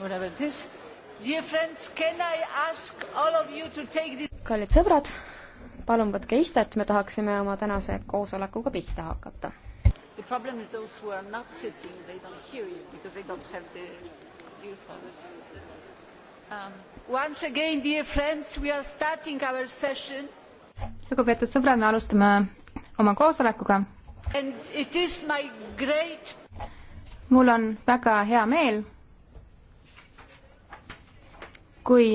whatever it is. Dear friends, can I ask all of you to take this kallid sõbrad, palun võtke istet, me tahaksime oma tänase koosolekuga pihta hakata. The problem is those who are not sitting, they don't hear you because they don't have the earphones. Um, once again, dear friends, we are starting our session. lugupeetud sõbrad, me alustame oma koosolekuga. And it is my great mul on väga hea meel kui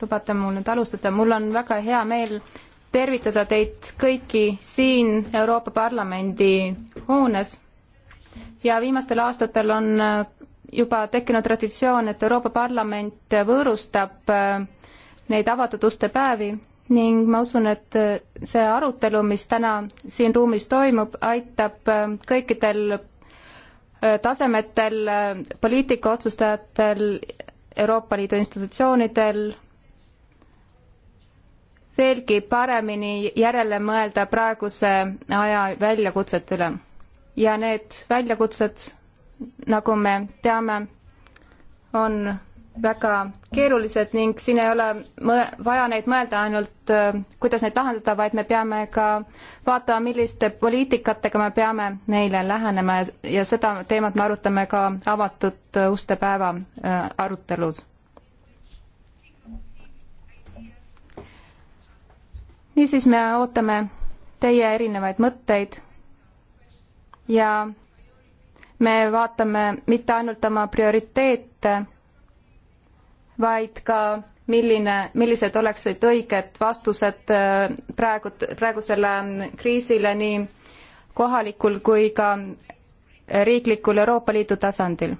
lubate mul nüüd alustada, mul on väga hea meel tervitada teid kõiki siin Euroopa Parlamendi hoones ja viimastel aastatel on juba tekkinud traditsioon, et Euroopa Parlament võõrustab äh, neid avatud uste päevi ning ma usun, et äh, see arutelu, mis täna siin ruumis toimub, aitab äh, kõikidel tasemetel poliitikaotsustajatel Euroopa Liidu institutsioonidel veelgi paremini järele mõelda praeguse aja väljakutsete üle. ja need väljakutsed, nagu me teame, on väga keerulised ning siin ei ole vaja neid mõelda ainult, äh, kuidas neid lahendada, vaid me peame ka vaatama, milliste poliitikatega me peame neile lähenema ja, ja seda teemat me arutame ka avatud äh, uste päeva äh, arutelus. niisiis, me ootame teie erinevaid mõtteid ja me vaatame mitte ainult oma prioriteete, vaid ka milline, millised oleksid õiged vastused äh, praegu, praegusele kriisile nii kohalikul kui ka riiklikul Euroopa Liidu tasandil.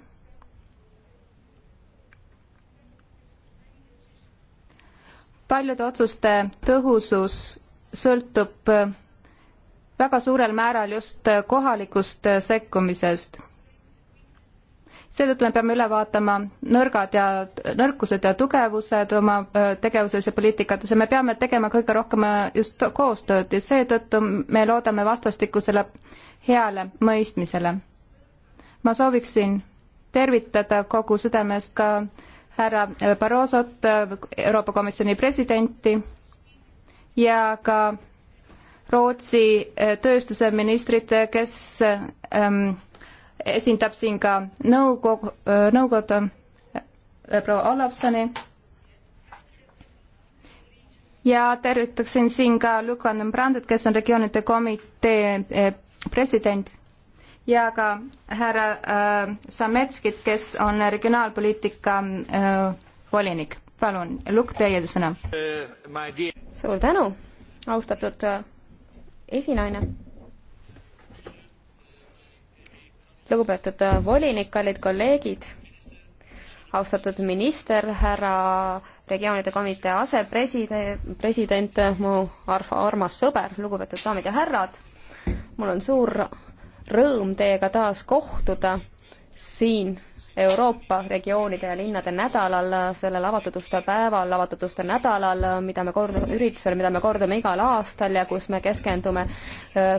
paljude otsuste tõhusus sõltub äh, väga suurel määral just kohalikust äh, sekkumisest seetõttu me peame üle vaatama nõrgad ja, nõrkused ja tugevused oma tegevuses ja poliitikates ja me peame tegema kõige rohkem äh, just koostööd ja seetõttu me loodame vastastikusele heale mõistmisele. ma sooviksin tervitada kogu südamest ka härra äh, Barrosot, äh, Euroopa Komisjoni presidenti ja ka Rootsi tööstuse ministrit, kes ähm, esindab siin ka nõukogu, nõukogu äh, proua Olavsoni ja tervitaksin siin ka Lukan Brandet, kes on regioonide komitee äh, president ja ka härra äh, Sametskit, kes on regionaalpoliitika äh, volinik. palun, Lukk, teie sõna. Äh, suur tänu, austatud äh, esinaine lugupeetud äh, volinik, kallid kolleegid, austatud minister, härra regioonide komitee asepresident, president, mu arv, armas sõber, lugupeetud daamid ja härrad, mul on suur rõõm teiega taas kohtuda siin Euroopa regioonide ja linnade nädalal, sellel avatud uste päeval, avatud uste nädalal, mida me korda, üritusel, mida me kordame igal aastal ja kus me keskendume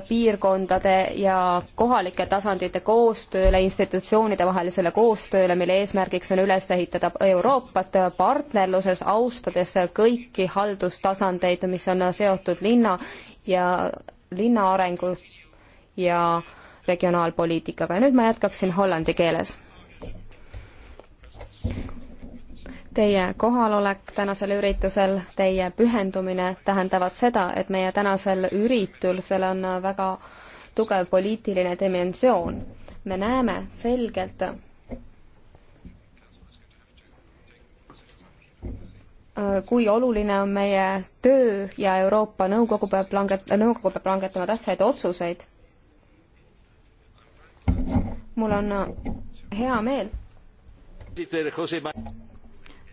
piirkondade ja kohalike tasandite koostööle, institutsioonide vahelisele koostööle, mille eesmärgiks on üles ehitada Euroopat partnerluses, austades kõiki haldustasandeid, mis on seotud linna ja linna arengu ja regionaalpoliitikaga ja nüüd ma jätkaksin hollandi keeles Teie kohalolek tänasel üritusel, teie pühendumine tähendavad seda, et meie tänasel üritusel on väga tugev poliitiline dimensioon. me näeme selgelt, kui oluline on meie töö ja Euroopa Nõukogu peab langet-, nõukogu peab langetama tähtsaid otsuseid. mul on hea meel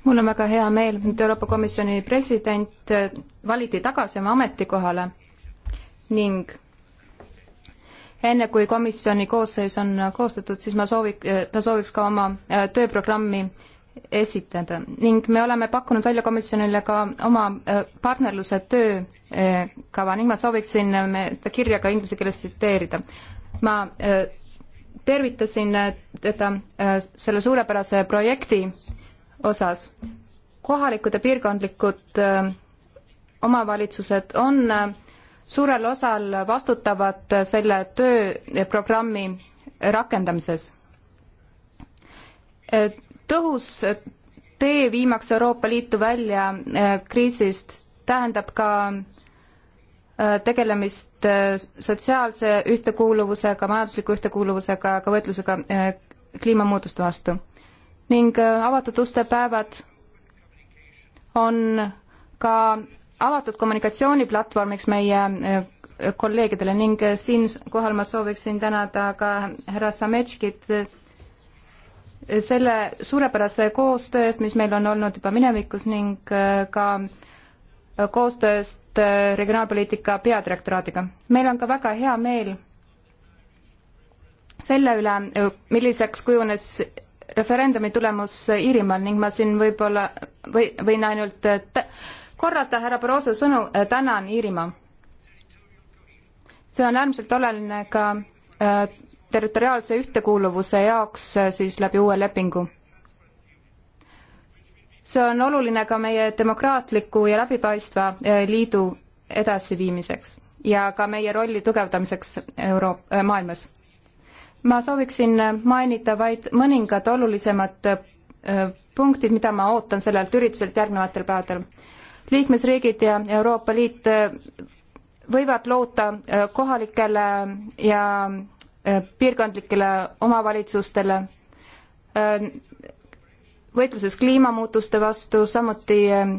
mul on väga hea meel, et Euroopa Komisjoni president valiti tagasi oma ametikohale ning enne kui komisjoni koosseis on koostatud, siis ma soovin, ta sooviks ka oma tööprogrammi esitada ning me oleme pakkunud välja komisjonile ka oma partnerluse töökava ning ma sooviksin seda kirja ka inglise keeles tsiteerida. ma tervitasin äh, teda äh, selle suurepärase projekti osas. kohalikud ja piirkondlikud äh, omavalitsused on suurel osal vastutavad selle tööprogrammi rakendamises. tõhus tee viimaks Euroopa Liitu välja kriisist tähendab ka Äh, tegelemist äh, sotsiaalse ühtekuuluvusega, majandusliku ühtekuuluvusega, ka võitlusega äh, kliimamuutuste vastu. ning avatud uste päevad on ka avatud kommunikatsiooniplatvormiks meie kolleegidele ning siinkohal ma sooviksin tänada ka härra Sametškit selle suurepärase koostöö eest, mis meil on olnud juba minevikus ning ka äh, koostööst äh, regionaalpoliitika peadirektoraadiga. meil on ka väga hea meel selle üle, äh, milliseks kujunes referendumi tulemus äh, Iirimaal ning ma siin võib-olla või võin ainult korrata härra Barroso sõnu, tänan Iirimaa. see on äärmiselt oluline ka territoriaalse ühtekuuluvuse jaoks siis läbi uue lepingu see on oluline ka meie demokraatliku ja läbipaistva eh, liidu edasiviimiseks ja ka meie rolli tugevdamiseks Euro-, eh, maailmas. ma sooviksin mainida vaid mõningad olulisemad eh, punktid, mida ma ootan sellelt ürituselt järgnevatel päevadel. liikmesriigid ja Euroopa Liit võivad loota kohalikele ja piirkondlikele omavalitsustele võitluses kliimamuutuste vastu, samuti ehm,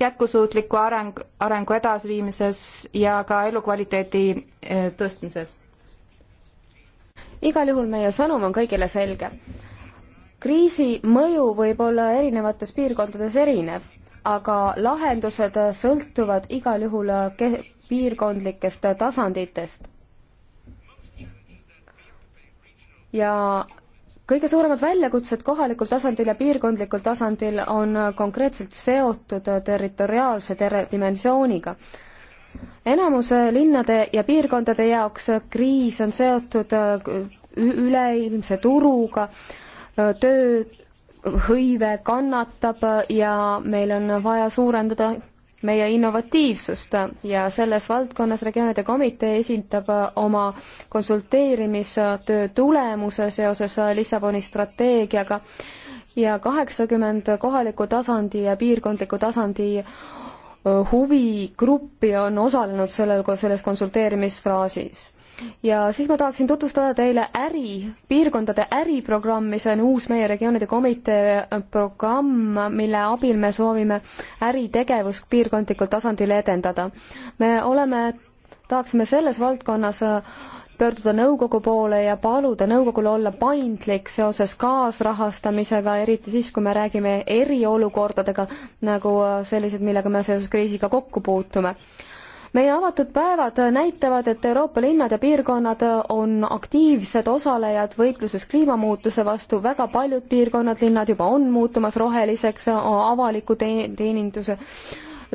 jätkusuutliku areng, arengu edasiviimises ja ka elukvaliteedi eh, tõstmises. igal juhul meie sõnum on kõigile selge. kriisi mõju võib olla erinevates piirkondades erinev, aga lahendused sõltuvad igal juhul eh, piirkondlikest tasanditest. ja kõige suuremad väljakutsed kohalikul tasandil ja piirkondlikul tasandil on konkreetselt seotud territoriaalse ter-, dimensiooniga. enamuse linnade ja piirkondade jaoks kriis on seotud üleilmse turuga, töö hõive kannatab ja meil on vaja suurendada meie innovatiivsust ja selles valdkonnas regioonide komitee esindab äh, oma konsulteerimistöö tulemuse seoses äh, Lissaboni strateegiaga ja kaheksakümmend kohaliku tasandi ja piirkondliku tasandi äh, huvigruppi on osalenud sellel, selles konsulteerimisfraasis ja siis ma tahaksin tutvustada teile äri, piirkondade äriprogrammi, see on uus meie regioonide komitee programm, mille abil me soovime äritegevust piirkondlikul tasandil edendada. me oleme, tahaksime selles valdkonnas äh, pöörduda nõukogu poole ja paluda nõukogul olla paindlik seoses kaasrahastamisega, eriti siis, kui me räägime eriolukordadega, nagu äh, sellised, millega me seoses kriisiga kokku puutume meie avatud päevad näitavad, et Euroopa linnad ja piirkonnad on aktiivsed osalejad võitluses kliimamuutuse vastu, väga paljud piirkonnad, linnad juba on muutumas roheliseks, avaliku teeninduse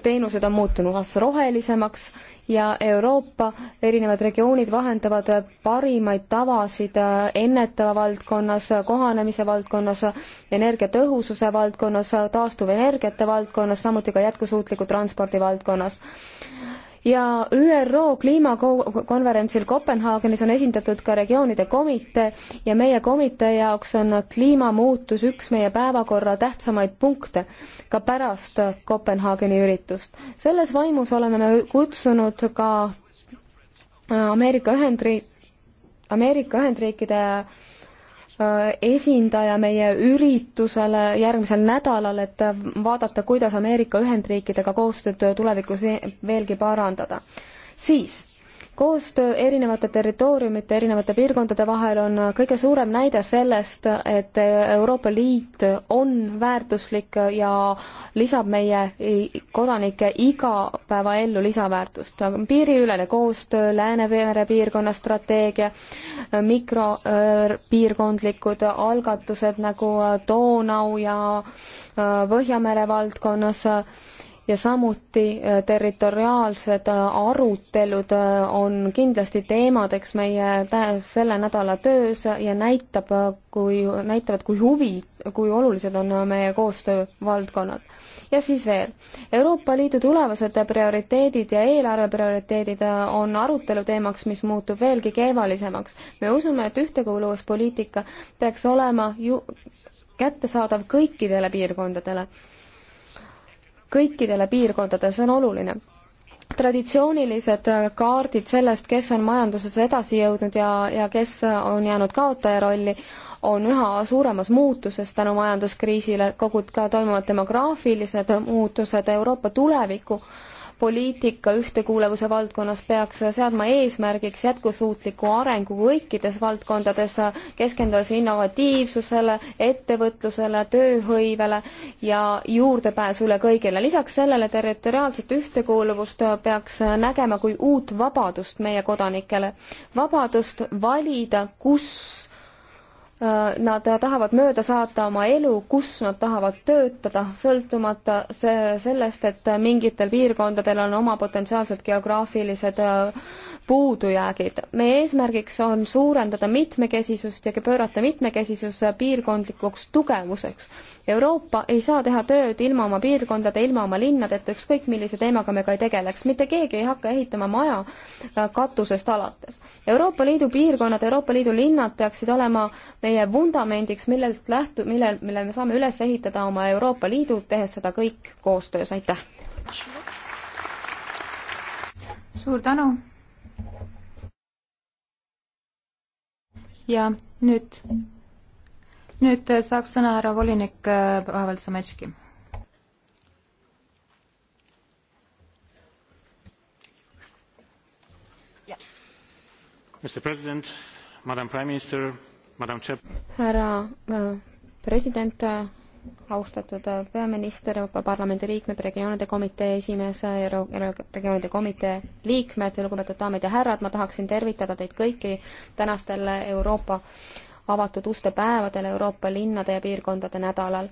teenused on muutumas rohelisemaks ja Euroopa erinevad regioonid vahendavad parimaid tavasid ennetava valdkonnas, kohanemise valdkonnas, energiatõhususe valdkonnas, taastuvenergiate valdkonnas, samuti ka jätkusuutliku transpordi valdkonnas ja ÜRO kliimakonverentsil Kopenhaagenis on esindatud ka regioonide komitee ja meie komitee jaoks on kliimamuutus üks meie päevakorra tähtsamaid punkte ka pärast Kopenhaageni üritust. selles vaimus oleme me kutsunud ka Ameerika Ühendriik-, Ameerika Ühendriikide Äh, esindaja meie üritusele järgmisel nädalal, et vaadata, kuidas Ameerika Ühendriikidega koostööd tulevikus veelgi parandada. siis koostöö erinevate territooriumite, erinevate piirkondade vahel on kõige suurem näide sellest, et Euroopa Liit on väärtuslik ja lisab meie kodanike igapäevaellu lisaväärtust. piiriülene koostöö, Läänemere piirkonna strateegia, mikropiirkondlikud algatused nagu Donau ja Põhjamere valdkonnas, ja samuti äh, territoriaalsed äh, arutelud äh, on kindlasti teemadeks meie selle nädala töös ja näitab, kui, näitavad, kui huvi, kui olulised on meie koostöövaldkonnad. ja siis veel, Euroopa Liidu tulevased prioriteedid ja eelarve prioriteedid on arutelu teemaks, mis muutub veelgi keevalisemaks. me usume, et ühtekuuluvuspoliitika peaks olema ju kättesaadav kõikidele piirkondadele kõikidele piirkondadele, see on oluline. traditsioonilised kaardid sellest, kes on majanduses edasi jõudnud ja, ja kes on jäänud kaotaja rolli, on üha suuremas muutuses tänu majanduskriisile, kogud ka toimuvad demograafilised muutused, Euroopa tuleviku äh, poliitika ühtekuuluvuse valdkonnas peaks seadma eesmärgiks jätkusuutliku arengu kõikides valdkondades, keskendudes innovatiivsusele, ettevõtlusele, tööhõivele ja juurdepääsu üle kõigile. lisaks sellele territoriaalset ühtekuuluvust peaks nägema kui uut vabadust meie kodanikele. vabadust valida, kus Nad tahavad mööda saata oma elu, kus nad tahavad töötada, sõltumata see, sellest, et mingitel piirkondadel on oma potentsiaalsed geograafilised äh, puudujäägid. meie eesmärgiks on suurendada mitmekesisust ja pöörata mitmekesisus äh, piirkondlikuks tugevuseks. Euroopa ei saa teha tööd ilma oma piirkondade, ilma oma linnadeta, ükskõik millise teemaga me ka ei tegeleks, mitte keegi ei hakka ehitama maja äh, katusest alates. Euroopa Liidu piirkonnad, Euroopa Liidu linnad peaksid olema meie meie vundamendiks, millelt lähtu-, millel, mille me saame üles ehitada oma Euroopa Liidu, tehes seda kõik koostöös, aitäh! suur tänu! ja nüüd, nüüd saaks sõna härra volinik äh, Pavel Sametski. Mr President, Madam Prime Minister, härra äh, president, äh, austatud äh, peaminister, Euroopa Parlamendi liikmed, regioonide komitee esimees ja regioonide komitee liikmed, lugupeetud daamid ja härrad, ma tahaksin tervitada teid kõiki tänastel Euroopa avatud uste päevadel Euroopa linnade ja piirkondade nädalal.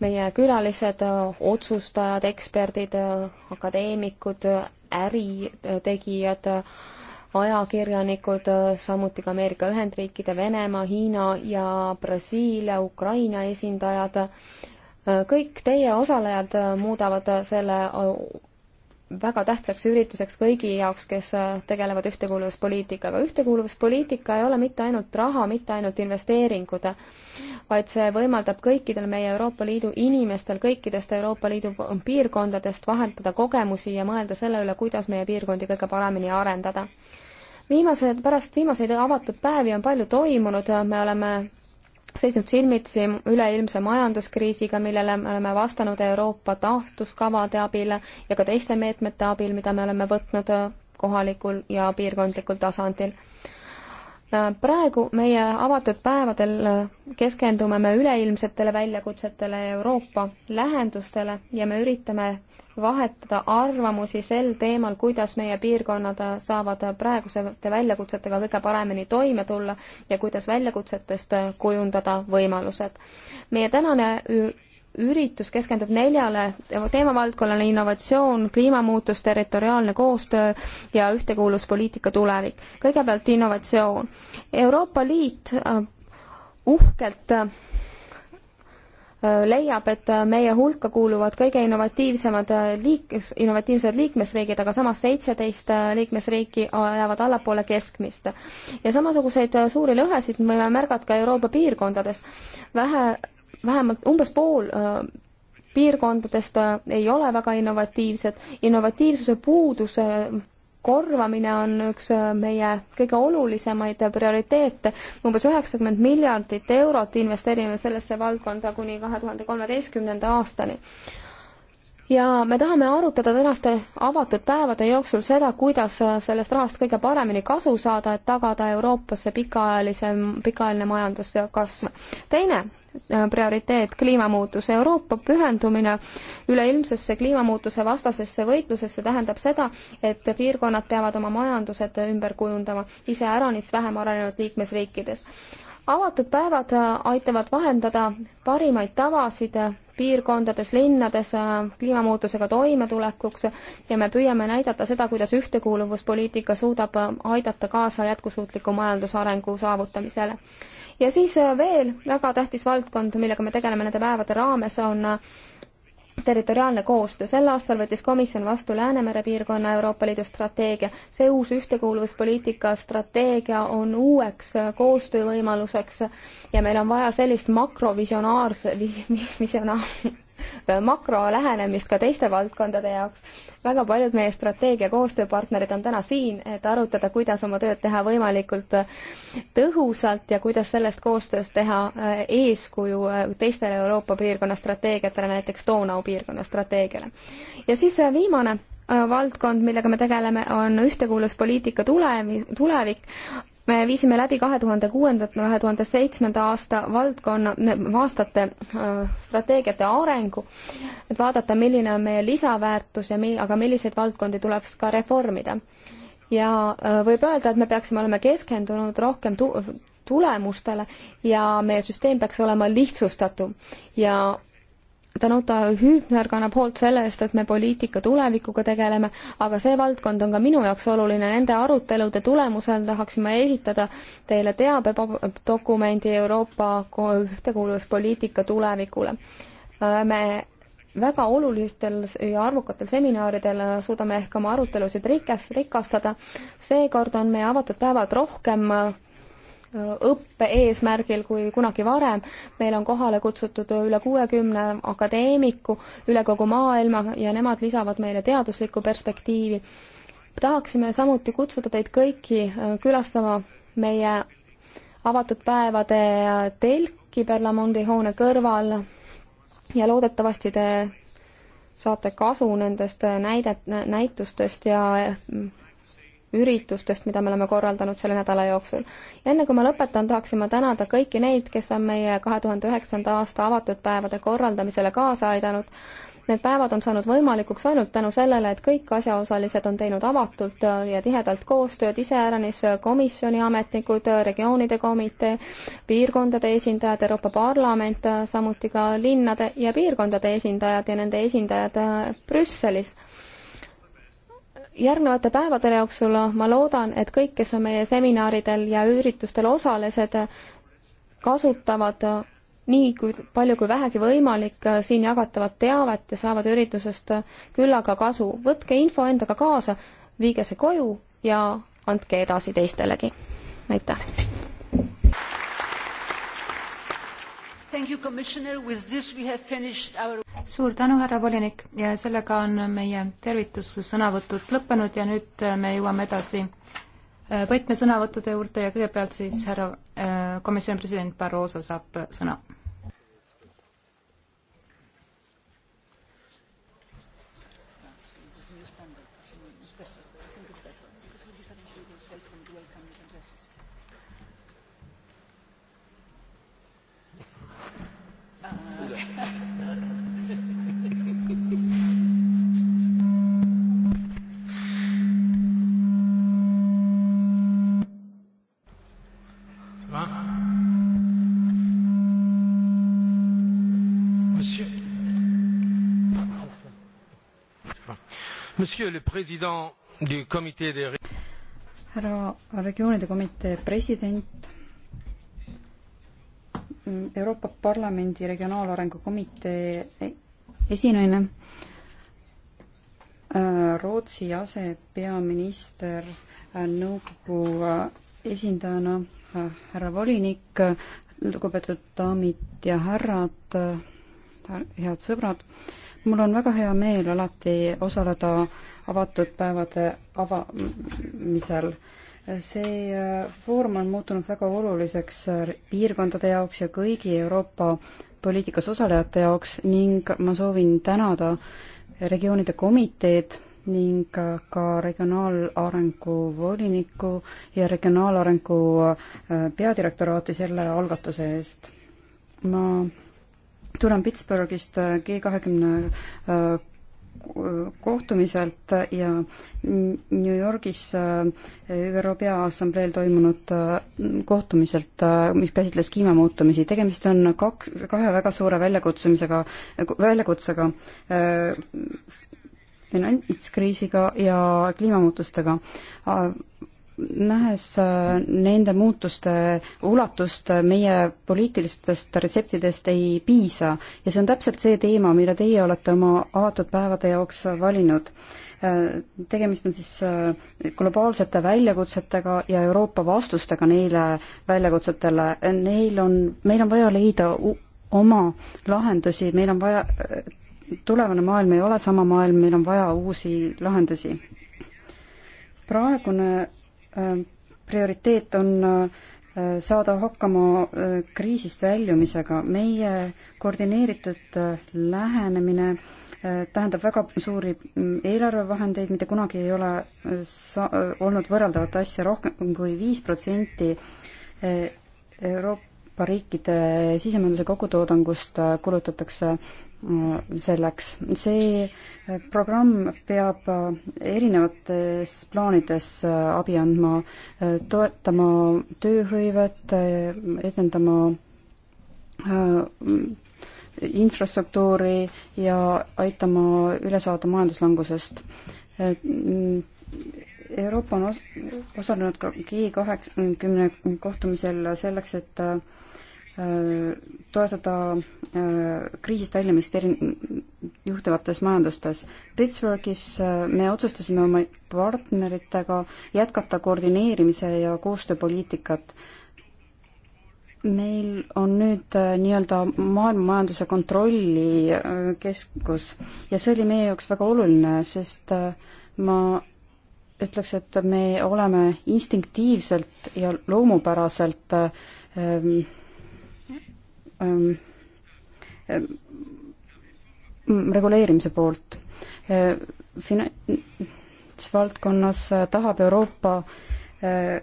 meie külalised, otsustajad, eksperdid, akadeemikud, äritegijad, ajakirjanikud, samuti ka Ameerika Ühendriikide, Venemaa, Hiina ja Brasiilia, Ukraina esindajad. kõik teie osalejad muudavad selle väga tähtsaks ürituseks kõigi jaoks, kes tegelevad ühtekuuluvuspoliitikaga. ühtekuuluvuspoliitika ei ole mitte ainult raha, mitte ainult investeeringud, vaid see võimaldab kõikidel meie Euroopa Liidu inimestel kõikidest Euroopa Liidu piirkondadest vahetada kogemusi ja mõelda selle üle, kuidas meie piirkondi kõige paremini arendada viimased, pärast viimaseid avatud päevi on palju toimunud, me oleme seisnud silmitsi üleilmse majanduskriisiga, millele me oleme vastanud Euroopa taastuskavade abil ja ka teiste meetmete abil, mida me oleme võtnud kohalikul ja piirkondlikul tasandil. praegu meie avatud päevadel keskendume me üleilmsetele väljakutsetele, Euroopa lähendustele ja me üritame vahetada arvamusi sel teemal, kuidas meie piirkonnad saavad praegusete väljakutsetega kõige paremini toime tulla ja kuidas väljakutsetest kujundada võimalused. meie tänane üritus keskendub neljale teemavaldkonnale innovatsioon, kliimamuutus, territoriaalne koostöö ja ühtekuuluvuspoliitika tulevik. kõigepealt innovatsioon. Euroopa Liit äh, uhkelt äh, Äh, leiab, et äh, meie hulka kuuluvad kõige innovatiivsemad äh, liik-, innovatiivsed liikmesriigid, aga samas seitseteist liikmesriiki jäävad allapoole keskmist. ja samasuguseid suuri lõhesid me võime märgata ka Euroopa piirkondades. vähe, vähemalt umbes pool piirkondadest ei ole väga innovatiivsed, innovatiivsuse puuduse korvamine on üks äh, meie kõige olulisemaid prioriteete. umbes üheksakümmend miljardit eurot investeerime sellesse valdkonda kuni kahe tuhande kolmeteistkümnenda aastani ja me tahame arutada tänaste avatud päevade jooksul seda, kuidas äh, sellest rahast kõige paremini kasu saada, et tagada Euroopasse pikaajalisem, pikaajaline majanduskasv. teine Äh, prioriteet kliimamuutus. Euroopa pühendumine üleilmsesse kliimamuutuse vastasesse võitlusesse tähendab seda, et piirkonnad peavad oma majandused ümber kujundama, iseäranis vähem arenenud liikmesriikides avatud päevad äh, aitavad vahendada parimaid tavasid piirkondades, linnades äh, kliimamuutusega toimetulekuks ja me püüame näidata seda, kuidas ühtekuuluvuspoliitika suudab äh, aidata kaasa jätkusuutliku majandusarengu saavutamisele. ja siis äh, veel väga tähtis valdkond, millega me tegeleme nende päevade raames, on territoriaalne koostöö. sel aastal võttis komisjon vastu Läänemere piirkonna Euroopa Liidu strateegia. see uus ühtekuuluvuspoliitika strateegia on uueks koostöövõimaluseks ja meil on vaja sellist makrovisionaarse vis,, visionaar-, Äh, makrolähenemist ka teiste valdkondade jaoks. väga paljud meie strateegia koostööpartnerid on täna siin, et arutada, kuidas oma tööd teha võimalikult äh, tõhusalt ja kuidas sellest koostööst teha äh, eeskuju teistele Euroopa piirkonna strateegiatele, näiteks Donau piirkonna strateegiale. ja siis viimane valdkond, millega me tegeleme, on ühtekuuluvuspoliitika tulevik, tulevik, me viisime läbi kahe tuhande kuuendat, kahe tuhande seitsmenda aasta valdkonna, aastate strateegiate arengu, et vaadata, milline on meie lisaväärtus ja mi-, aga milliseid valdkondi tuleb ka reformida. ja võib öelda, et me peaksime olema keskendunud rohkem tu-, tulemustele ja meie süsteem peaks olema lihtsustatum ja Danuta Hübner kannab hoolt selle eest, et me poliitika tulevikuga tegeleme, aga see valdkond on ka minu jaoks oluline, nende arutelude tulemusel tahaksime esitada teile teabedokumendi Euroopa ühtekuuluvuspoliitika tulevikule. me väga olulistel ja arvukatel seminaridel suudame ehk oma arutelusid rikas, rikastada. seekord on meie avatud päevad rohkem õppe eesmärgil kui kunagi varem. meil on kohale kutsutud üle kuuekümne akadeemiku üle kogu maailma ja nemad lisavad meile teaduslikku perspektiivi. tahaksime samuti kutsuda teid kõiki äh, külastama meie avatud päevade telki Berlamondi hoone kõrval ja loodetavasti te saate kasu nendest näidet, näitustest ja äh, üritustest, mida me oleme korraldanud selle nädala jooksul. enne kui ma lõpetan, tahaksin ma tänada kõiki neid, kes on meie kahe tuhande üheksanda aasta avatud päevade korraldamisele kaasa aidanud. Need päevad on saanud võimalikuks ainult tänu sellele, et kõik asjaosalised on teinud avatult ja tihedalt koostööd, iseäranis komisjoni ametnikud, regioonide komitee, piirkondade esindajad, Euroopa Parlament, samuti ka linnade ja piirkondade esindajad ja nende esindajad Brüsselis järgnevate päevade jooksul ma loodan, et kõik, kes on meie seminaridel ja üritustel osalised, kasutavad nii kui palju kui vähegi võimalik äh, siin jagatavat teavet ja saavad üritusest äh, küllaga kasu. võtke info endaga kaasa, viige see koju ja andke edasi teistelegi. aitäh! Our... suur tänu, härra volinik ja sellega on meie tervitussõnavõtud lõppenud ja nüüd äh, me jõuame edasi äh, võtmesõnavõttude juurde ja kõigepealt siis härra äh, komisjoni president Barroso saab sõna härra regioonide komitee president, Euroopa Parlamendi Regionaalarengu Komitee esinaine, äh, Rootsi asepeaminister äh, nõukogu äh, esindajana, härra volinik, lugupeetud daamid ja härrad, head sõbrad, mul on väga hea meel alati osaleda avatud päevade avamisel. see äh, foorum on muutunud väga oluliseks äh, piirkondade jaoks ja kõigi Euroopa poliitikas osalejate jaoks ning ma soovin tänada regioonide komiteed ning äh, ka regionaalarengu voliniku ja regionaalarengu peadirektoraati selle algatuse eest. ma tulen Pittsburghist äh, G kahekümne äh, kohtumiselt ja New Yorgis äh, ÜRO Peaassambleel toimunud kohtumiselt, mis käsitles kliimamuutumisi. tegemist on kaks, kahe väga suure väljakutsumisega, väljakutsega, finantskriisiga ja kliimamuutustega nähes äh, nende muutuste ulatust äh, meie poliitilistest retseptidest ei piisa ja see on täpselt see teema, mille teie olete oma avatud päevade jaoks äh, valinud. tegemist on siis globaalsete väljakutsetega ja Euroopa vastustega neile väljakutsetele. Neil on, meil on vaja leida oma lahendusi, meil on vaja, tulevane maailm ei ole sama maailm, meil on vaja uusi lahendusi praegune Äh, prioriteet on äh, saada hakkama äh, kriisist väljumisega. meie koordineeritud lähenemine tähendab väga suuri mm, eelarvevahendeid, mitte kunagi ei ole sa-, olnud võrreldavat asja rohkem kui viis protsenti Euroopa Euroopa riikide sisemajanduse kogutoodangust äh, kulutatakse äh, selleks. see äh, programm peab erinevates plaanides abi andma, toetama tööhõivet, edendama infrastruktuuri ja aitama üle saada majanduslangusest. Mm, Euroopa on os-, osalenud ka G kahekümne kohtumisel selleks, et toetada äh, kriisist väljumist eri, juhtivates majandustes. Pittsburghis äh, me otsustasime oma partneritega jätkata koordineerimise ja koostööpoliitikat. meil on nüüd äh, nii-öelda maailma majanduse kontrolli keskus ja see oli meie jaoks väga oluline, sest ma ütleks, et me oleme instinktiivselt ja loomupäraselt ähm, Ähm, ähm, reguleerimise poolt. Äh, finantsvaldkonnas äh, tahab Euroopa äh,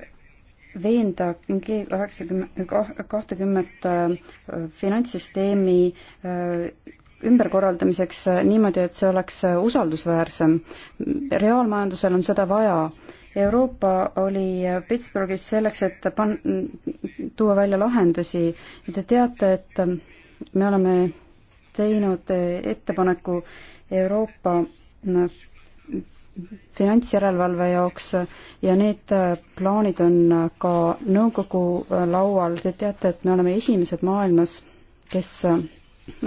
veenda G kaheksakümmend, kahtekümmet finantssüsteemi ümberkorraldamiseks niimoodi, et see oleks usaldusväärsem. reaalmajandusel on seda vaja Euroopa oli Pittsburghis selleks, et pan-, tuua välja lahendusi ja te teate, et me oleme teinud ettepaneku Euroopa finantsjärelevalve jaoks ja need plaanid on ka nõukogu laual, te teate, et me oleme esimesed maailmas, kes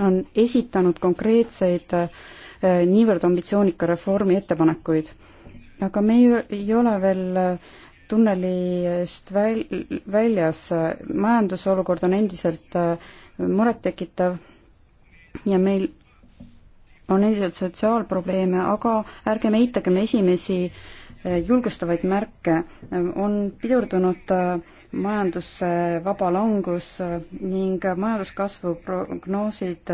on esitanud konkreetseid eh, niivõrd ambitsioonika reformi ettepanekuid aga me ei, ei ole veel äh, tunnelist väl-, väljas, majandusolukord on endiselt äh, murettekitav ja meil on endiselt sotsiaalprobleeme, aga ärgem eitagem esimesi äh, julgustavaid märke. on pidurdunud majanduse vaba langus ning majanduskasvu prognoosid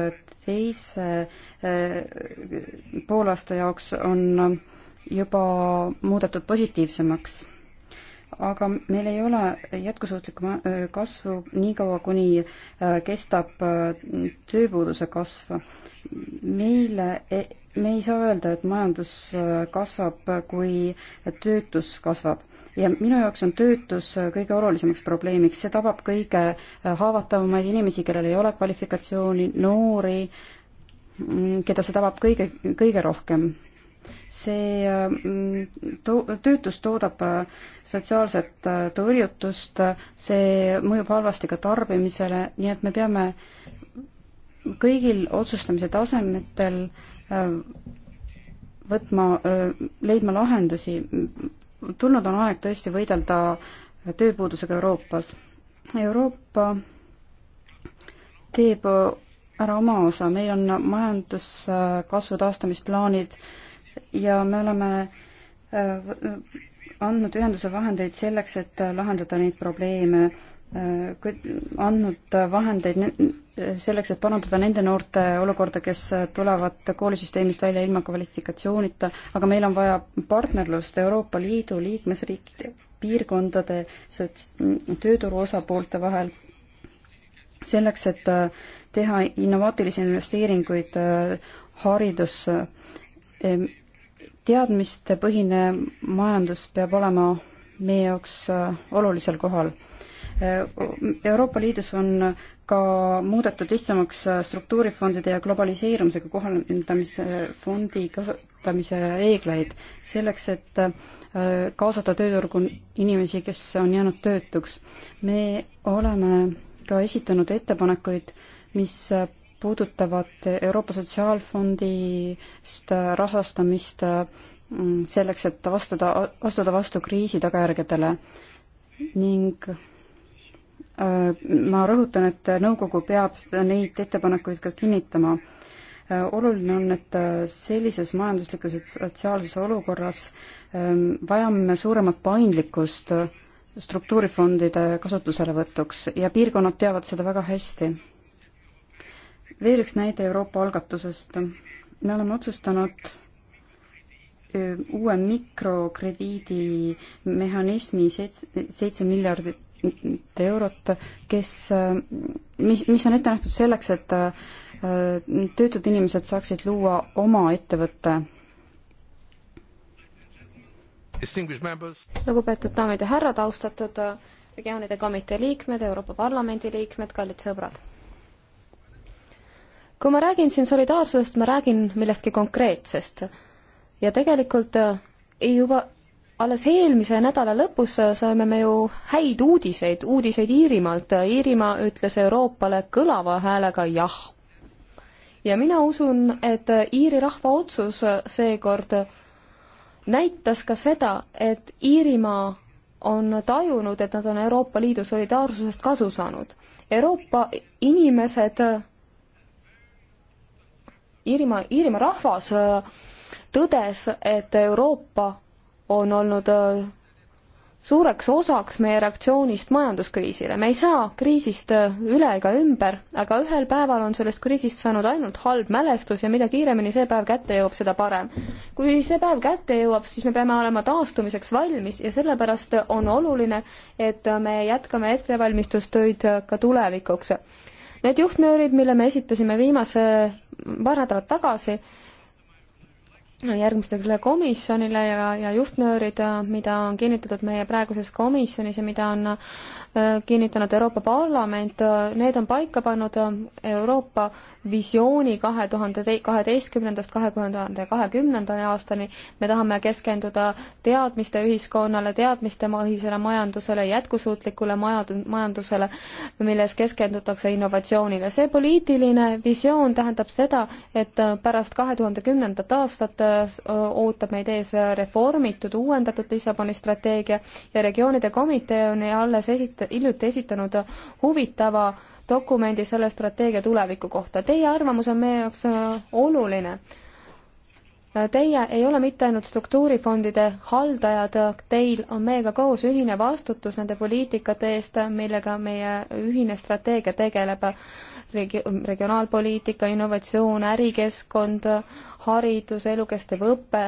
teise poolaasta jaoks on juba muudetud positiivsemaks. aga meil ei ole jätkusuutlikku kasvu niikaua, kuni kestab tööpuuduse kasv. meile e-, me ei saa öelda, et majandus kasvab, kui töötus kasvab. ja minu jaoks on töötus kõige olulisemaks probleemiks, see tabab kõige haavatavamaid inimesi, kellel ei ole kvalifikatsiooni, noori, keda see tabab kõige, kõige rohkem see mm, to-, töötus toodab äh, sotsiaalset äh, tõrjutust, see mõjub halvasti ka tarbimisele, nii et me peame kõigil otsustamise tasemetel äh, võtma, leidma lahendusi. tulnud on aeg tõesti võidelda tööpuudusega Euroopas. Euroopa teeb ära oma osa, meil on majanduskasvu taastamisplaanid, ja me oleme äh, andnud ühenduse vahendeid selleks, et äh, lahendada neid probleeme, äh, andnud vahendeid selleks, et parandada nende noorte olukorda, kes tulevad koolisüsteemist välja ilma kvalifikatsioonita, aga meil on vaja partnerlust Euroopa Liidu liikmesriikide, piirkondade, tööturu osapoolte vahel, selleks, et teha innovaatilisi investeeringuid haridusse teadmistepõhine majandus peab olema meie jaoks äh, olulisel kohal. Äh, Euroopa Liidus on ka muudetud lihtsamaks äh, struktuurifondide ja globaliseerumisega kohandamise fondi kasutamise reegleid selleks, et kaasata tööturgu inimesi, kes on jäänud töötuks. me oleme ka esitanud ettepanekuid, mis puudutavad Euroopa Sotsiaalfondist rahastamist mm, selleks, et vastuda, astuda vastu kriisi tagajärgedele ning äh, ma rõhutan, et nõukogu peab neid ettepanekuid ka kinnitama. Äh, oluline on, et sellises majanduslikus ja sotsiaalses olukorras ähm, vajame suuremat paindlikkust struktuurifondide kasutuselevõtuks ja piirkonnad teavad seda väga hästi veel üks näide Euroopa algatusest. me oleme otsustanud eh, uue mikrokrediidimehhanismi seitse miljardit eurot, kes, eh, mis, mis on ette nähtud selleks, et eh, töötud inimesed saaksid luua oma ettevõtte. lugupeetud daamid ja härrad, austatud regioonide komitee liikmed, Euroopa Parlamendi liikmed, kallid sõbrad kui ma räägin siin solidaarsusest, ma räägin millestki konkreetsest. ja tegelikult äh, juba alles eelmise nädala lõpus äh, saime me ju häid uudiseid, uudiseid Iirimaalt. Iirimaa ütles Euroopale kõlava häälega jah. ja mina usun, et äh, Iiri rahva otsus seekord näitas ka seda, et Iirimaa on tajunud, et nad on Euroopa Liidu solidaarsusest kasu saanud. Euroopa inimesed Iirimaa, Iirimaa rahvas äh, tõdes, et Euroopa on olnud äh, suureks osaks meie reaktsioonist majanduskriisile. me ei saa kriisist äh, üle ega ümber, aga ühel päeval on sellest kriisist saanud ainult halb mälestus ja mida kiiremini see päev kätte jõuab, seda parem. kui see päev kätte jõuab, siis me peame olema taastumiseks valmis ja sellepärast on oluline, et me jätkame ettevalmistustöid ka tulevikuks. Need juhtnöörid, mille me esitasime viimase paar nädalat tagasi, järgmistele komisjonile ja, ja juhtnöörid, mida on kinnitatud meie praeguses komisjonis ja mida on äh, kinnitanud Euroopa Parlament, äh, need on paika pannud äh, Euroopa visiooni kahe tuhande kaheteistkümnendast kahe tuhande kahekümnenda aastani. me tahame keskenduda teadmiste ühiskonnale, teadmistemõisele majandusele, jätkusuutlikule majad-, majandusele, milles keskendutakse innovatsioonile. see poliitiline visioon tähendab seda, et pärast kahe tuhande kümnendat aastat Äh, ootab meid ees reformitud, uuendatud Lissaboni strateegia ja regioonide komitee on alles esita-, hiljuti esitanud huvitava dokumendi selle strateegia tuleviku kohta. Teie arvamus on meie jaoks äh, oluline. Äh, teie ei ole mitte ainult struktuurifondide haldajad, teil on meiega koos ühine vastutus nende poliitikate eest, millega meie ühine strateegia tegeleb regi-, regionaalpoliitika, innovatsioon, ärikeskkond, haridus, elukestev õpe,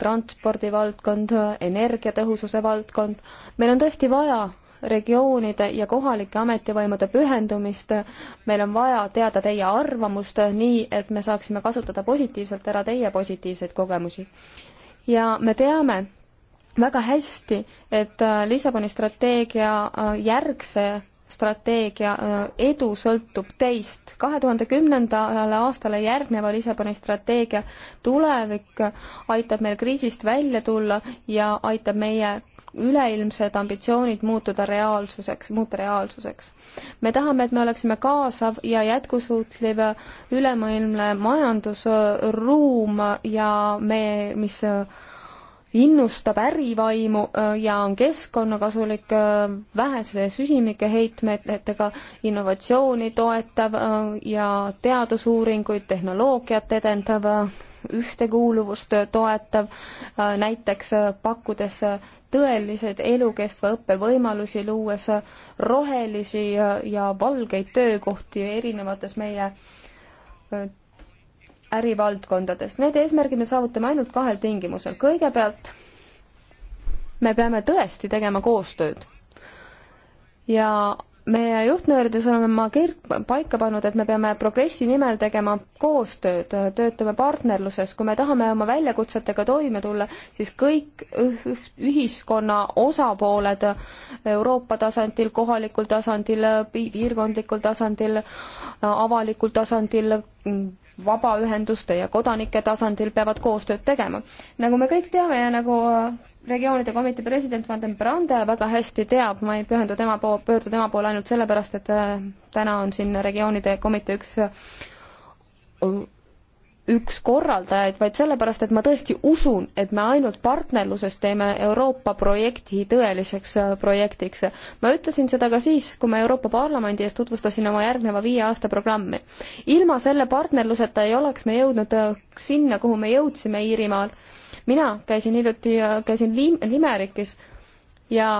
transpordivaldkond, energiatõhususe valdkond. meil on tõesti vaja regioonide ja kohalike ametivõimude pühendumist. meil on vaja teada teie arvamust, nii et me saaksime kasutada positiivselt ära teie positiivseid kogemusi. ja me teame väga hästi, et Lissaboni strateegia järgse strateegia edu sõltub teist. kahe tuhande kümnendale aastale järgneva Lissaboni strateegia tulevik aitab meil kriisist välja tulla ja aitab meie üleilmsed ambitsioonid muutuda reaalsuseks, muuta reaalsuseks. me tahame, et me oleksime kaasav ja jätkusuutliv ülemaailmne majandusruum ja me, mis innustab ärivaimu ja on keskkonnakasulik, vähese süsinikuheitmetega innovatsiooni toetav ja teadusuuringuid, tehnoloogiat edendav, ühtekuuluvust toetav, näiteks pakkudes tõelised elukestva õppe võimalusi, luues rohelisi ja valgeid töökohti erinevates meie ärivaldkondades. Need eesmärgid me saavutame ainult kahel tingimusel. kõigepealt me peame tõesti tegema koostööd. ja meie juhtnöörides oleme ma kirg-, paika pannud, et me peame progressi nimel tegema koostööd, töötame partnerluses, kui me tahame oma väljakutsetega toime tulla, siis kõik ühiskonna osapooled Euroopa tasandil, kohalikul tasandil, piirkondlikul tasandil, avalikul tasandil, vabaühenduste ja kodanike tasandil peavad koostööd tegema. nagu me kõik teame ja nagu äh, regioonide komitee president Van den Brande väga hästi teab, ma ei pühendu tema poole, pöördu tema poole ainult sellepärast, et äh, täna on siin regioonide komitee üks äh, üks korraldajaid, vaid sellepärast, et ma tõesti usun, et me ainult partnerluses teeme Euroopa projekti tõeliseks äh, projektiks. ma ütlesin seda ka siis, kui ma Euroopa Parlamendi ees tutvustasin oma järgneva viie aasta programmi. ilma selle partnerluseta ei oleks me jõudnud äh, sinna, kuhu me jõudsime Iirimaal. mina käisin hiljuti, äh, käisin Lim-, Limerikis ja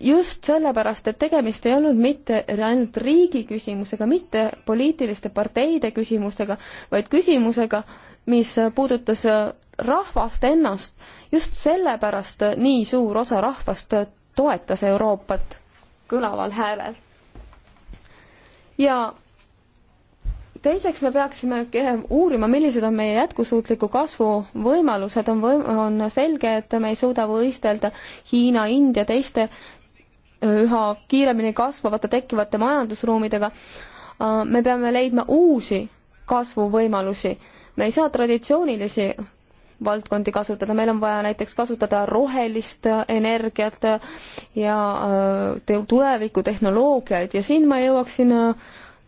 just sellepärast, et tegemist ei olnud mitte ainult riigi küsimusega, mitte poliitiliste parteide küsimustega, vaid küsimusega, mis puudutas rahvast ennast. just sellepärast nii suur osa rahvast toetas Euroopat kõlaval häälel. ja teiseks me peaksime uurima, millised on meie jätkusuutliku kasvu võimalused, on või-, on selge, et me ei suuda võistelda Hiina, India, teiste üha kiiremini kasvavate tekkivate majandusruumidega, äh, me peame leidma uusi kasvuvõimalusi. me ei saa traditsioonilisi valdkondi kasutada, meil on vaja näiteks kasutada rohelist energiat ja äh, tulevikutehnoloogiaid ja siin ma jõuaksin äh,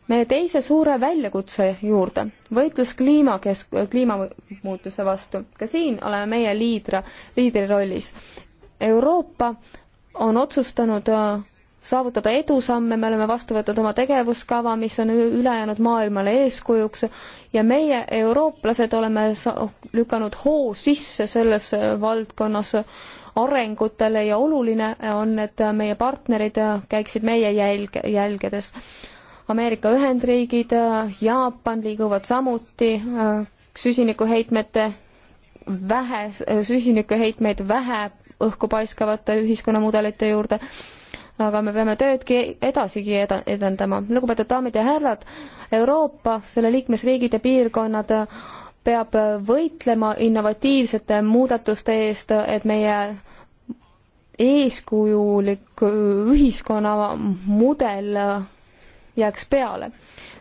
meie teise suure väljakutse juurde, võitlus kliimakesk-, kliimamuutuse vastu. ka siin oleme meie liidra, liidri rollis. Euroopa on otsustanud äh, saavutada edusamme, me oleme vastu võtnud oma tegevuskava, mis on ülejäänud maailmale eeskujuks ja meie, eurooplased, oleme lükanud hoo sisse selles äh, valdkonnas arengutele ja oluline on, et äh, meie partnerid käiksid meie jälg, jälgedes. Ameerika Ühendriigid, Jaapan liiguvad samuti süsinikuheitmete vähe, süsinikuheitmeid vähe õhku paiskavate ühiskonnamudelite juurde, aga me peame töödki edasigi eda-, edendama. lugupeetud daamid ja härrad, Euroopa, selle liikmesriigid ja piirkonnad peab võitlema innovatiivsete muudatuste eest, et meie eeskujulik ühiskonnamudel jääks peale.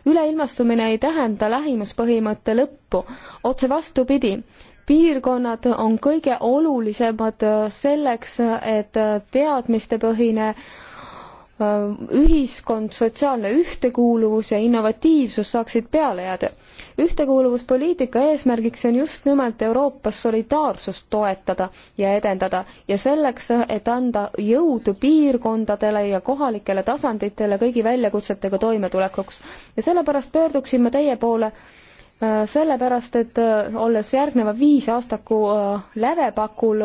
üleilmastumine ei tähenda lähimuspõhimõtte lõppu, otse vastupidi, piirkonnad on kõige olulisemad äh, selleks, et äh, teadmistepõhine äh, ühiskond, sotsiaalne ühtekuuluvus ja innovatiivsus saaksid peale jääda. ühtekuuluvuspoliitika eesmärgiks on just nimelt Euroopas solidaarsust toetada ja edendada ja selleks, et anda jõudu piirkondadele ja kohalikele tasanditele kõigi väljakutsetega toimetulekuks. ja sellepärast pöörduksin ma teie poole äh, Äh, sellepärast, et äh, olles järgneva viis aastaku äh, lävepakul,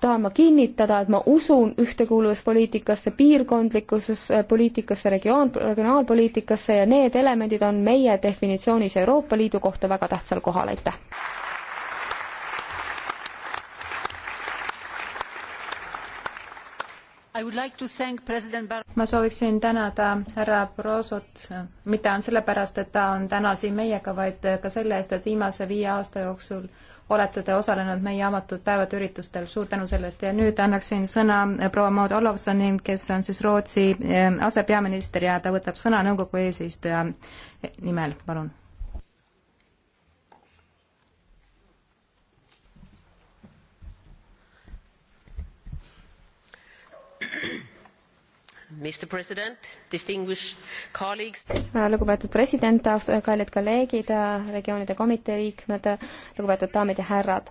tahan ma kinnitada, et ma usun ühtekuuluvuspoliitikasse, piirkondlikkusesse, poliitikasse, regioon, regionaalpoliitikasse ja need elemendid on meie definitsioonis Euroopa Liidu kohta väga tähtsal kohal, aitäh! Like ma sooviksin tänada härra Brosot mitte ainult sellepärast, et ta on täna siin meiega, vaid ka selle eest, et viimase viie aasta jooksul olete te osalenud meie avatud päevade üritustel, suur tänu selle eest ja nüüd annaksin sõna proua Maud Olovsoni, kes on siis Rootsi eh, asepeaminister ja ta võtab sõna nõukogu eesistuja nimel, palun Äh, lugupeetud president, äh, kallid kolleegid, äh, regioonide komitee liikmed, lugupeetud daamid ja härrad.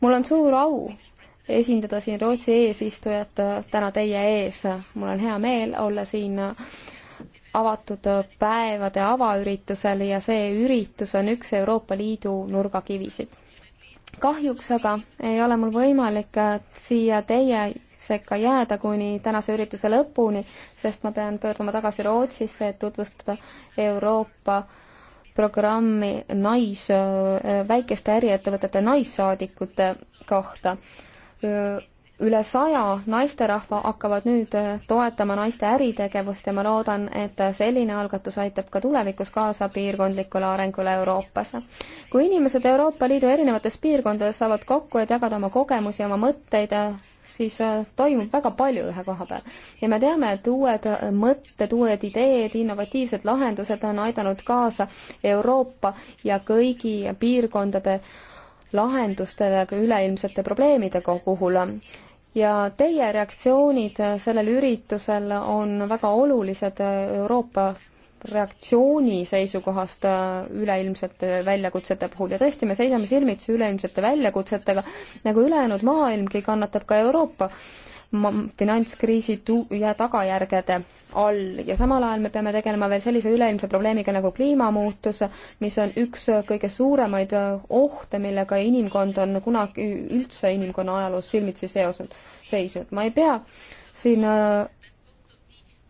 mul on suur au esindada siin Rootsi eesistujat täna teie ees. mul on hea meel olla siin avatud päevade avaüritusel ja see üritus on üks Euroopa Liidu nurgakivisid. kahjuks aga ei ole mul võimalik siia teie sekka jääda kuni tänase ürituse lõpuni, sest ma pean pöörduma tagasi Rootsisse, et tutvustada Euroopa programmi nais, äh, väikeste äriettevõtete naissaadikute kohta. üle saja naisterahva hakkavad nüüd äh, toetama naiste äritegevust ja ma loodan, et äh, selline algatus aitab ka tulevikus kaasa piirkondlikule arengule Euroopas. kui inimesed Euroopa Liidu erinevates piirkondades saavad kokku, et jagada oma kogemusi, oma mõtteid siis äh, toimub väga palju ühe koha peal. ja me teame, et uued äh, mõtted, uued ideed, innovatiivsed lahendused on aidanud kaasa Euroopa ja kõigi piirkondade lahendustele ka üleilmsete probleemide puhul ja teie reaktsioonid sellel üritusel on väga olulised äh, Euroopa reaktsiooni seisukohast äh, üleilmsete väljakutsete puhul ja tõesti, me seisame silmitsi üleilmsete väljakutsetega, nagu ülejäänud maailmgi, kannatab ka Euroopa finantskriisi ja tagajärgede all ja samal ajal me peame tegelema veel sellise üleilmse probleemiga nagu kliimamuutus, mis on üks kõige suuremaid äh, ohte, millega inimkond on kunagi üldse inimkonna ajaloos silmitsi seosnud, seisnud. ma ei pea siin äh,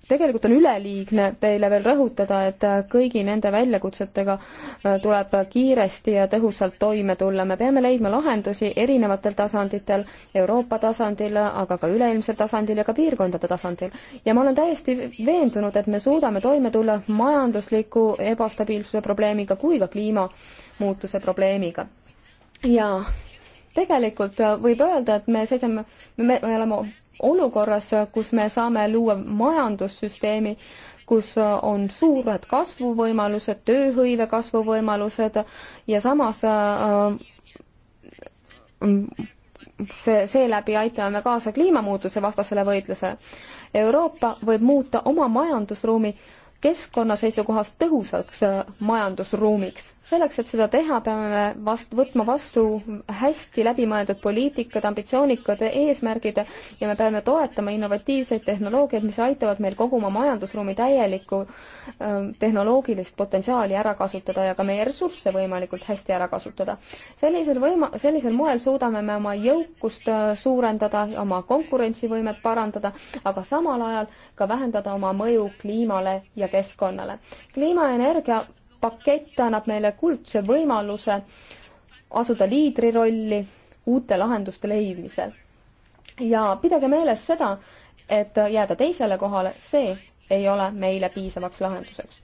tegelikult on üleliigne teile veel rõhutada, et kõigi nende väljakutsetega äh, tuleb kiiresti ja tõhusalt toime tulla. me peame leidma lahendusi erinevatel tasanditel, Euroopa tasandil, aga ka üleilmsel tasandil ja ka piirkondade tasandil. ja ma olen täiesti veendunud, et me suudame toime tulla majandusliku ebastabiilsuse probleemiga kui ka kliimamuutuse probleemiga. ja tegelikult võib öelda, et me seisame, me, me oleme olukorras, kus me saame luua majandussüsteemi, kus on suured kasvuvõimalused, tööhõive kasvuvõimalused ja samas äh, see, seeläbi aitame me kaasa kliimamuutuse vastasele võitlusele. Euroopa võib muuta oma majandusruumi äh, keskkonna seisukohast tõhusaks äh, majandusruumiks. selleks, et seda teha, peame me vast-, võtma vastu hästi läbimõeldud poliitikad, ambitsioonikad eesmärgid ja me peame toetama innovatiivseid tehnoloogiaid, mis aitavad meil kogu oma majandusruumi täielikku äh, tehnoloogilist potentsiaali ära kasutada ja ka meie ressursse võimalikult hästi ära kasutada. sellisel võima-, sellisel moel suudame me oma jõukust äh, suurendada, oma konkurentsivõimet parandada, aga samal ajal ka vähendada oma mõju kliimale ja meile keskkonnale. kliimaenergia pakett annab meile kuldse võimaluse asuda liidri rolli uute lahenduste leidmisel. ja pidage meeles seda, et jääda teisele kohale, see ei ole meile piisavaks lahenduseks.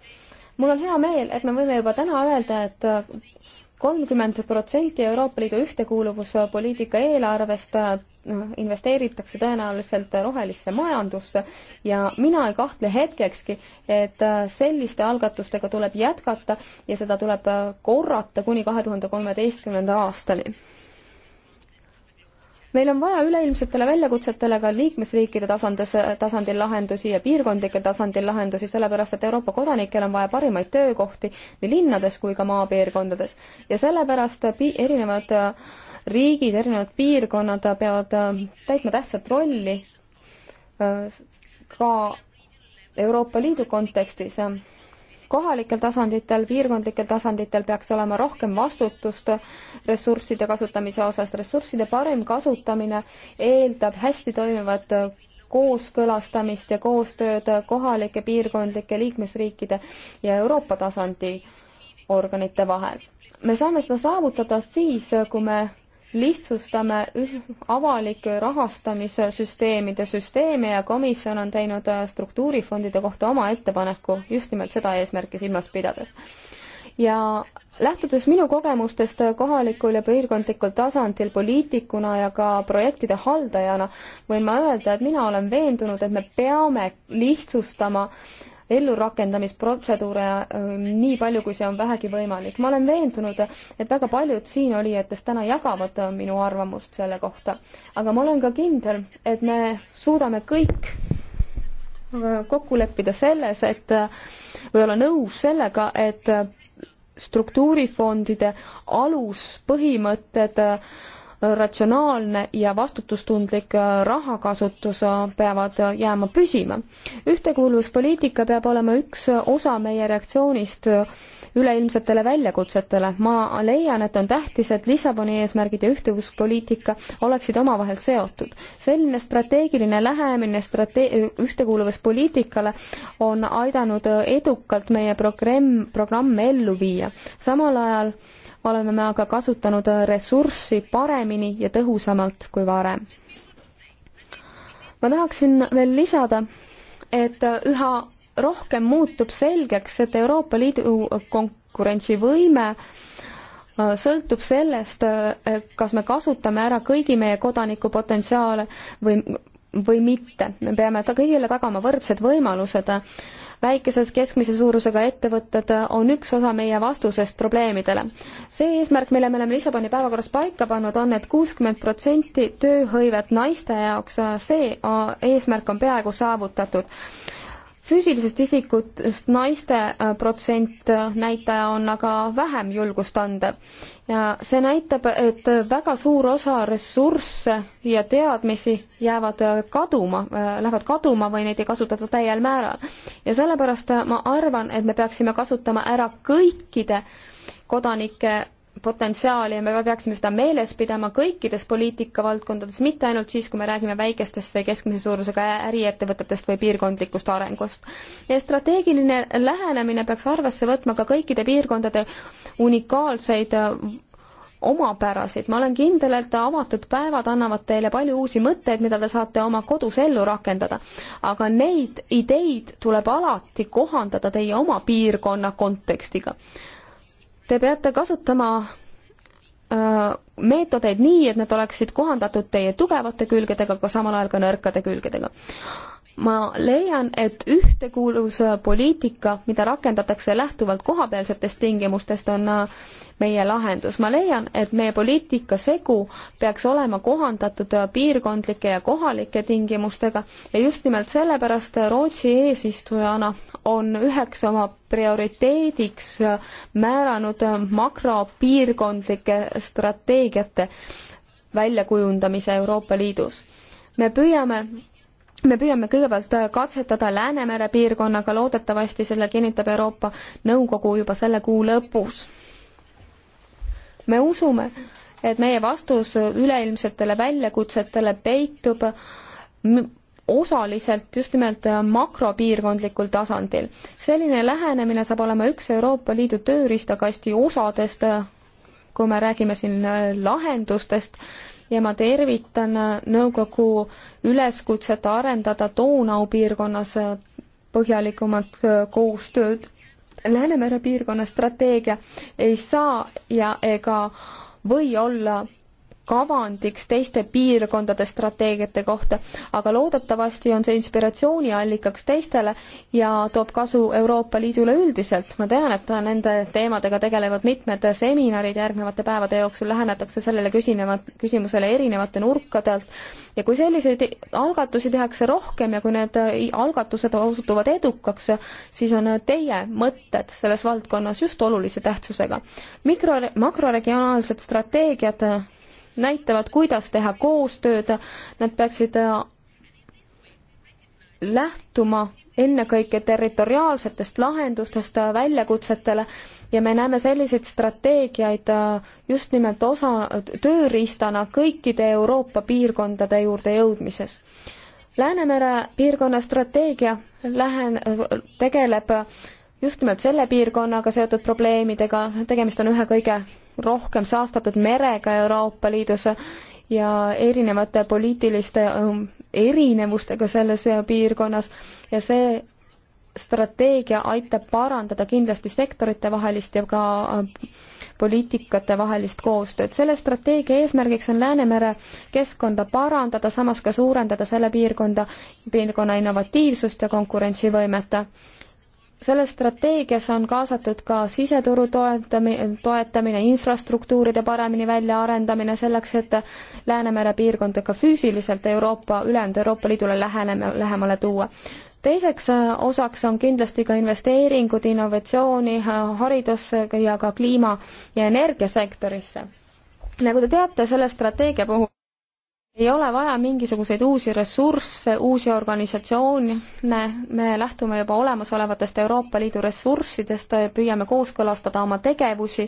mul on hea meel, et me võime juba täna öelda, et kolmkümmend protsenti Euroopa Liidu ühtekuuluvuspoliitika eelarvest Noh, investeeritakse tõenäoliselt rohelisse majandusse ja mina ei kahtle hetkekski, et äh, selliste algatustega tuleb jätkata ja seda tuleb äh, korrata kuni kahe tuhande kolmeteistkümnenda aastani meil on vaja üleilmsetele väljakutsetele ka liikmesriikide tasandis, äh, tasandil lahendusi ja piirkondlikel tasandil lahendusi, sellepärast et Euroopa kodanikel on vaja parimaid töökohti nii linnades kui ka maapiirkondades. ja sellepärast pi-, erinevad äh, riigid, erinevad piirkonnad peavad äh, täitma tähtsat rolli äh, ka Euroopa Liidu kontekstis. kohalikel tasanditel, piirkondlikel tasanditel peaks olema rohkem vastutust ressursside kasutamise osas, ressursside parem kasutamine eeldab hästi toimivat äh, kooskõlastamist ja koostööd kohalike, piirkondlike liikmesriikide ja Euroopa tasandi organite vahel. me saame seda saavutada siis, kui me lihtsustame avalike rahastamissüsteemide süsteemi ja komisjon on teinud äh, struktuurifondide kohta oma ettepaneku just nimelt seda eesmärki silmas pidades. ja lähtudes minu kogemustest äh, kohalikul ja piirkondlikul tasandil poliitikuna ja ka projektide haldajana, võin ma öelda, et mina olen veendunud, et me peame lihtsustama äh, ellurakendamisprotseduure äh, nii palju, kui see on vähegi võimalik. ma olen veendunud, et väga paljud siinolijatest täna jagavad äh, minu arvamust selle kohta, aga ma olen ka kindel, et me suudame kõik äh, kokku leppida selles, et või olla nõus sellega, et struktuurifondide aluspõhimõtted äh, ratsionaalne ja vastutustundlik äh, rahakasutus äh, peavad äh, jääma püsima. ühtekuuluvuspoliitika peab olema üks osa meie reaktsioonist üleilmsetele väljakutsetele. ma leian, et on tähtis, et Lissaboni eesmärgid ja ühtekuuluvuspoliitika oleksid omavahel seotud. selline strateegiline lähemine strate-, ühtekuuluvuspoliitikale on aidanud edukalt meie programm, programme ellu viia. samal ajal oleme me aga kasutanud ressurssi paremini ja tõhusamalt kui varem. ma tahaksin veel lisada, et üha rohkem muutub selgeks, et Euroopa Liidu konkurentsivõime sõltub sellest, kas me kasutame ära kõigi meie kodaniku potentsiaale või või mitte. me peame ta kõigile tagama võrdsed võimalused. väikesed keskmise suurusega ettevõtted on üks osa meie vastusest probleemidele. see eesmärk, mille me oleme Lissaboni päevakorras paika pannud, on et, et kuuskümmend protsenti tööhõivet naiste jaoks, see eesmärk on peaaegu saavutatud füüsilisest isikutest naiste äh, protsent äh, näitaja on aga vähem julgustandev ja see näitab, et väga suur osa ressursse ja teadmisi jäävad äh, kaduma, lähevad kaduma või neid ei kasutata täiel määral. ja sellepärast ma arvan, et me peaksime kasutama ära kõikide kodanike potentsiaali ja me peaksime seda meeles pidama kõikides poliitikavaldkondades, mitte ainult siis, kui me räägime väikestest või keskmise suurusega äriettevõtetest või piirkondlikust arengust. ja strateegiline lähenemine peaks arvesse võtma ka kõikide piirkondade unikaalseid äh, omapäraseid, ma olen kindel, et avatud päevad annavad teile palju uusi mõtteid, mida te saate oma kodus ellu rakendada. aga neid ideid tuleb alati kohandada teie oma piirkonna kontekstiga Te peate kasutama äh, meetodeid nii, et need oleksid kohandatud teie tugevate külgedega, aga samal ajal ka nõrkade külgedega ma leian, et ühtekuuluvuspoliitika, mida rakendatakse lähtuvalt kohapealsetest tingimustest, on äh, meie lahendus. ma leian, et meie poliitika segu peaks olema kohandatud äh, piirkondlike ja kohalike tingimustega ja just nimelt sellepärast äh, Rootsi eesistujana on üheks oma prioriteediks määranud makropiirkondlike strateegiate väljakujundamise Euroopa Liidus. me püüame me püüame kõigepealt äh, katsetada Läänemere piirkonnaga, loodetavasti selle kinnitab Euroopa Nõukogu juba selle kuu lõpus. me usume, et meie vastus üleilmsetele väljakutsetele peitub osaliselt just nimelt äh, makropiirkondlikul tasandil. selline lähenemine saab olema üks Euroopa Liidu tööriistakasti osadest, äh, kui me räägime siin lahendustest ja ma tervitan äh, nõukogu üleskutset arendada Donau piirkonnas äh, põhjalikumat äh, koostööd. Läänemere piirkonna strateegia ei saa ja ega või olla kavandiks teiste piirkondade strateegiate kohta, aga loodetavasti on see inspiratsiooniallikaks teistele ja toob kasu Euroopa Liidule üldiselt. ma tean, et nende teemadega tegelevad mitmed seminarid järgnevate päevade jooksul, lähenetakse sellele küsinema, küsimusele erinevate nurkade alt ja kui selliseid algatusi tehakse rohkem ja kui need algatused osutuvad edukaks, siis on teie mõtted selles valdkonnas just olulise tähtsusega. mikro, makroregionaalsed strateegiad näitavad, kuidas teha koostööd, nad peaksid äh, lähtuma ennekõike territoriaalsetest lahendustest äh, väljakutsetele ja me näeme selliseid strateegiaid äh, just nimelt osa, tööriistana kõikide Euroopa piirkondade juurde jõudmises. Läänemere piirkonna strateegia lähen-, tegeleb just nimelt selle piirkonnaga seotud probleemidega, tegemist on ühe kõige rohkem saastatud merega Euroopa Liidus ja erinevate poliitiliste ähm, erinevustega selles piirkonnas ja see strateegia aitab parandada kindlasti sektoritevahelist ja ka äh, poliitikate vahelist koostööd. selle strateegia eesmärgiks on Läänemere keskkonda parandada, samas ka suurendada selle piirkonda, piirkonna innovatiivsust ja konkurentsivõimet selles strateegias on kaasatud ka siseturu toetamine, toetamine, infrastruktuuride paremini väljaarendamine selleks, et Läänemere piirkonda ka füüsiliselt Euroopa, ülejäänud Euroopa Liidule läheneme, lähemale tuua. teiseks äh, osaks on kindlasti ka investeeringud innovatsiooni, äh, haridusse ja ka kliima- ja energiasektorisse. nagu te teate, selle strateegia puhul ei ole vaja mingisuguseid uusi ressursse, uusi organisatsioone, me lähtume juba olemasolevatest Euroopa Liidu ressurssidest, püüame kooskõlastada oma tegevusi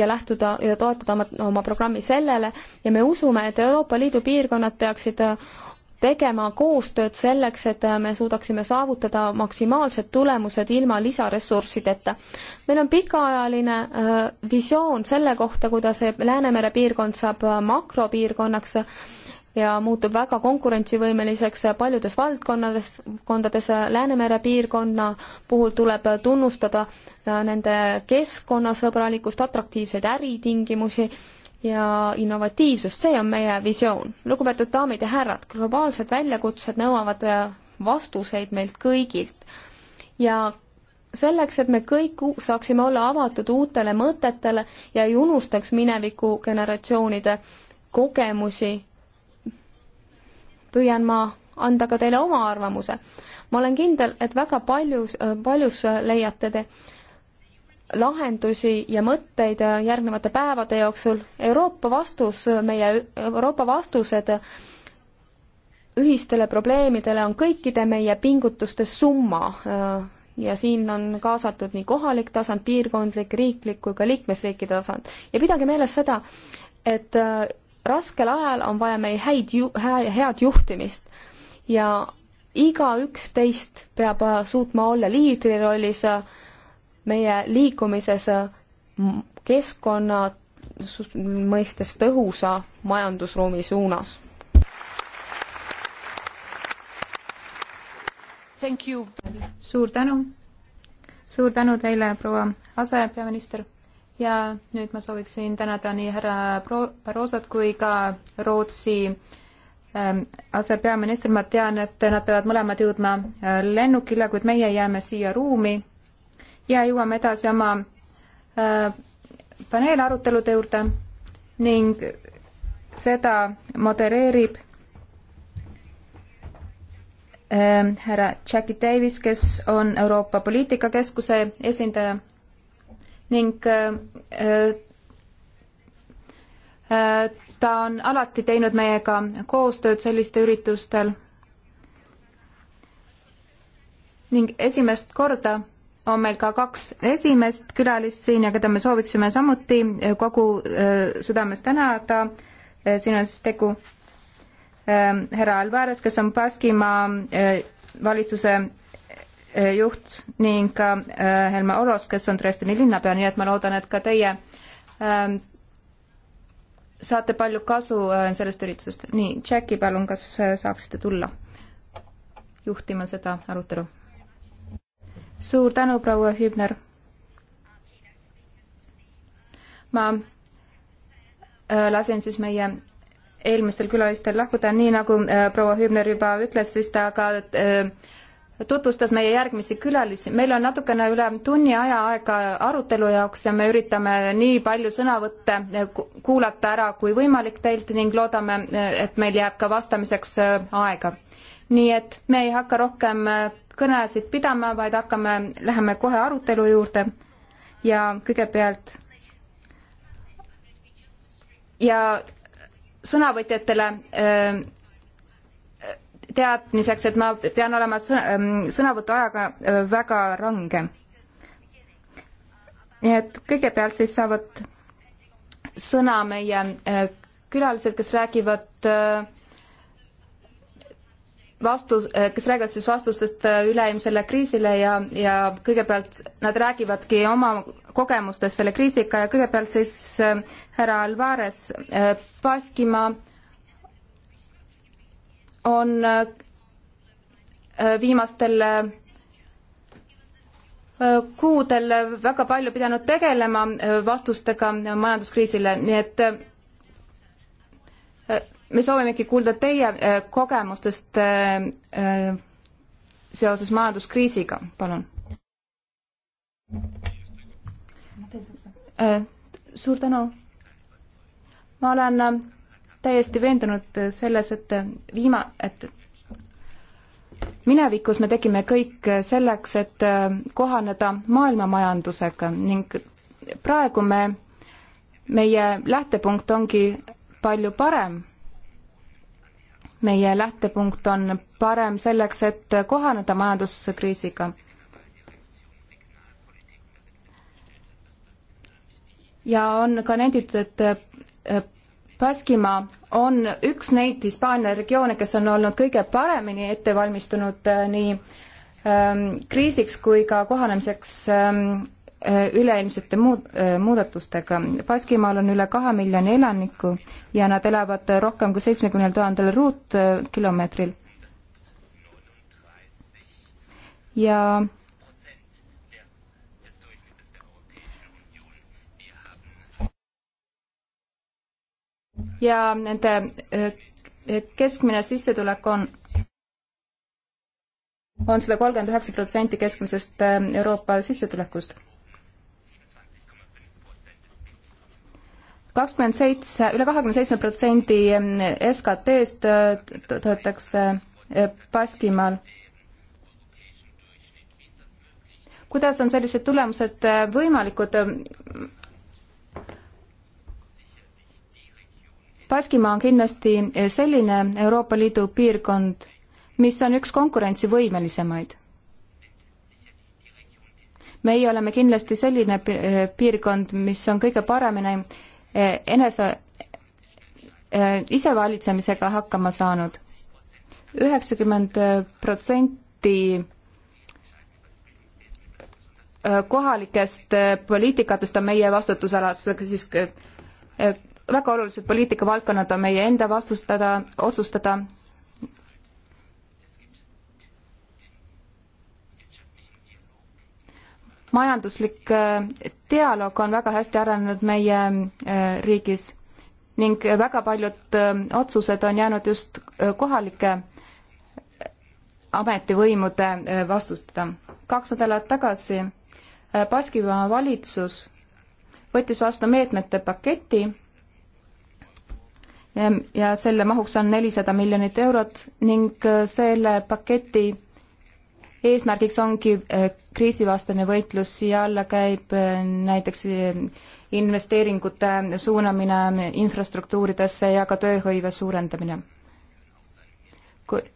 ja lähtuda ja toetada oma, oma programmi sellele ja me usume, et Euroopa Liidu piirkonnad peaksid tegema koostööd selleks, et me suudaksime saavutada maksimaalsed tulemused ilma lisaressurssideta. meil on pikaajaline äh, visioon selle kohta, kuidas Läänemere piirkond saab äh, makropiirkonnaks ja muutub väga konkurentsivõimeliseks paljudes valdkonnades, kondades Läänemere piirkonna puhul tuleb tunnustada nende keskkonnasõbralikkust, atraktiivseid äritingimusi ja innovatiivsust, see on meie visioon. lugupeetud daamid ja härrad, globaalsed väljakutsed nõuavad vastuseid meilt kõigilt. ja selleks, et me kõik saaksime olla avatud uutele mõtetele ja ei unustaks mineviku generatsioonide kogemusi püüan ma anda ka teile oma arvamuse. ma olen kindel, et väga paljus, äh, paljus äh, leiate te lahendusi ja mõtteid äh, järgnevate päevade jooksul. Euroopa vastus, meie Euroopa vastused ühistele probleemidele on kõikide meie pingutuste summa ja siin on kaasatud nii kohalik tasand, piirkondlik, riiklik kui ka liikmesriikide tasand. ja pidage meeles seda, et raskel ajal on vaja meil häid ju-, head juhtimist ja igaüks teist peab äh, suutma olla liidri rollis äh, meie liikumises äh, keskkonna mõistes tõhusa majandusruumi suunas. suur tänu, suur tänu teile, proua asepeaminister ja nüüd ma sooviksin tänada nii härra Barrosot kui ka Rootsi ähm, asepeaminister, ma tean, et nad peavad mõlemad jõudma äh, lennukile, kuid meie jääme siia ruumi ja jõuame edasi oma äh, paneelarutelude juurde ning seda modereerib ähm, härra Jackie Davis, kes on Euroopa Poliitikakeskuse esindaja ning äh, äh, äh, ta on alati teinud meiega koostööd sellistel üritustel. ning esimest korda on meil ka kaks esimest külalist siin ja keda me soovitasime samuti kogu südames tänada. siin on siis tegu härra Alvarez, kes on Baskimaa valitsuse Eh, juht ning ka eh, Helme Oros, kes on Dresdeni linnapea, nii et ma loodan, et ka teie ähm, saate palju kasu äh, sellest üritusest. nii, Jackie, palun, kas äh, saaksite tulla juhtima seda arutelu? suur tänu, proua Hübner. ma äh, lasen siis meie eelmistel külalistel lahkuda, nii nagu proua Hübner juba ütles, siis ta ka äh, tutvustas meie järgmisi külalisi. meil on natukene üle tunni aja aega arutelu jaoks ja me üritame nii palju sõnavõtte kuulata ära kui võimalik teilt ning loodame, et meil jääb ka vastamiseks äh, aega. nii et me ei hakka rohkem äh, kõnesid pidama, vaid hakkame, läheme kohe arutelu juurde ja kõigepealt ja sõnavõtjatele öö, äh, teadmiseks, et ma pean olema sõna, ähm, sõnavõtu ajaga äh, väga range. nii et kõigepealt siis saavad sõna meie äh, külalised, kes räägivad äh, vastus, kes räägivad siis vastustest üleilmsele kriisile ja, ja kõigepealt nad räägivadki oma kogemustest selle kriisiga ja kõigepealt siis härra Alvarez Baskimaa on äh, viimastel äh, kuudel väga palju pidanud tegelema äh, vastustega majanduskriisile, nii et me soovimegi kuulda teie kogemustest seoses majanduskriisiga, palun. suur tänu. ma olen täiesti veendunud selles, et viima-, et minevikus me tegime kõik selleks, et kohaneda maailmamajandusega ning praegu me, meie lähtepunkt ongi palju parem. meie lähtepunkt on parem selleks, et kohaneda majanduskriisiga. ja on ka nenditud, et Baskimaa on üks neid Hispaania regioone, kes on olnud kõige paremini ette valmistunud äh, nii ähm, kriisiks kui ka kohanemiseks ähm, äh, üleilmsete muud, äh, muudatustega. Baskimaal on üle kahe miljoni elaniku ja nad elavad rohkem kui seitsmekümnel tuhandel ruutkilomeetril. ja ja nende äh, keskmine sissetulek on on sada kolmkümmend üheksa protsenti keskmisest äh, Euroopa sissetulekust. kakskümmend seitse, üle kahekümne seitsme protsendi äh, SKT-st toodetakse Baskimaal. kuidas on sellised tulemused võimalikud? Baskimaa on kindlasti selline Euroopa Liidu piirkond, mis on üks konkurentsivõimelisemaid. meie oleme kindlasti selline piirkond, mis on kõige paremini eh, enese, eh, isevalitsemisega hakkama saanud. üheksakümmend protsenti eh, kohalikest poliitikatest on meie vastutusalas, siis väga olulised poliitikavaldkonnad on meie enda vastustada, otsustada. majanduslik äh, dialoog on väga hästi arenenud meie äh, riigis ning väga paljud äh, otsused on jäänud just kohalike ametivõimude vastustada. kaks nädalat tagasi Baskimaa valitsus võttis vastu meetmete paketi ja selle mahuks on nelisada miljonit eurot ning äh, selle paketi eesmärgiks ongi äh, kriisivastane võitlus, siia alla käib äh, näiteks investeeringute suunamine infrastruktuuridesse ja ka tööhõive suurendamine.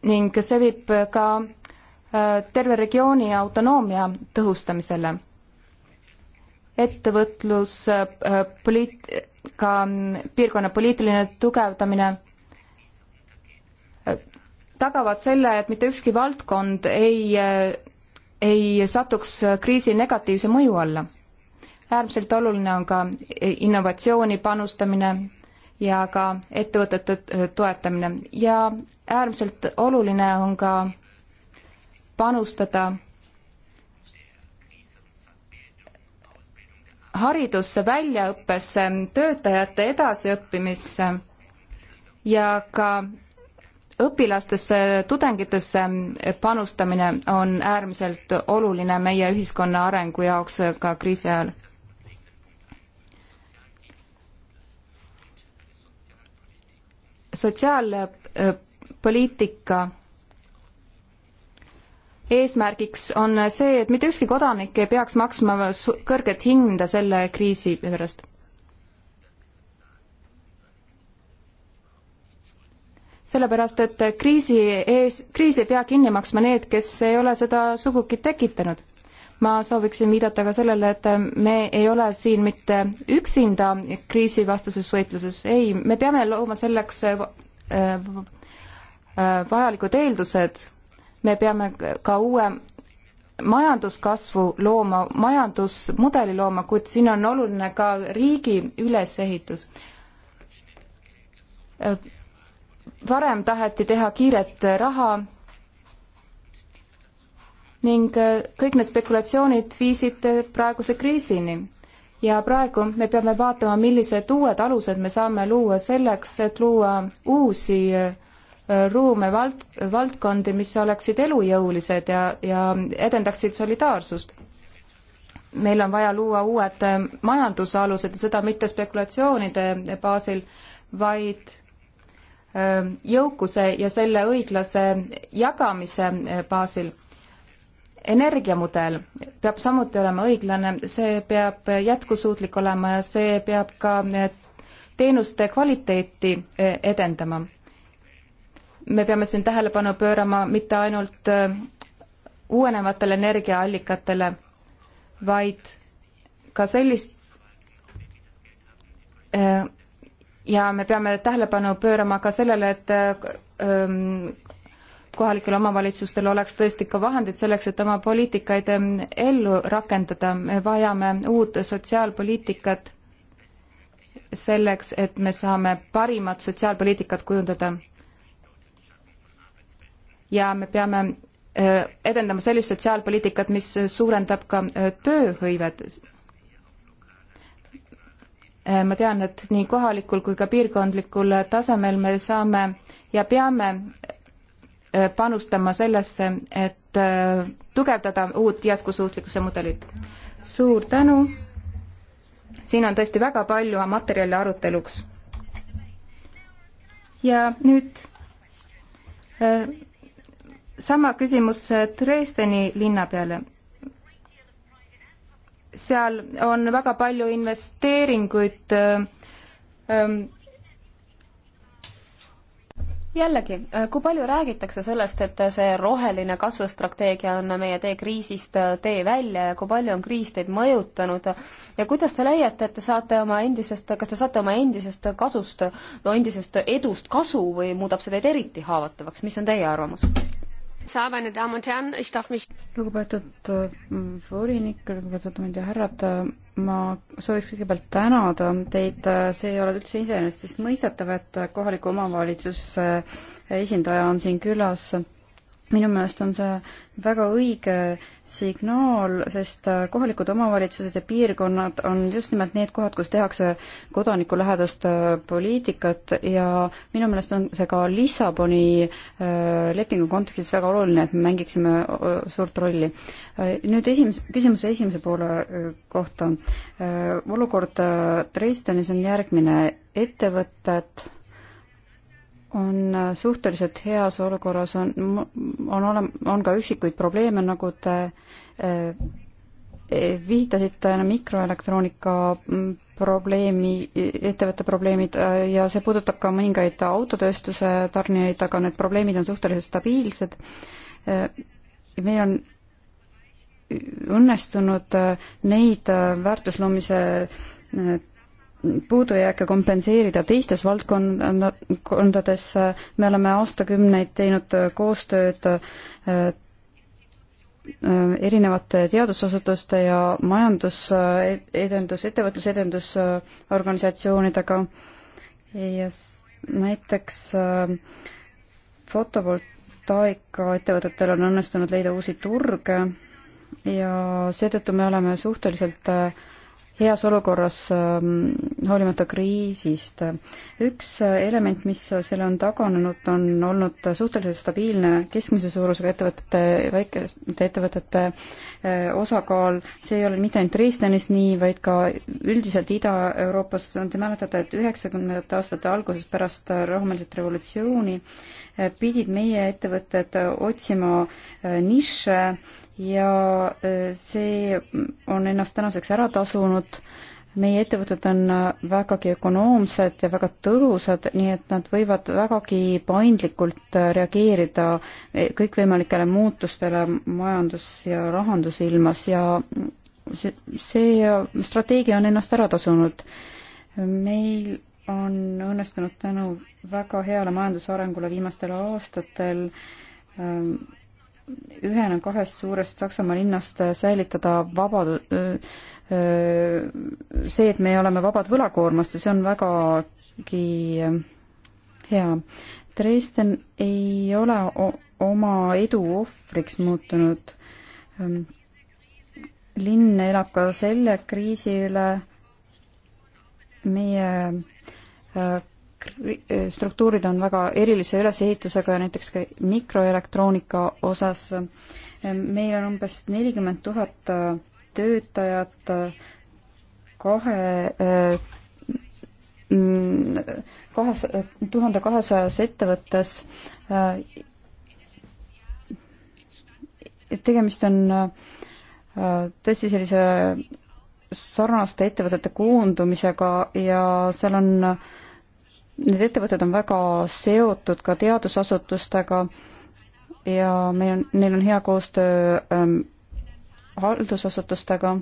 ning see viib ka terve regiooni autonoomia tõhustamisele. ettevõtlus, poliit-, ka piirkonna poliitiline tugevdamine äh, tagavad selle, et mitte ükski valdkond ei, äh, ei satuks kriisi negatiivse mõju alla. äärmiselt oluline on ka innovatsiooni panustamine ja ka ettevõtete toetamine ja äärmiselt oluline on ka panustada haridusse, väljaõppesse, töötajate edasiõppimisse ja ka õpilastesse, tudengitesse panustamine on äärmiselt oluline meie ühiskonna arengu jaoks ka kriisi ajal. sotsiaalpoliitika eesmärgiks on see, et mitte ükski kodanik ei peaks maksma kõrget hinda selle kriisi pärast sellepärast, et kriisi ees, kriis ei pea kinni maksma need, kes ei ole seda sugugi tekitanud. ma sooviksin viidata ka sellele, et me ei ole siin mitte üksinda kriisivastases võitluses, ei, me peame looma selleks äh, äh, vajalikud eeldused me peame ka uue majanduskasvu looma, majandusmudeli looma, kuid siin on oluline ka riigi ülesehitus. varem taheti teha kiiret raha ning kõik need spekulatsioonid viisid praeguse kriisini. ja praegu me peame vaatama, millised uued alused me saame luua selleks, et luua uusi ruume, vald, valdkondi, mis oleksid elujõulised ja, ja edendaksid solidaarsust. meil on vaja luua uued majandusalused ja seda mitte spekulatsioonide baasil, vaid jõukuse ja selle õiglase jagamise baasil. energiamudel peab samuti olema õiglane, see peab jätkusuutlik olema ja see peab ka e, teenuste kvaliteeti e, edendama me peame siin tähelepanu pöörama mitte ainult äh, uuenevatele energiaallikatele, vaid ka sellist äh, ja me peame tähelepanu pöörama ka sellele, et äh, ähm, kohalikel omavalitsustel oleks tõesti ka vahendid selleks, et oma poliitikaid ähm, ellu rakendada, me vajame uut sotsiaalpoliitikat selleks, et me saame parimat sotsiaalpoliitikat kujundada ja me peame äh, edendama sellist sotsiaalpoliitikat, mis suurendab ka äh, tööhõivet. Äh, ma tean, et nii kohalikul kui ka piirkondlikul tasemel me saame ja peame panustama sellesse, et tugevdada uut jätkusuutlikkuse mudelit. suur tänu, siin on tõesti väga palju materjali aruteluks. ja nüüd sama küsimus äh, Dresdeni linna peale. seal on väga palju investeeringuid äh, ähm, jällegi, äh, kui palju räägitakse sellest, et see roheline kasvustrateegia on meie tee kriisist tee välja ja kui palju on kriis teid mõjutanud ja kuidas te leiate, et te saate oma endisest, kas te saate oma endisest kasust no,, endisest edust kasu või muudab see teid eriti haavatavaks, mis on teie arvamus? lugupeetud äh, volinik, lugupeetud daamid ja härrad, äh, ma sooviks kõigepealt tänada teid, äh, see ei ole üldse iseenesestmõistetav, et kohaliku omavalitsuse esindaja on siin külas minu meelest on see väga õige signaal, sest äh, kohalikud omavalitsused ja piirkonnad on just nimelt need kohad, kus tehakse kodanikulähedast äh, poliitikat ja minu meelest on see ka Lissaboni äh, lepingu kontekstis väga oluline, et me mängiksime suurt rolli. nüüd esimese, küsimuse esimese poole kohta. olukord Dresdenis on järgmine, ettevõtted et on äh, suhteliselt heas olukorras, on, on olem-, on ka üksikuid probleeme, nagu te eh, viitasite mikroelektroonika mm, probleemi, ettevõtte probleemid äh, ja see puudutab ka mõningaid autotööstuse tarnijaid, aga need probleemid on suhteliselt stabiilsed. meil on õnnestunud neid väärtusloomise puudujääke kompenseerida teistes valdkondades, me oleme aastakümneid teinud koostööd äh, erinevate teadusasutuste ja majandus-edendus, ettevõtlusedendusorganisatsioonidega ja näiteks äh, fotovoltaikaettevõtetel on õnnestunud leida uusi turge ja seetõttu me oleme suhteliselt äh, heas olukorras ähm, hoolimata kriisist. üks element, mis selle on taganenud, on olnud suhteliselt stabiilne keskmise suurusega ettevõtete, väikeste ettevõtete äh, osakaal, see ei ole mitte ainult Dresdenis nii, vaid ka üldiselt Ida-Euroopas, te mäletate, et üheksakümnendate aastate alguses pärast rahumeelset revolutsiooni äh, pidid meie ettevõtted otsima äh, nišše, ja äh, see on ennast tänaseks ära tasunud. meie ettevõtted on äh, vägagi ökonoomsed ja väga tõhusad, nii et nad võivad vägagi paindlikult äh, reageerida kõikvõimalikele muutustele majandus- ja rahandusilmas ja see, see strateegia on ennast ära tasunud. meil on õnnestunud tänu väga heale majandusarengule viimastel aastatel ähm, ühena kahest suurest Saksamaa linnast säilitada vaba, see, et me oleme vabad võlakoormast ja see on vägagi hea. Dresden ei ole oma edu ohvriks muutunud. linn elab ka selle kriisi üle. meie struktuurid on väga erilise ülesehitusega ja näiteks ka mikroelektroonika osas eh, meil on umbes nelikümmend tuhat eh, töötajat eh, kahe mm, kahes, tuhande kahesajas ettevõttes. et tegemist on tõesti sellise sarnaste ettevõtete koondumisega ja seal on äh, need ettevõtted on väga seotud ka teadusasutustega ja meil on, neil on hea koostöö ähm, haldusasutustega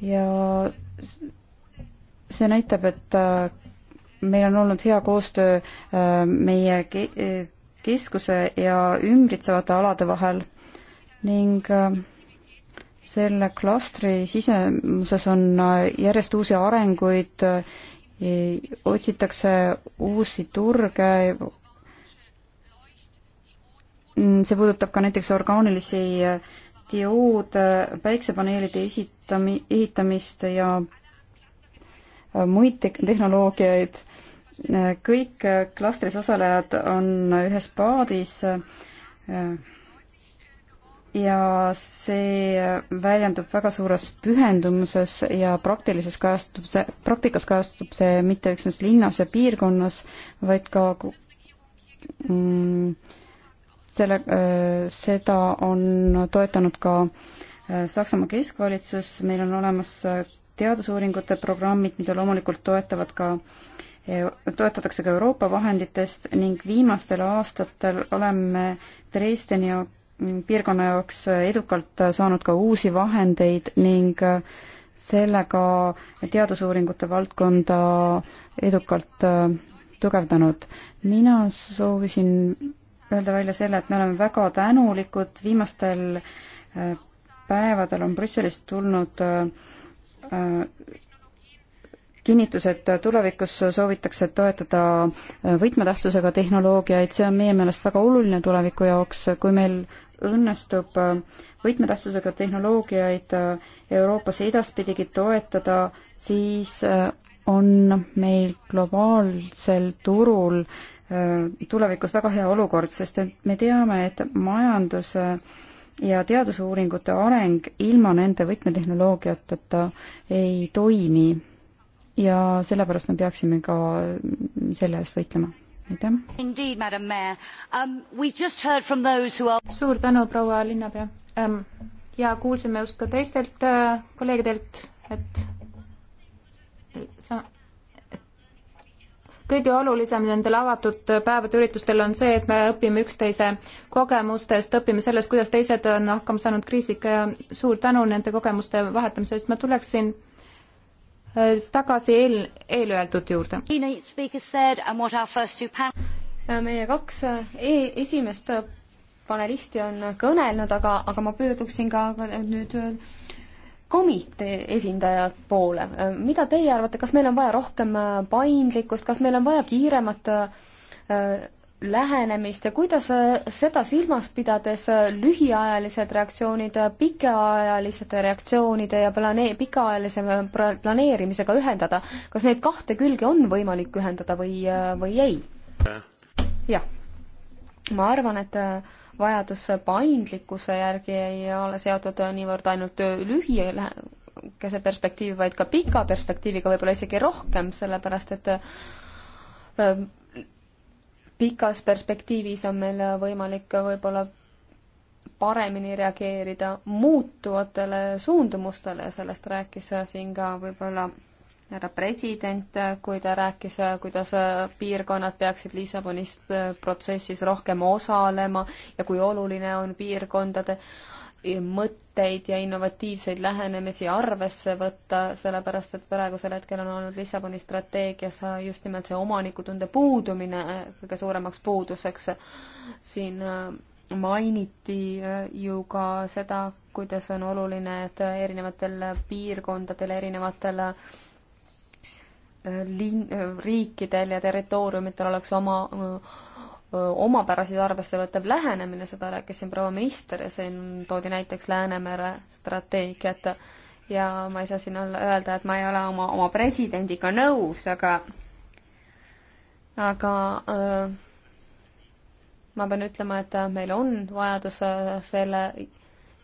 ja see näitab, et äh, meil on olnud hea koostöö äh, meie ke äh, keskuse ja ümbritsevate alade vahel ning äh, selle klastri sisemuses on äh, järjest uusi arenguid äh, otsitakse uusi turge, see puudutab ka näiteks orgaanilisi dioode, päiksepaneelide esitami-, ehitamist ja muid te-, tehnoloogiaid, kõik klastris osalejad on ühes paadis, ja see väljendub väga suures pühendumuses ja praktilises kajastub see, praktikas kajastub see mitte üksnes linnas ja piirkonnas, vaid ka mm, selle, äh, seda on toetanud ka äh, Saksamaa keskvalitsus, meil on olemas äh, teadusuuringute programmid, mida loomulikult toetavad ka toetatakse ka Euroopa vahenditest ning viimastel aastatel oleme Dresdeni ja piirkonna jaoks edukalt saanud ka uusi vahendeid ning sellega teadusuuringute valdkonda edukalt äh, tugevdanud. mina soovisin öelda välja selle, et me oleme väga tänulikud, viimastel äh, päevadel on Brüsselist tulnud äh, kinnitus, et tulevikus soovitakse toetada võtmetähtsusega tehnoloogiaid, see on meie meelest väga oluline tuleviku jaoks, kui meil õnnestub äh, võtmetähtsusega tehnoloogiaid äh, Euroopas edaspidigi toetada, siis äh, on meil globaalsel turul tulevikus väga hea olukord, sest et me teame, et majanduse ja teadusuuringute areng ilma nende võtmetehnoloogiateta ei toimi. ja sellepärast me peaksime ka selle eest võitlema aitäh. Um, are... suur tänu, proua linnapea um,. ja kuulsime just ka teistelt uh, kolleegidelt, et sa, kõige olulisem nendel avatud päevade üritustel on see, et me õpime üksteise kogemustest, õpime sellest, kuidas teised on hakkama saanud kriisiga ja suur tänu nende kogemuste vahetamise eest. ma tuleksin Äh, tagasi eel, eelöeldud juurde. Äh, meie kaks äh, e esimest panelisti on kõnelnud, aga, aga ma pöörduksin ka nüüd komitee esindajad poole. mida teie arvate, kas meil on vaja rohkem paindlikkust, kas meil on vaja kiiremat lähenemist ja kuidas äh, seda silmas pidades äh, lühiajalised reaktsioonid äh, pikaajaliste reaktsioonide ja planee-, pikaajalise planeerimisega ühendada, kas neid kahte külge on võimalik ühendada või, või ei? jah. ma arvan, et vajadus paindlikkuse järgi ei ole seotud niivõrd ainult lühikese perspektiivi, vaid ka pika perspektiiviga, võib-olla isegi rohkem, sellepärast et pikas perspektiivis on meil võimalik võib-olla paremini reageerida muutuvatele suundumustele ja sellest rääkis siin ka võib-olla härra president, kui ta rääkis, kuidas piirkonnad peaksid Lissabonis protsessis rohkem osalema ja kui oluline on piirkondade äh, mõtteid ja innovatiivseid lähenemisi arvesse võtta, sellepärast et praegusel hetkel on olnud Lissaboni strateegias just nimelt see omanikutunde puudumine äh, kõige suuremaks puuduseks. siin äh, mainiti äh, ju ka seda, kuidas on oluline, et erinevatel piirkondadel, erinevatel linn, riikidel ja territooriumitel oleks oma omapäraseid arvesse võttev lähenemine, seda rääkis siin proua minister ja siin toodi näiteks Läänemere strateegiat ja ma ei saa siin olla, öelda, et ma ei ole oma, oma presidendiga nõus, aga aga öö, ma pean ütlema, et meil on vajadus äh, selle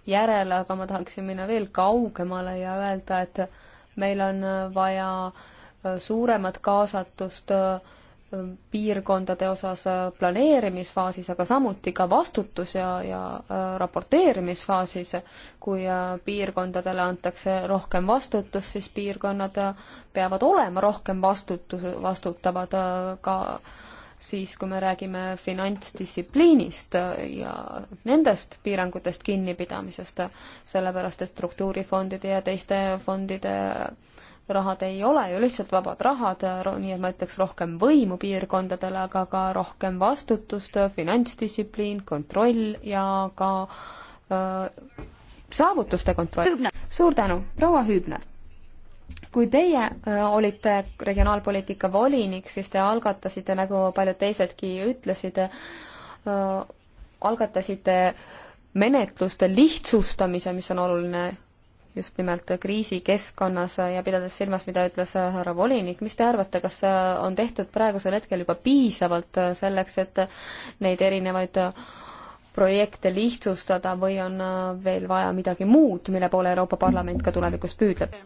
järele, aga ma tahaksin minna veel kaugemale ja öelda, et meil on vaja äh, suuremat kaasatust öö, piirkondade osas äh, planeerimisfaasis, aga samuti ka vastutus ja, ja äh, raporteerimisfaasis. kui äh, piirkondadele antakse rohkem vastutust, siis piirkonnad peavad olema rohkem vastutus, vastutavad ka siis, kui me räägime finantsdistsipliinist ja nendest piirangutest kinnipidamisest, sellepärast et struktuurifondide ja teiste fondide äh, rahad ei ole ju lihtsalt vabad rahad, nii et ma ütleks rohkem võimu piirkondadele, aga ka rohkem vastutust, finantsdistsipliin, kontroll ja ka öö, saavutuste kontroll. suur tänu, proua Hüübner! kui teie olite regionaalpoliitika volinik, siis te algatasite, nagu paljud teisedki ütlesid, algatasite menetluste lihtsustamise, mis on oluline just nimelt kriisikeskkonnas ja pidades silmas, mida ütles äh, härra volinik, mis te arvate, kas äh, on tehtud praegusel hetkel juba piisavalt äh, selleks, et neid erinevaid projekte lihtsustada või on veel vaja midagi muud, mille poole Euroopa Parlament ka tulevikus püüdleb?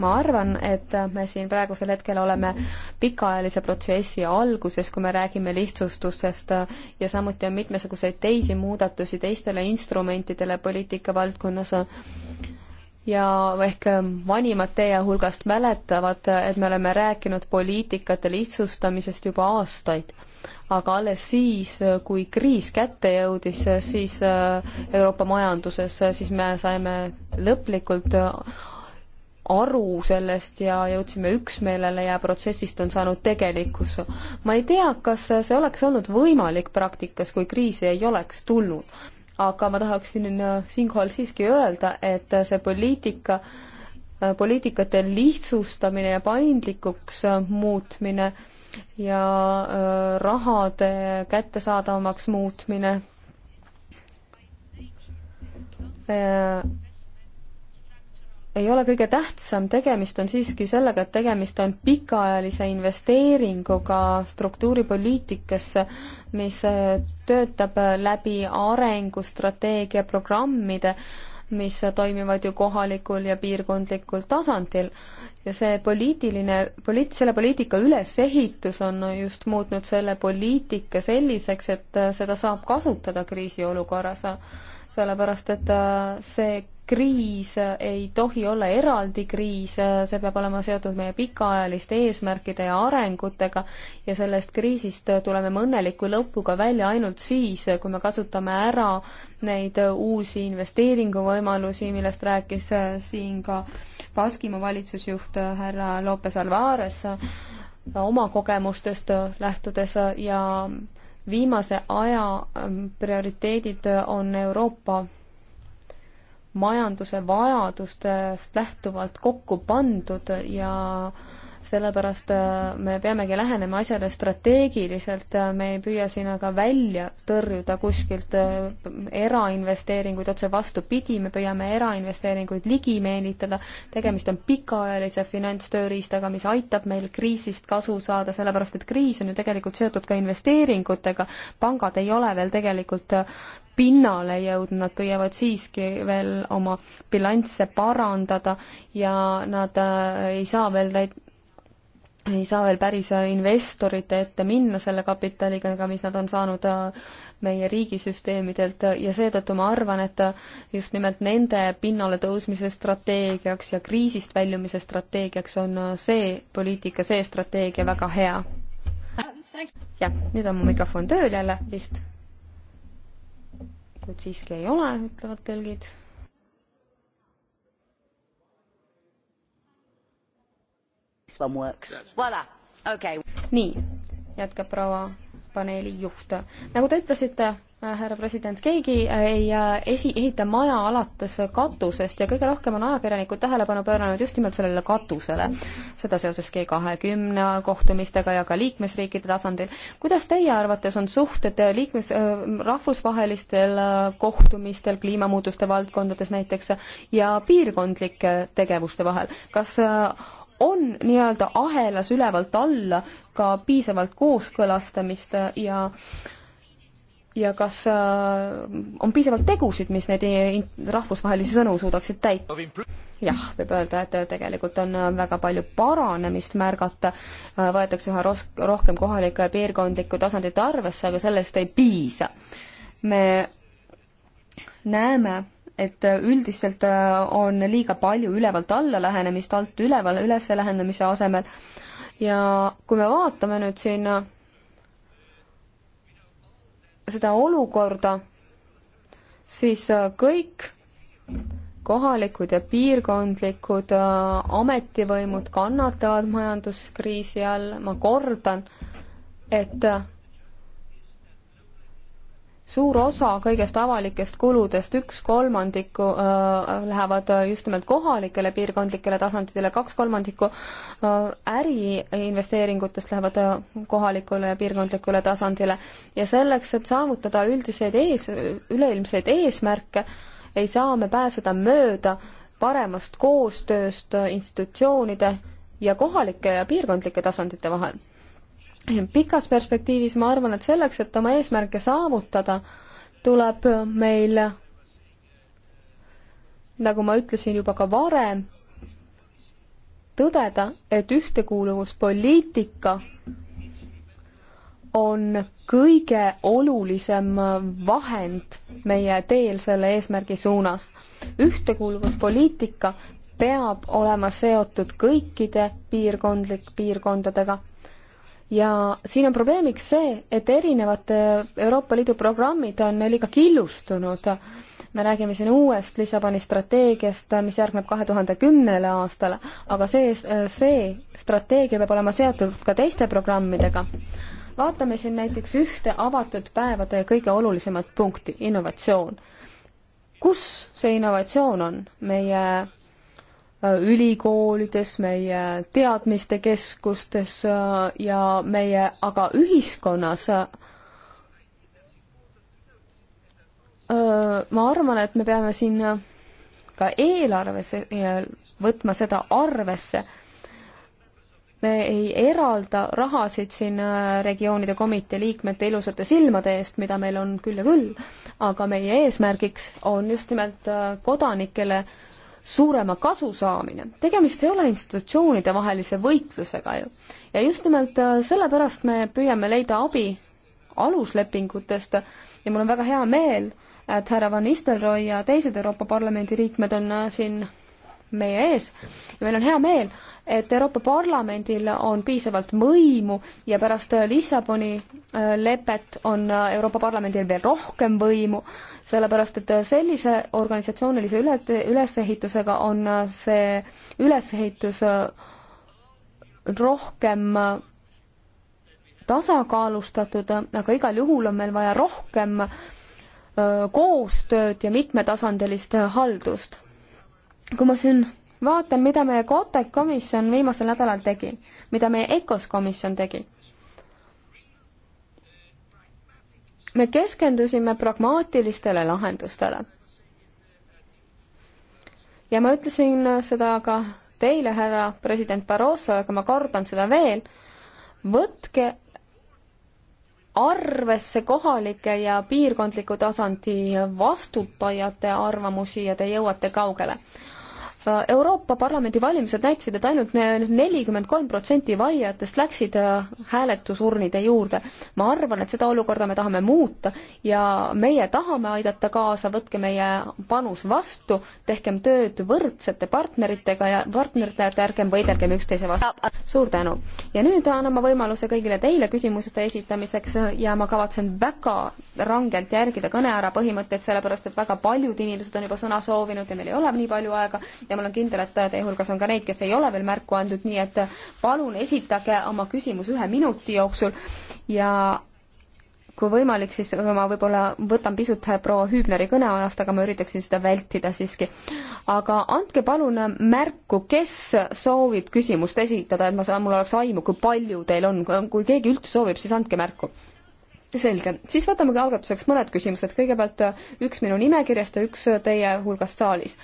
ma arvan, et me siin praegusel hetkel oleme pikaajalise protsessi alguses, kui me räägime lihtsustustest ja samuti on mitmesuguseid teisi muudatusi teistele instrumentidele poliitika valdkonnas ja ehk vanimad teie hulgast mäletavad, et me oleme rääkinud poliitikate lihtsustamisest juba aastaid. aga alles siis, kui kriis kätte jõudis, siis äh, Euroopa majanduses, siis me saime lõplikult aru sellest ja jõudsime üksmeelele ja protsessist on saanud tegelikkus. ma ei tea, kas see oleks olnud võimalik praktikas, kui kriisi ei oleks tulnud aga ma tahaksin äh, siinkohal siiski öelda, et äh, see poliitika, äh, poliitikate lihtsustamine ja paindlikuks muutmine ja rahade kättesaadavamaks muutmine ei ole kõige tähtsam, tegemist on siiski sellega, et tegemist on pikaajalise investeeringuga struktuuripoliitikasse, mis äh, töötab äh, läbi arengustrateegia programmide, mis toimivad ju kohalikul ja piirkondlikul tasandil. ja see poliitiline, poliit-, selle poliitika ülesehitus on just muutnud selle poliitika selliseks, et äh, seda saab kasutada kriisiolukorras, sellepärast et see kriis ei tohi olla eraldi kriis, see peab olema seotud meie pikaajaliste eesmärkide ja arengutega ja sellest kriisist tuleme me õnneliku lõpuga välja ainult siis, kui me kasutame ära neid uusi investeeringuvõimalusi, millest rääkis siin ka Baskimaa valitsusjuht härra Lopez Alvarez oma kogemustest lähtudes ja viimase aja prioriteedid on Euroopa majanduse vajadustest lähtuvalt kokku pandud ja sellepärast äh, me peamegi lähenema asjale strateegiliselt, äh, me ei püüa siin aga välja tõrjuda kuskilt äh, erainvesteeringuid, otse vastupidi, me püüame erainvesteeringuid ligi meelitada, tegemist on pikaajalise finantstööriistaga, mis aitab meil kriisist kasu saada, sellepärast et kriis on ju tegelikult seotud ka investeeringutega, pangad ei ole veel tegelikult pinnale jõudnud, nad püüavad siiski veel oma bilansse parandada ja nad äh, ei saa veel täit-, ei saa veel päris äh, investorite ette minna selle kapitaliga, mis nad on saanud äh, meie riigisüsteemidelt ja seetõttu ma arvan, et just nimelt nende pinnale tõusmise strateegiaks ja kriisist väljumise strateegiaks on see poliitika, see strateegia väga hea. jah, nüüd on mu mikrofon tööl jälle vist kuid siiski ei ole, ütlevad tõlgid. Voilà. Okay. nii, jätkab proua paneeli juht. nagu te ütlesite, Äh, härra president, keegi äh, ei äh, esi, ehita maja alates katusest ja kõige rohkem on ajakirjanikud tähelepanu pööranud just nimelt sellele katusele. seda seoses G kahekümne kohtumistega ja ka liikmesriikide tasandil. kuidas teie arvates on suhted liikmes, rahvusvahelistel kohtumistel kliimamuutuste valdkondades näiteks ja piirkondlike tegevuste vahel, kas on nii-öelda ahelas ülevalt alla ka piisavalt kooskõlastamist ja äh, ja kas äh, on piisavalt tegusid, mis neid rahvusvahelisi sõnu suudaksid täita? jah, võib öelda, et tegelikult on äh, väga palju paranemist märgata, äh, võetakse üha ros-, rohkem kohalikku ja piirkondlikku tasandit arvesse, aga sellest ei piisa. me näeme, et üldiselt on liiga palju ülevalt alla lähenemist, alt üleval üles lähenemise asemel ja kui me vaatame nüüd siin seda olukorda, siis äh, kõik kohalikud ja piirkondlikud äh, ametivõimud kannatavad majanduskriisi all, ma kordan, et äh, suur osa kõigest avalikest kuludest, üks kolmandiku äh, lähevad äh, just nimelt kohalikele piirkondlikele tasanditele, kaks kolmandikku äh, äriinvesteeringutest lähevad äh, kohalikule ja piirkondlikule tasandile ja selleks, et saavutada üldiseid ees, üleilmseid eesmärke, ei saa me pääseda mööda paremast koostööst äh, institutsioonide ja kohalike ja piirkondlike tasandite vahel pikas perspektiivis ma arvan, et selleks, et oma eesmärke saavutada, tuleb meil, nagu ma ütlesin juba ka varem, tõdeda, et ühtekuuluvuspoliitika on kõige olulisem vahend meie teel selle eesmärgi suunas. ühtekuuluvuspoliitika peab olema seotud kõikide piirkondlik, piirkondadega ja siin on probleemiks see, et erinevad äh, Euroopa Liidu programmid on liiga killustunud. me räägime siin uuest Lissaboni strateegiast, mis järgneb kahe tuhande kümnele aastale, aga see, äh, see strateegia peab olema seotud ka teiste programmidega. vaatame siin näiteks ühte avatud päevade kõige olulisemat punkti, innovatsioon. kus see innovatsioon on meie ülikoolides, meie teadmistekeskustes äh, ja meie, aga ühiskonnas äh, ma arvan, et me peame siin äh, ka eelarves võtma seda arvesse. me ei eralda rahasid siin regioonide komitee liikmete ilusate silmade eest, mida meil on küll ja küll, aga meie eesmärgiks on just nimelt kodanikele äh, suurema kasu saamine. tegemist ei ole institutsioonide vahelise võitlusega ju. ja just nimelt äh, sellepärast me püüame leida abi aluslepingutest ja mul on väga hea meel, et härra Van Nistelrooy ja teised Euroopa Parlamendi liikmed on äh, siin meie ees ja meil on hea meel, et Euroopa Parlamendil on piisavalt võimu ja pärast äh, Lissaboni äh, lepet on äh, Euroopa Parlamendil veel rohkem võimu, sellepärast et sellise organisatsioonilise üle, ülesehitusega on see ülesehitus rohkem tasakaalustatud, aga igal juhul on meil vaja rohkem koostööd ja mitmetasandilist haldust kui ma siin vaatan, mida meie Kotek komisjon viimasel nädalal tegi, mida meie EKOS komisjon tegi, me keskendusime pragmaatilistele lahendustele. ja ma ütlesin seda ka teile, härra president Barroso, aga ma kordan seda veel, võtke arvesse kohalike ja piirkondliku tasandi vastutajate arvamusi ja te jõuate kaugele. Euroopa Parlamendi valimised näitasid, et ainult nelikümmend kolm protsenti valijatest läksid äh, hääletusurnide juurde. ma arvan, et seda olukorda me tahame muuta ja meie tahame aidata kaasa, võtke meie panus vastu, tehkem tööd võrdsete partneritega ja partneritega ärgem võidelgem üksteise vastu. suur tänu! ja nüüd annan ma võimaluse kõigile teile küsimuste esitamiseks ja ma kavatsen väga rangelt järgida kõneära põhimõtteid, sellepärast et väga paljud inimesed on juba sõna soovinud ja meil ei ole nii palju aega ja ma olen kindel, et teie hulgas on ka neid, kes ei ole veel märku andnud, nii et palun esitage oma küsimus ühe minuti jooksul ja kui võimalik, siis ma võib-olla võtan pisut proua Hüübneri kõneajast, aga ma üritaksin seda vältida siiski. aga andke palun märku, kes soovib küsimust esitada, et ma saan, mul oleks aimu, kui palju teil on, kui keegi üldse soovib, siis andke märku. selge, siis võtamegi algatuseks mõned küsimused, kõigepealt üks minu nimekirjast ja üks teie hulgast saalis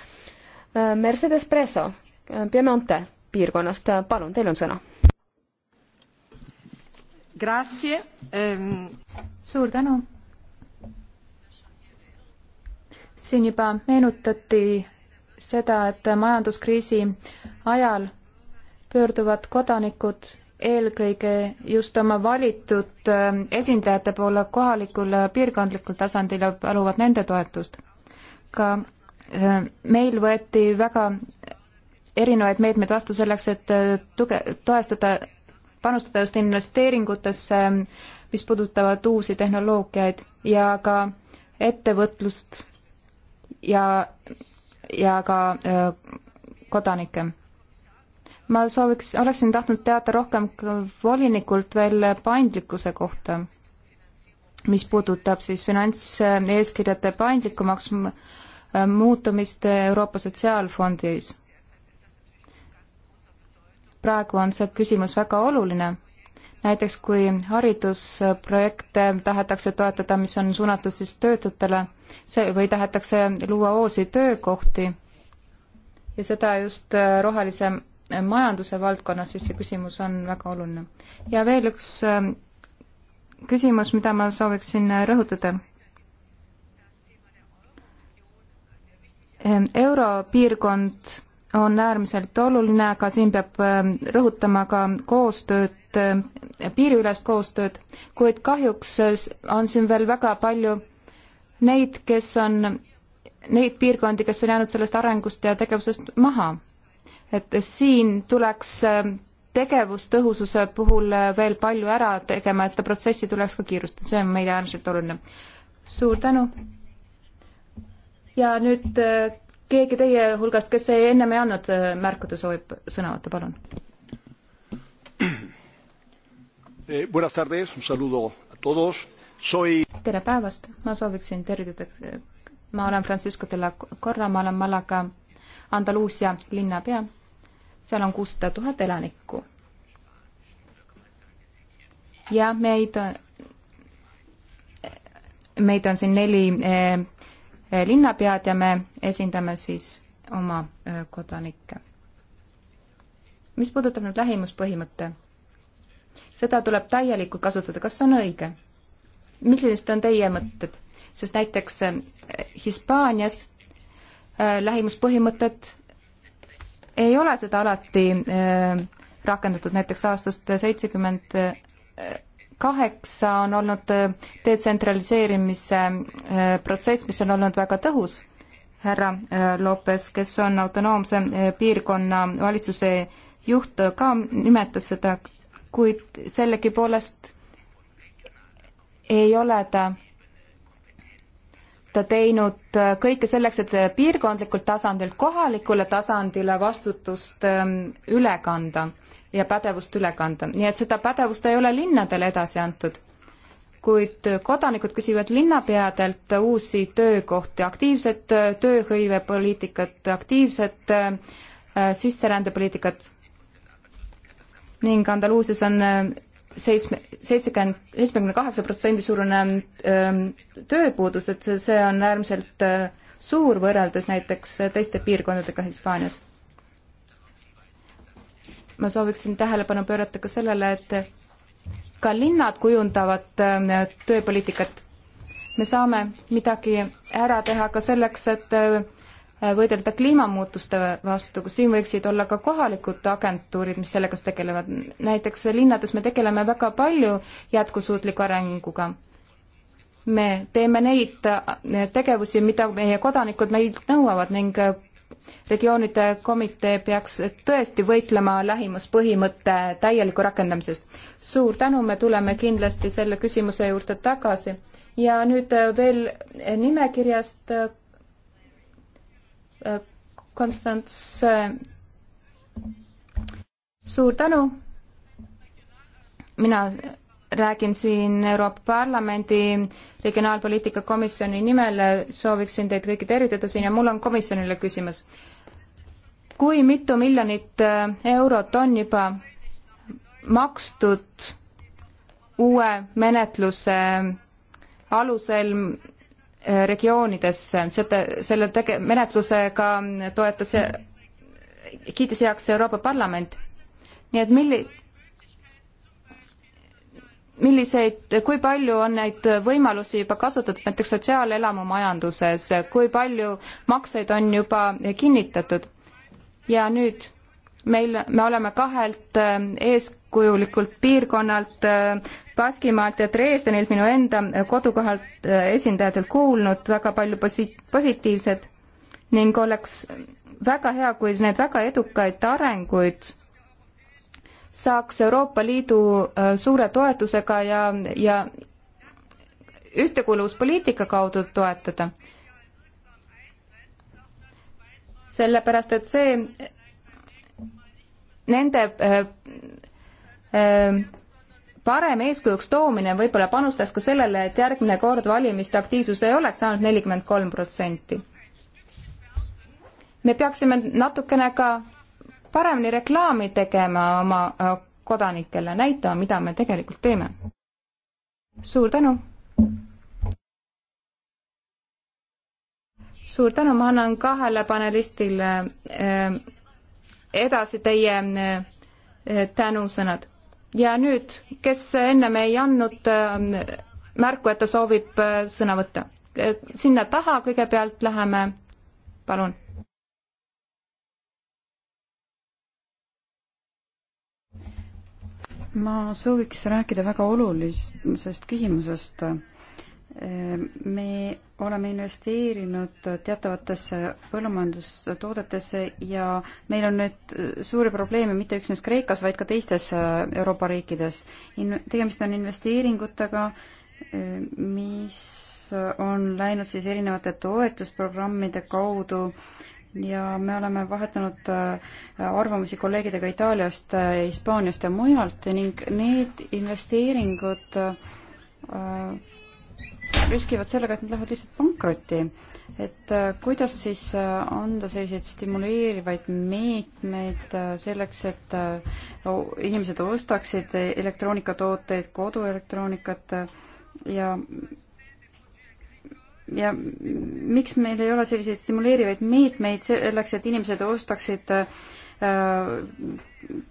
Eh, Mercedes Preso eh, Piemonte piirkonnast, eh, palun, teil on sõna. Grazie ähm.... suur tänu. siin juba meenutati seda, et majanduskriisi ajal pöörduvad kodanikud eelkõige just oma valitud esindajate poole kohalikul piirkondlikul tasandil ja paluvad nende toetust. ka Äh, meil võeti väga erinevaid meetmeid vastu selleks, et äh, tuge-, toestada, panustada just investeeringutesse, mis puudutavad uusi tehnoloogiaid ja ka ettevõtlust ja, ja ka äh, kodanikke. ma sooviks, oleksin tahtnud teada rohkem volinikult veel paindlikkuse kohta, mis puudutab siis finantseeskirjade paindlikumaks Äh, muutumist Euroopa Sotsiaalfondis. praegu on see küsimus väga oluline. näiteks kui haridusprojekte tahetakse toetada, mis on suunatud siis töötutele, see, või tahetakse luua uusi töökohti ja seda just äh, rohelise äh, majanduse valdkonnas, siis see küsimus on väga oluline. ja veel üks küsimus, mida ma sooviksin rõhutada Ehm, europiirkond on äärmiselt oluline, aga siin peab ehm, rõhutama ka koostööd, ehm, piiriülest koostööd, kuid kahjuks eh, on siin veel väga palju neid, kes on, neid piirkondi, kes on jäänud sellest arengust ja tegevusest maha. et siin tuleks tegevustõhususe puhul eh, veel palju ära tegema, et seda protsessi tuleks ka kiirustada, see on meile äärmiselt oluline. suur tänu! ja nüüd eh, keegi teie hulgast, kes ei ennem ei andnud eh, märkuda, soovib sõna võtta, palun. Eh, tere päevast, ma sooviksin tervitada, ma olen Francisco de la Corra, ma olen Malaga Andaluusia linnapea, seal on kuussada tuhat elanikku. ja meid, meid on siin neli Eh, linnapead ja me esindame siis oma eh, kodanikke. mis puudutab nüüd lähimuspõhimõtte, seda tuleb täielikult kasutada, kas see on õige? millised on teie mõtted? sest näiteks eh, Hispaanias lähimuspõhimõtet ei ole seda alati rakendatud, näiteks aastast seitsekümmend kaheksa on olnud äh, detsentraliseerimise äh, protsess, mis on olnud väga tõhus. härra äh, Lopes, kes on autonoomse piirkonna valitsuse juht, ka nimetas seda, kuid sellegipoolest ei ole ta ta teinud kõike selleks, et piirkondlikult tasandilt kohalikule tasandile vastutust ähm, üle kanda ja pädevust üle kanda, nii et seda pädevust ei ole linnadele edasi antud. kuid kodanikud küsivad linnapeadelt uusi töökohti, aktiivset äh, tööhõivepoliitikat, aktiivset äh, sisserändepoliitikat ning Andaluusias on äh, seitsme, seitsekümmend, seitsmekümne kaheksa protsendi suurune ähm, tööpuudus, et see on äärmiselt suur võrreldes näiteks teiste piirkondadega Hispaanias ma sooviksin tähelepanu pöörata ka sellele, et ka linnad kujundavad äh, tööpoliitikat. me saame midagi ära teha ka selleks, et äh, võidelda kliimamuutuste vastu, siin võiksid olla ka kohalikud agentuurid, mis sellega tegelevad. näiteks linnades me tegeleme väga palju jätkusuutliku arenguga me teeme neid äh, tegevusi, mida meie kodanikud meilt nõuavad ning regioonide komitee peaks tõesti võitlema lähimuspõhimõtte täieliku rakendamisest. suur tänu, me tuleme kindlasti selle küsimuse juurde tagasi ja nüüd äh, veel nimekirjast äh, äh, Konstants, suur tänu, mina räägin siin Euroopa Parlamendi regionaalpoliitika komisjoni nimel, sooviksin teid kõiki tervitada siin ja mul on komisjonile küsimus. kui mitu miljonit äh, eurot on juba makstud uue menetluse alusel äh, regioonidesse, seda, selle tege-, menetlusega toetas ja kiitis heaks Euroopa Parlament. nii et milli-, milliseid, kui palju on neid võimalusi juba kasutatud näiteks sotsiaalelamu majanduses, kui palju makseid on juba kinnitatud? ja nüüd meil, me oleme kahelt äh, eeskujulikult piirkonnalt äh, Baskimaalt ja Dresdenilt, minu enda kodukohalt äh, esindajatelt kuulnud väga palju posi-, positiivset ning oleks väga hea, kui need väga edukaid arenguid saaks Euroopa Liidu äh, suure toetusega ja, ja ühtekuuluvuspoliitika kaudu toetada. sellepärast, et see, nende äh, äh, parem eeskujuks toomine võib-olla panustas ka sellele, et järgmine kord valimiste aktiivsus ei oleks ainult nelikümmend kolm protsenti. me peaksime natukene ka paremini reklaami tegema oma äh, kodanikele, näitama, mida me tegelikult teeme. suur tänu! suur tänu, ma annan kahele panelistile äh, edasi teie äh, tänusõnad. ja nüüd, kes ennem ei andnud märku, et ta soovib sõna võtta? sinna taha kõigepealt läheme, palun ma sooviks rääkida väga olulisest küsimusest. me oleme investeerinud teatavatesse põllumajandustoodetesse ja meil on nüüd suuri probleeme mitte üksnes Kreekas, vaid ka teistes Euroopa riikides. In-, tegemist on investeeringutega, mis on läinud siis erinevate toetusprogrammide kaudu äh, ja me oleme vahetanud äh, arvamusi kolleegidega Itaaliast, äh, Hispaaniast ja mujalt ning need investeeringud äh, riskivad sellega, et nad lähevad lihtsalt pankrotti. et kuidas siis anda selliseid stimuleerivaid meetmeid selleks, et inimesed ostaksid elektroonikatooteid, koduelektroonikat ja ja miks meil ei ole selliseid stimuleerivaid meetmeid selleks, et inimesed ostaksid äh,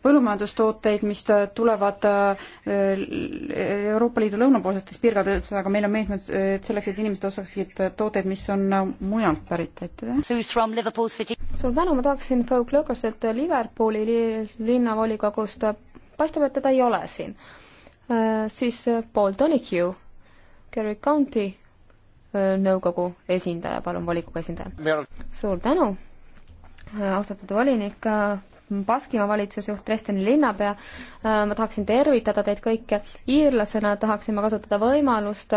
põllumajandustooteid, mis tulevad äh, Euroopa Liidu lõunapoolsetest piirkondadest, aga meil on meetmed äh, selleks, et inimesed ostaksid tooteid, mis on mujalt pärit, aitäh. suur tänu, ma tahaksin Paul Klõgaselt Liverpooli li linnavolikogust, paistab, et teda ei ole siin. siis Paul Donoghue, Kerry County nõukogu esindaja, palun, volikogu esindaja. suur tänu, austatud volinik, Baskimaa valitsusjuht, Dresdeni linnapea, ma tahaksin tervitada teid kõiki iirlasena, tahaksin ma kasutada võimalust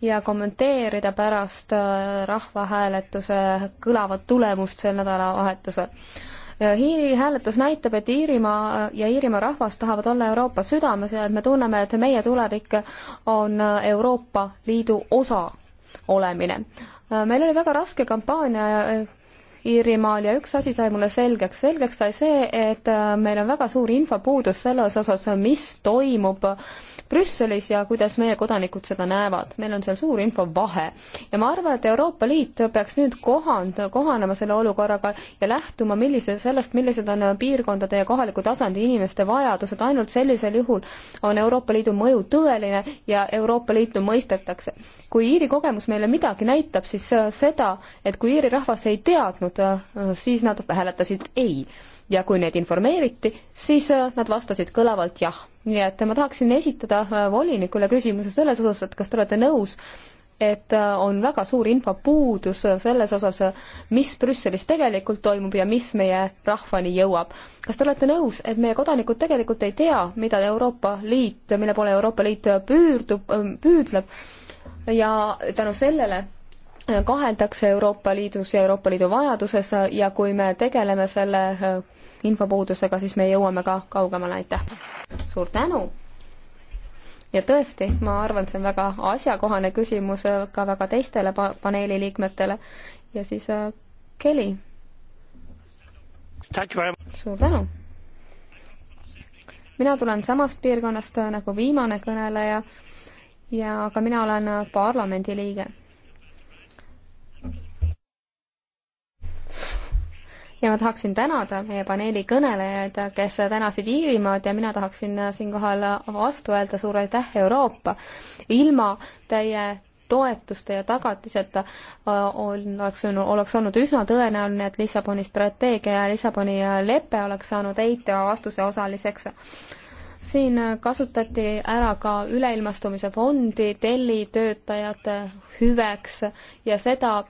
ja kommenteerida pärast rahvahääletuse kõlavat tulemust sel nädalavahetusel. Iiri hääletus näitab, et Iirimaa ja Iirimaa rahvas tahavad olla Euroopa südames ja et me tunneme, et meie tulevik on Euroopa Liidu osa olemine. Äh, meil oli väga raske kampaania äh, Iirimaal ja üks asi sai mulle selgeks. selgeks sai see, et äh, meil on väga suur infopuudus selles osas, mis toimub Brüsselis ja kuidas meie kodanikud seda näevad. meil on seal suur infovahe. ja ma arvan, et Euroopa Liit peaks nüüd kohand-, kohanema selle olukorraga ja lähtuma, millise, sellest, millised on piirkondade ja kohaliku tasandi inimeste vajadused. ainult sellisel juhul on Euroopa Liidu mõju tõeline ja Euroopa Liitu mõistetakse. kui Iiri kogemus meile midagi näitab, siis äh, seda, et kui Iiri rahvas ei teadnud, küsitud, äh, siis nad hääletasid ei. ja kui neid informeeriti, siis äh, nad vastasid kõlavalt jah. nii et ma tahaksin esitada äh, volinikule küsimuse selles osas, et kas te olete nõus, et on väga suur infopuudus selles osas, mis Brüsselis tegelikult toimub ja mis meie rahvani jõuab. kas te olete nõus, et meie kodanikud tegelikult ei tea, mida Euroopa Liit, mille poole Euroopa Liit püürdub, püüdleb ja tänu sellele kaheldakse Euroopa Liidus ja Euroopa Liidu vajaduses ja kui me tegeleme selle äh, infopuudusega, siis me jõuame ka kaugemale, aitäh! suur tänu! ja tõesti, ma arvan, see on väga asjakohane küsimus äh, ka väga teistele pa-, paneeli liikmetele ja siis äh, Kelly. suur tänu! mina tulen samast piirkonnast äh, nagu viimane kõneleja ja ka mina olen parlamendi liige ja ma tahaksin tänada meie paneeli kõnelejaid, kes tänasid Iirimaad ja mina tahaksin siinkohal vastu öelda suur aitäh, Euroopa! ilma teie toetuste ja tagatiseta äh, on, oleks, oleks olnud üsna tõenäoline, et Lissaboni strateegia ja Lissaboni lepe oleks saanud eitava vastuse osaliseks. siin kasutati ära ka üleilmastumise fondi tellitöötajate hüveks ja seda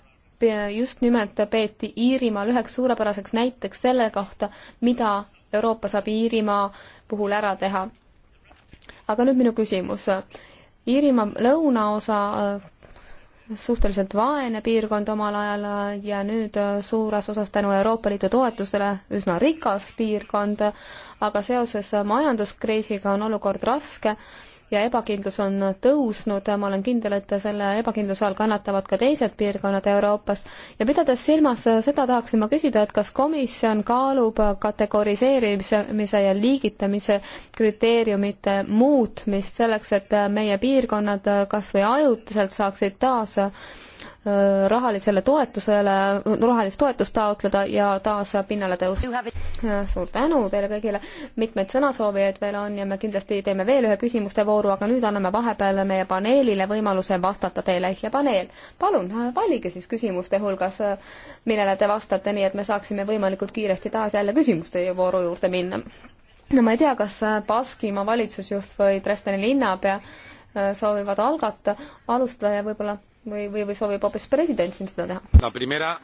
just nimelt peeti Iirimaal üheks suurepäraseks näiteks selle kohta, mida Euroopa saab Iirimaa puhul ära teha. aga nüüd minu küsimus. Iirimaa lõunaosa äh, suhteliselt vaene piirkond omal ajal ja nüüd äh, suures osas tänu Euroopa Liidu toetusele üsna rikas piirkond, aga seoses majanduskriisiga on olukord raske ja ebakindlus on tõusnud, ma olen kindel, et selle ebakindluse all kannatavad ka teised piirkonnad Euroopas. ja pidades silmas seda, tahaksin ma küsida, et kas komisjon kaalub kategoriseerimise ja liigitamise kriteeriumite muutmist selleks, et meie piirkonnad kas või ajutiselt saaksid taas Äh, rahalisele toetusele, rahalist toetust taotleda ja taas pinnale tõusta. Äh, suur tänu teile kõigile, mitmeid sõnasoovijaid veel on ja me kindlasti teeme veel ühe küsimuste vooru, aga nüüd anname vahepeal meie paneelile võimaluse vastata teile ja paneel, palun äh, valige siis küsimuste hulgas, millele te vastate, nii et me saaksime võimalikult kiiresti taas jälle küsimuste vooru juurde minna. no ma ei tea, kas Baskimaa valitsusjuht või Dresdeni linnapea soovivad algata, alustada ja võib-olla või, või, või soovib hoopis president siin seda teha no,? Primera...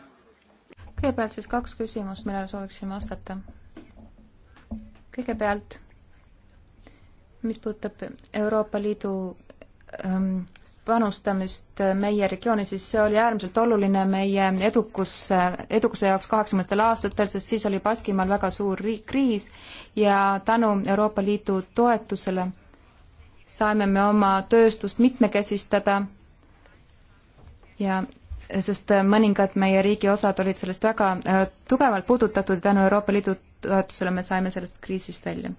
kõigepealt siis kaks küsimust, millele sooviksin vastata. kõigepealt, mis puudutab Euroopa Liidu ähm, panustamist meie regiooni, siis see oli äärmiselt oluline meie edukusse, edukuse jaoks kaheksakümnendatel aastatel, sest siis oli Baskimaal väga suur kriis ja tänu Euroopa Liidu toetusele saime me oma tööstust mitmekesistada ja sest äh, mõningad meie riigi osad olid sellest väga äh, tugevalt puudutatud ja tänu Euroopa Liidu toetusele me saime sellest kriisist välja.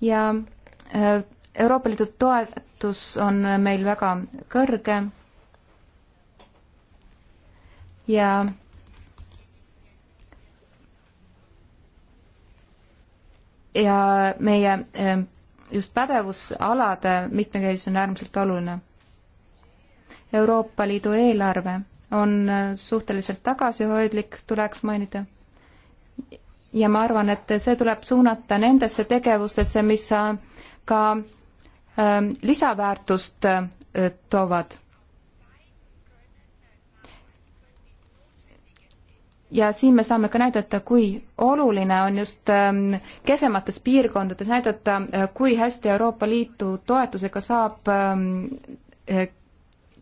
ja äh, Euroopa Liidu toetus on meil väga kõrge ja ja meie just pädevusalade mitmekesisus on äärmiselt oluline Euroopa Liidu eelarve on äh, suhteliselt tagasihoidlik, tuleks mainida. ja ma arvan, et see tuleb suunata nendesse tegevustesse, mis ka ähm, lisaväärtust äh, toovad. ja siin me saame ka näidata, kui oluline on just ähm, kehvemates piirkondades näidata äh,, kui hästi Euroopa Liidu toetusega saab ähm, äh,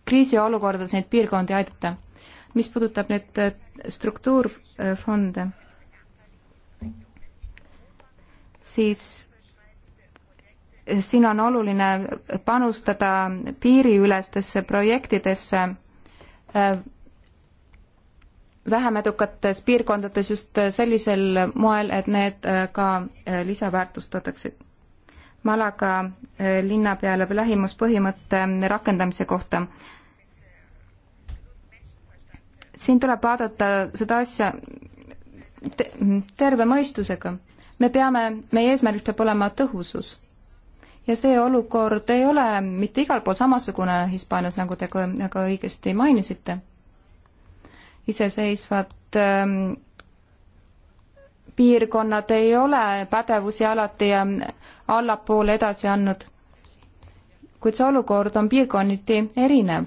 kriisiolukordades neid piirkondi aidata. mis puudutab nüüd äh, struktuurfonde, siis siin on oluline panustada piiriülestesse projektidesse äh, vähem edukates piirkondades just äh, sellisel moel, et need ka lisaväärtustatakse Malaga linna peale lähimuspõhimõtte rakendamise kohta siin tuleb vaadata seda asja te terve mõistusega. me peame, meie eesmärk peab olema tõhusus. ja see olukord ei ole mitte igal pool samasugune Hispaanias, nagu te ka, ka õigesti mainisite. iseseisvad ähm, piirkonnad ei ole pädevusi alati allapoole edasi andnud, kuid see olukord on piirkonniti erinev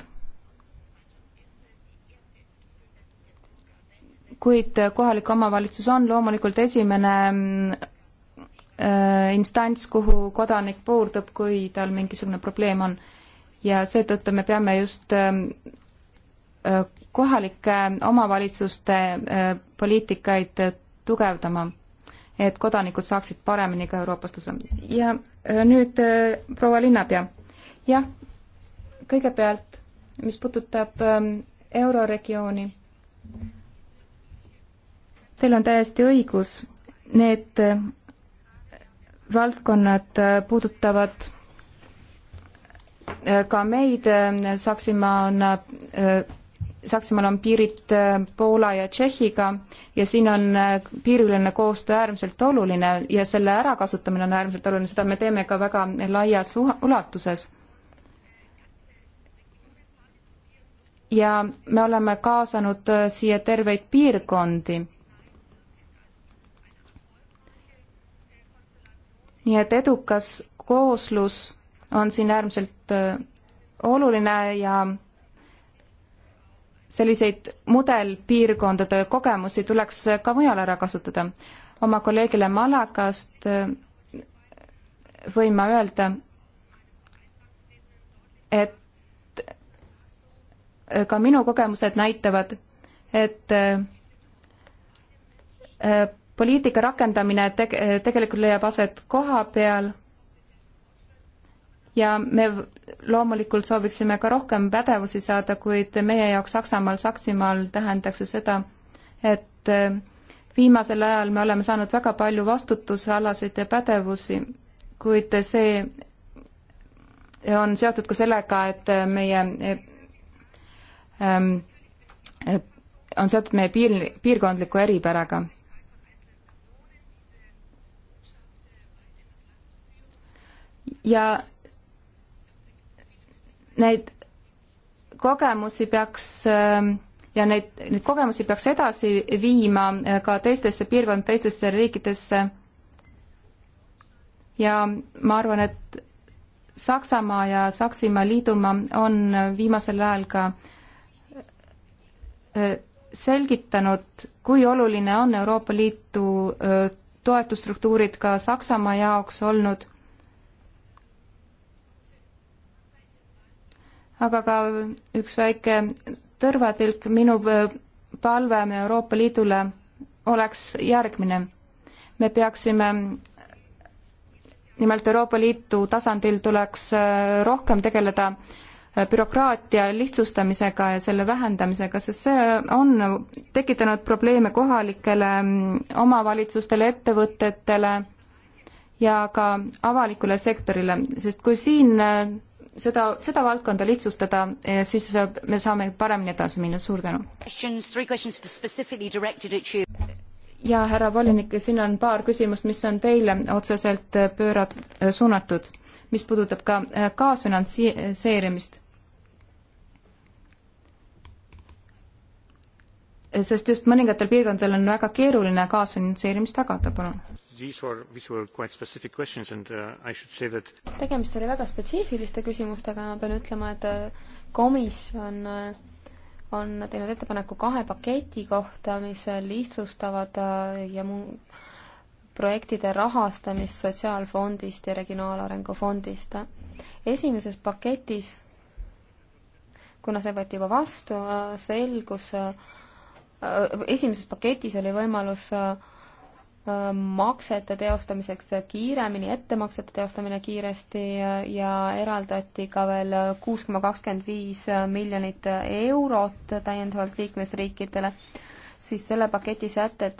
kuid kohalik omavalitsus on loomulikult esimene äh, instants, kuhu kodanik pöördub, kui tal mingisugune probleem on. ja seetõttu me peame just ähm, äh, kohalike omavalitsuste äh, poliitikaid tugevdama, et kodanikud saaksid paremini ka Euroopast osa. ja nüüd proua linnapea. jah, kõigepealt, mis puudutab ähm, euroregiooni, Teil on täiesti õigus, need valdkonnad puudutavad äh, ka meid, Saksimaa on, äh, Saksimaal on piirid äh, Poola ja Tšehhiga ja siin on piiriülene koostöö äärmiselt oluline ja selle ärakasutamine on äärmiselt oluline, seda me teeme ka väga laias ulatuses. ja me oleme kaasanud siia terveid piirkondi nii et edukas kooslus on siin äärmiselt äh, oluline ja selliseid mudelpiirkondade kogemusi tuleks ka mujal ära kasutada. oma kolleegile Malakast äh, võin ma öelda, et äh, ka minu kogemused näitavad, et poliitika rakendamine teg tegelikult leiab aset koha peal ja me loomulikult sooviksime ka rohkem pädevusi saada, kuid meie jaoks Saksamaal, Saksimaal tähendaks see seda, et eh, viimasel ajal me oleme saanud väga palju vastutusalaseid pädevusi, kuid see on seotud ka sellega, et meie ähm, on seotud meie piir, piirkondliku eripäraga ja neid kogemusi peaks ähm, ja neid, neid kogemusi peaks edasi viima äh, ka teistesse piirkond, teistesse riikidesse. ja ma arvan, et Saksamaa ja Saksimaa liidumaa on viimasel ajal ka äh, selgitanud, kui oluline on Euroopa Liidu äh, toetusstruktuurid ka Saksamaa jaoks olnud aga ka üks väike tõrvatilk, minu äh, palve Euroopa Liidule oleks järgmine. me peaksime nimelt Euroopa Liidu tasandil tuleks äh, rohkem tegeleda äh, bürokraatia lihtsustamisega ja selle vähendamisega, sest see on tekitanud probleeme kohalikele mm, omavalitsustele, ettevõtetele ja ka avalikule sektorile, sest kui siin seda, seda valdkonda lihtsustada, eh, siis eh, me saame paremini edasi minna, suur tänu. ja härra volinik, siin on paar küsimust, mis on teile otseselt eh, pöörat-, suunatud, mis puudutab ka kaasfinantseerimist. sest just mõningatel piirkondadel on väga keeruline kaasfinantseerimist tagada, palun Uh, tegemist oli väga spetsiifiliste küsimustega, ma pean ütlema, et äh, komisjon äh, on teinud ettepaneku kahe paketi kohta, mis lihtsustavad äh, ja mu projektide rahastamist Sotsiaalfondist ja Regionaalarengu Fondist. esimeses paketis, kuna see võeti juba vastu, selgus, esimeses paketis oli võimalus äh, maksete teostamiseks kiiremini, ettemaksete teostamine kiiresti ja eraldati ka veel kuus koma kakskümmend viis miljonit eurot täiendavalt liikmesriikidele, siis selle paketi sätted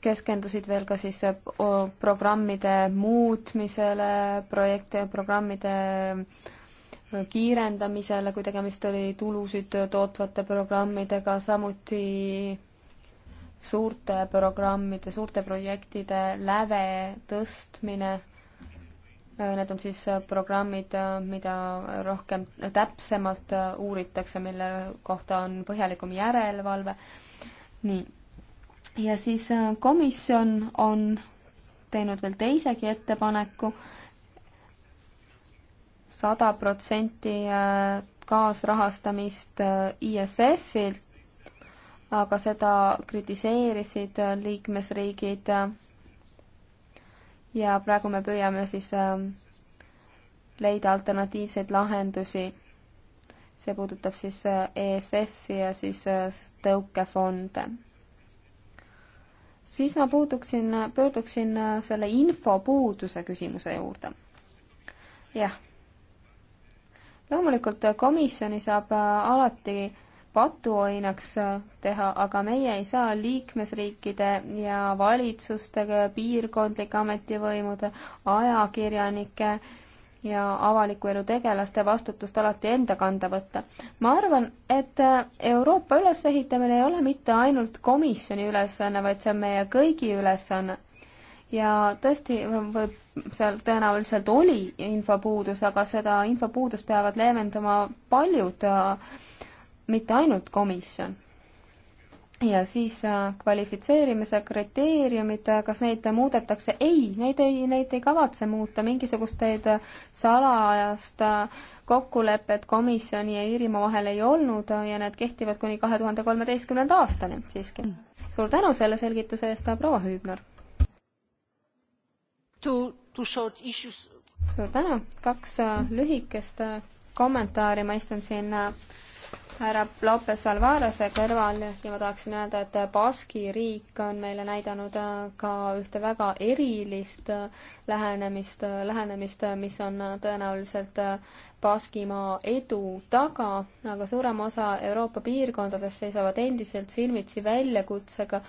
keskendusid veel ka siis programmide muutmisele, projekte ja programmide kiirendamisele, kui tegemist oli tulusid tootvate programmidega, samuti suurte programmide, suurte projektide läve tõstmine. Äh, need on siis äh, programmid, äh, mida rohkem täpsemalt uuritakse, mille kohta on põhjalikum järelevalve. nii. ja siis komisjon on teinud veel teisegi ettepaneku, sada protsenti kaasrahastamist ISF-ilt aga seda kritiseerisid liikmesriigid. ja praegu me püüame siis ähm, leida alternatiivseid lahendusi. see puudutab siis äh, ESF-i ja siis äh, tõukefonde. siis ma puuduksin, pöörduksin äh, selle infopuuduse küsimuse juurde. jah. loomulikult komisjoni saab alati patuoinaks äh, teha, aga meie ei saa liikmesriikide ja valitsuste, piirkondlike ametivõimude, ajakirjanike ja avaliku elu tegelaste vastutust alati enda kanda võtta. ma arvan, et äh, Euroopa ülesehitamine ei ole mitte ainult komisjoni ülesanne, vaid see on meie kõigi ülesanne. ja tõesti, võib, seal tõenäoliselt oli infopuudus, aga seda infopuudust peavad leevendama paljud äh, mitte ainult komisjon. ja siis äh, kvalifitseerimise kriteeriumid, äh, kas neid muudetakse? ei, neid ei, neid ei kavatse muuta, mingisugust teid äh, salajast kokkulepet komisjoni ja Iirimaa vahel ei olnud ja need kehtivad kuni kahe tuhande kolmeteistkümnenda aastani siiski. suur tänu selle selgituse eest, proua Hüübner. suur tänu, kaks lühikest kommentaari, ma istun siin härra Lopez Alvarese kõrval ja ma tahaksin öelda, et Baski riik on meile näidanud äh, ka ühte väga erilist äh, lähenemist, äh, lähenemist, mis on tõenäoliselt Baskimaa edu taga, aga suurem osa Euroopa piirkondadest seisavad endiselt silmitsi väljakutsega,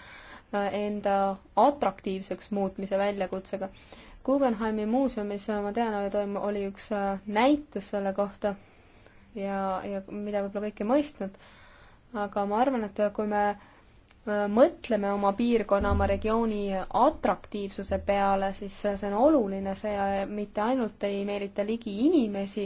enda atraktiivseks muutmise väljakutsega. Guggenheimi muuseumis, ma tean, oli üks näitus selle kohta ja, ja mida võib-olla kõik ei mõistnud. aga ma arvan, et kui me äh, mõtleme oma piirkonna, oma regiooni atraktiivsuse peale, siis see on oluline, see äh, mitte ainult ei meelita ligi inimesi,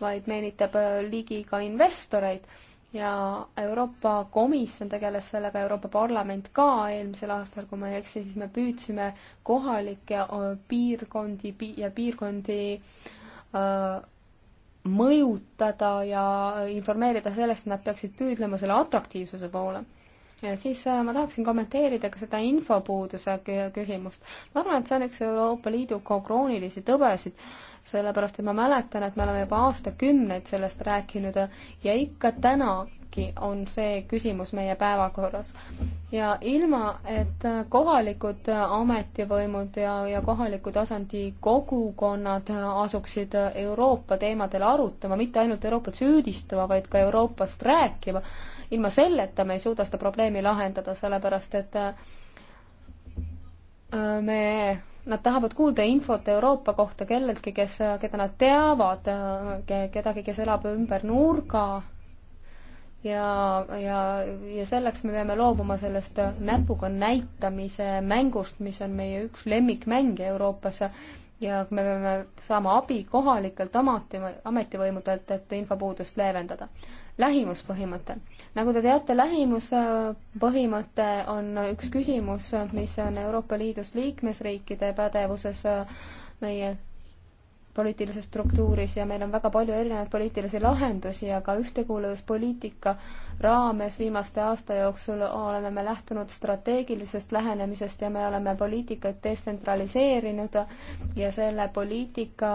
vaid meelitab äh, ligi ka investoreid. ja Euroopa Komisjon tegeles sellega, Euroopa Parlament ka eelmisel aastal, kui ma ei eksi, siis me püüdsime kohalikke piirkondi ja piirkondi mõjutada ja informeerida sellest, et nad peaksid püüdlema selle atraktiivsuse poole. ja siis äh, ma tahaksin kommenteerida ka seda infopuuduse küsimust. ma arvan, et see on üks Euroopa Liidu kroonilisi tõbesid, sellepärast et ma mäletan, et me oleme juba aastakümneid sellest rääkinud ja ikka täna riiki on see küsimus meie päevakorras. ja ilma, et kohalikud ametivõimud ja, ja kohaliku tasandi kogukonnad asuksid Euroopa teemadel arutama, mitte ainult Euroopat süüdistama, vaid ka Euroopast rääkima, ilma selleta me ei suuda seda probleemi lahendada, sellepärast et äh, me nad tahavad kuulda infot Euroopa kohta kelleltki, kes, keda nad teavad, äh, kedagi, kes elab ümber nurga ja, ja, ja selleks me peame loobuma sellest näpuga näitamise mängust, mis on meie üks lemmikmänge Euroopas ja me peame saama abi kohalikelt ameti, ametivõimudelt, et infopuudust leevendada. lähimuspõhimõte. nagu te teate, lähimuspõhimõte on üks küsimus, mis on Euroopa Liidus liikmesriikide pädevuses meie poliitilises struktuuris ja meil on väga palju erinevaid poliitilisi lahendusi, aga ühtekuuluvuspoliitika raames viimaste aasta jooksul oleme me lähtunud strateegilisest lähenemisest ja me oleme poliitikat detsentraliseerinud ja selle poliitika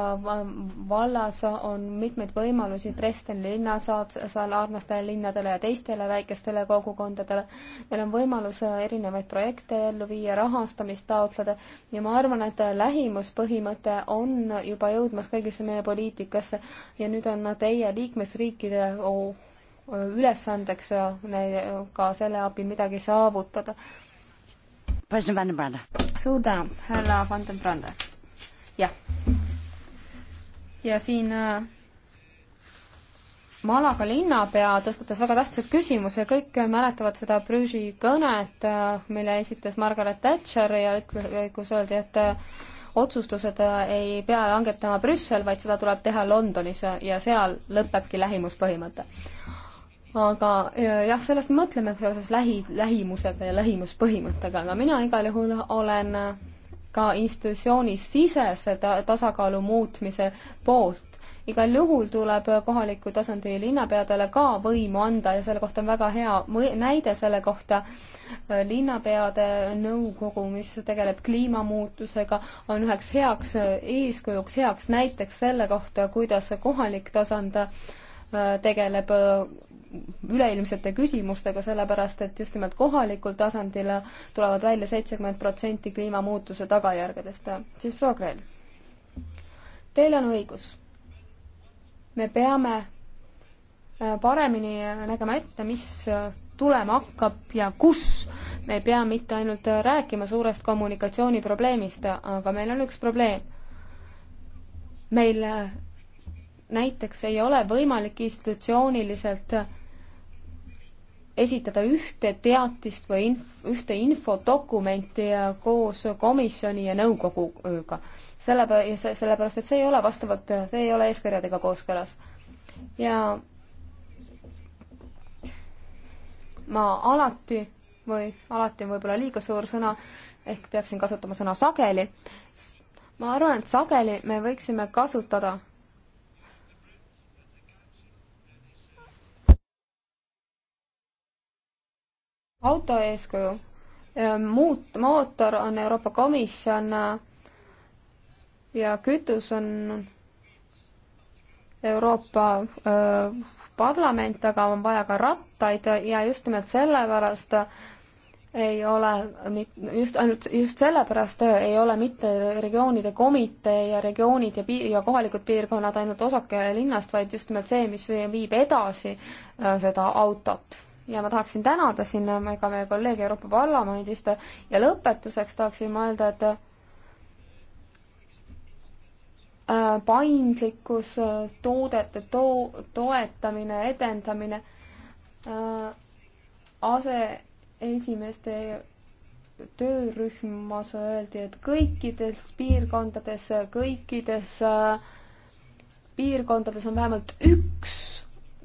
vallas on mitmeid võimalusi Dresdeni linna saad-, saarnastele linnadele ja teistele väikestele kogukondadele. meil on võimalus erinevaid projekte ellu viia, rahastamist taotleda ja ma arvan, et lähimuspõhimõte on juba jõudnud jõudmas kõigisse meie poliitikasse ja nüüd on teie liikmesriikide ülesandeks ka selle abil midagi saavutada. suur tänu, härra Van den Brande. jah. ja siin äh, Malaga linnapea tõstatas väga tähtsa küsimuse, kõik mäletavad seda Brüži kõnet, äh, mille esitas Margaret Thatcher ja ütles, kus öeldi, et äh, otsustused äh, ei pea langetama Brüssel, vaid seda tuleb teha Londonis ja seal lõpebki lähimuspõhimõte. aga äh, jah, sellest me mõtleme seoses lähi, lähimusega ja lähimuspõhimõttega, aga mina igal juhul olen ka institutsioonisisese ta-, tasakaalu muutmise poolt igal juhul tuleb kohaliku tasandi linnapeadele ka võimu anda ja selle kohta on väga hea näide selle kohta linnapeade nõukogu, mis tegeleb kliimamuutusega, on üheks heaks eeskujuks, heaks näiteks selle kohta, kuidas kohalik tasand äh, tegeleb äh, üleilmsete küsimustega, sellepärast et just nimelt kohalikul tasandil tulevad välja seitsekümmend protsenti kliimamuutuse tagajärgedest. siis proua Krell, teil on õigus me peame äh, paremini nägema ette, mis äh, tulema hakkab ja kus. me ei pea mitte ainult äh, rääkima suurest kommunikatsiooniprobleemist, aga meil on üks probleem. meil näiteks ei ole võimalik institutsiooniliselt esitada ühte teatist või inf-, ühte infodokumenti koos komisjoni ja nõukoguga. selle, sellepärast, et see ei ole vastavalt, see ei ole eeskirjadega kooskõlas. ja ma alati või alati on võib-olla liiga suur sõna, ehk peaksin kasutama sõna sageli, ma arvan, et sageli me võiksime kasutada auto eeskuju. Ehm, muut-, mootor on Euroopa Komisjon äh, ja kütus on Euroopa öö, äh, Parlament, aga on vaja ka rattaid ja just nimelt sellepärast ei ole, just ainult, just sellepärast äh, ei ole mitte regioonide komitee ja regioonid ja piir, ja kohalikud piirkonnad ainult osake linnast, vaid just nimelt see, mis viib edasi seda autot ja ma tahaksin tänada siin äh, ka meie kolleegi Euroopa Parlamendist ja lõpetuseks tahaksin ma öelda, et äh, paindlikkus, äh, toodete to-, toetamine, edendamine, aseesimeeste töörühmas öeldi, et kõikides piirkondades, kõikides piirkondades on vähemalt üks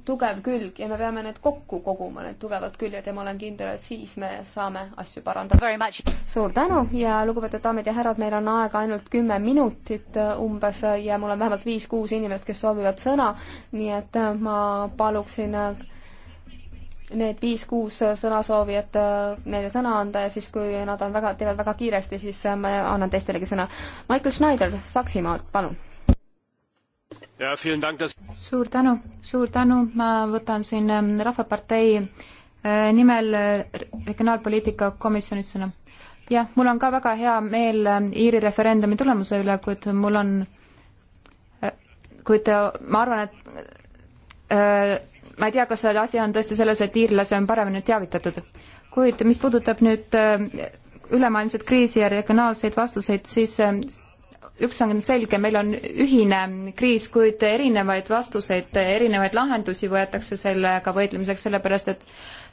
tugev külg ja me peame need kokku koguma, need tugevad küljed ja ma olen kindel, et siis me saame asju parandada. suur tänu ja lugupeetud daamid ja härrad, meil on aega ainult kümme minutit äh, umbes äh, ja mul on vähemalt viis-kuus inimest, kes soovivad sõna, nii et äh, ma paluksin need viis-kuus sõnasoovijat neile sõna anda ja siis, kui nad on väga, teevad väga kiiresti, siis ma annan teistelegi sõna. Michael Schneider Saksimaalt, palun suur tänu, suur tänu, ma võtan siin ähm, Rahvapartei äh, nimel äh, regionaalpoliitika komisjonis sõna. jah, mul on ka väga hea meel ähm, Iiri referendumi tulemuse üle, kuid mul on, äh, kuid ma arvan, et ma ei tea, kas see asi on tõesti selles, et iirlasi on paremini teavitatud. kuid mis puudutab nüüd ülemaailmset kriisi ja regionaalseid vastuseid, siis üks on selge, meil on ühine kriis, kuid erinevaid vastuseid, erinevaid lahendusi võetakse sellega võitlemiseks, sellepärast et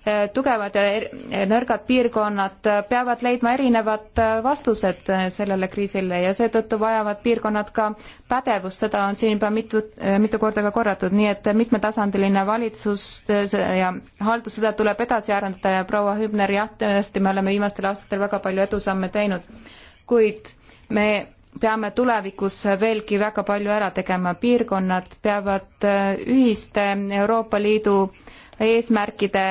e, tugevad ja er-, e, nõrgad piirkonnad peavad leidma erinevad e, vastused sellele kriisile ja seetõttu vajavad piirkonnad ka pädevust, seda on siin juba mitu, mitu korda ka korratud, nii et mitmetasandiline valitsus ja haldus, seda tuleb edasi arendada ja proua Hübner, jah, tõesti, me oleme viimastel aastatel väga palju edusamme teinud, kuid me peame tulevikus veelgi väga palju ära tegema, piirkonnad peavad äh, ühiste Euroopa Liidu eesmärkide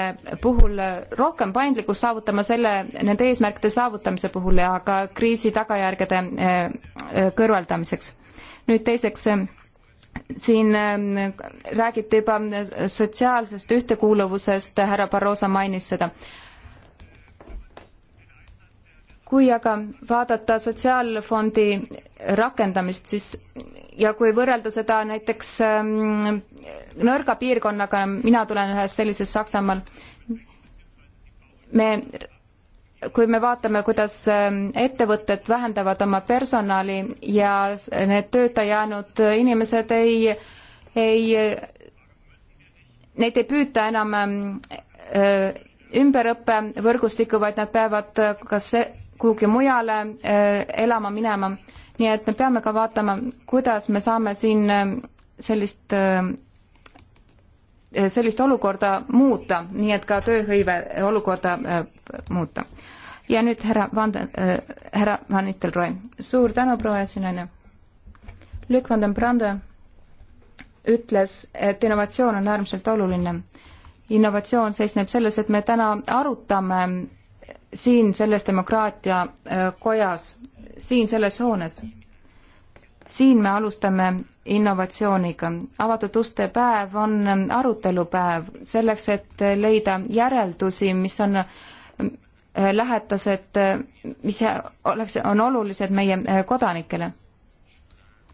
puhul rohkem paindlikkust saavutama selle, nende eesmärkide saavutamise puhul ja ka kriisi tagajärgede äh, äh, kõrvaldamiseks. nüüd teiseks, siin räägiti juba sotsiaalsest ühtekuuluvusest, härra Barroso mainis seda kui aga vaadata Sotsiaalfondi rakendamist, siis ja kui võrrelda seda näiteks ähm, nõrga piirkonnaga, mina tulen ühest sellisest Saksamaal, me, kui me vaatame, kuidas ähm, ettevõtted vähendavad oma personali ja need tööta jäänud inimesed ei, ei, neid ei püüta enam äh, ümberõppevõrgustikku, vaid nad peavad kas kuhugi mujale äh, elama minema. nii et me peame ka vaatama, kuidas me saame siin äh, sellist, äh, sellist olukorda muuta, nii et ka tööhõive olukorda muuta. ja nüüd härra Van, härra Van Nistelrooy, suur tänu, proua esinaine. Lükk Van den Brande ütles, et innovatsioon on äärmiselt oluline. innovatsioon seisneb selles, et me täna arutame siin selles demokraatia äh, kojas, siin selles hoones. siin me alustame innovatsiooniga. avatud uste päev on ähm, arutelupäev selleks, et äh, leida järeldusi, mis on äh, lähedased, mis oleks, on olulised meie kodanikele.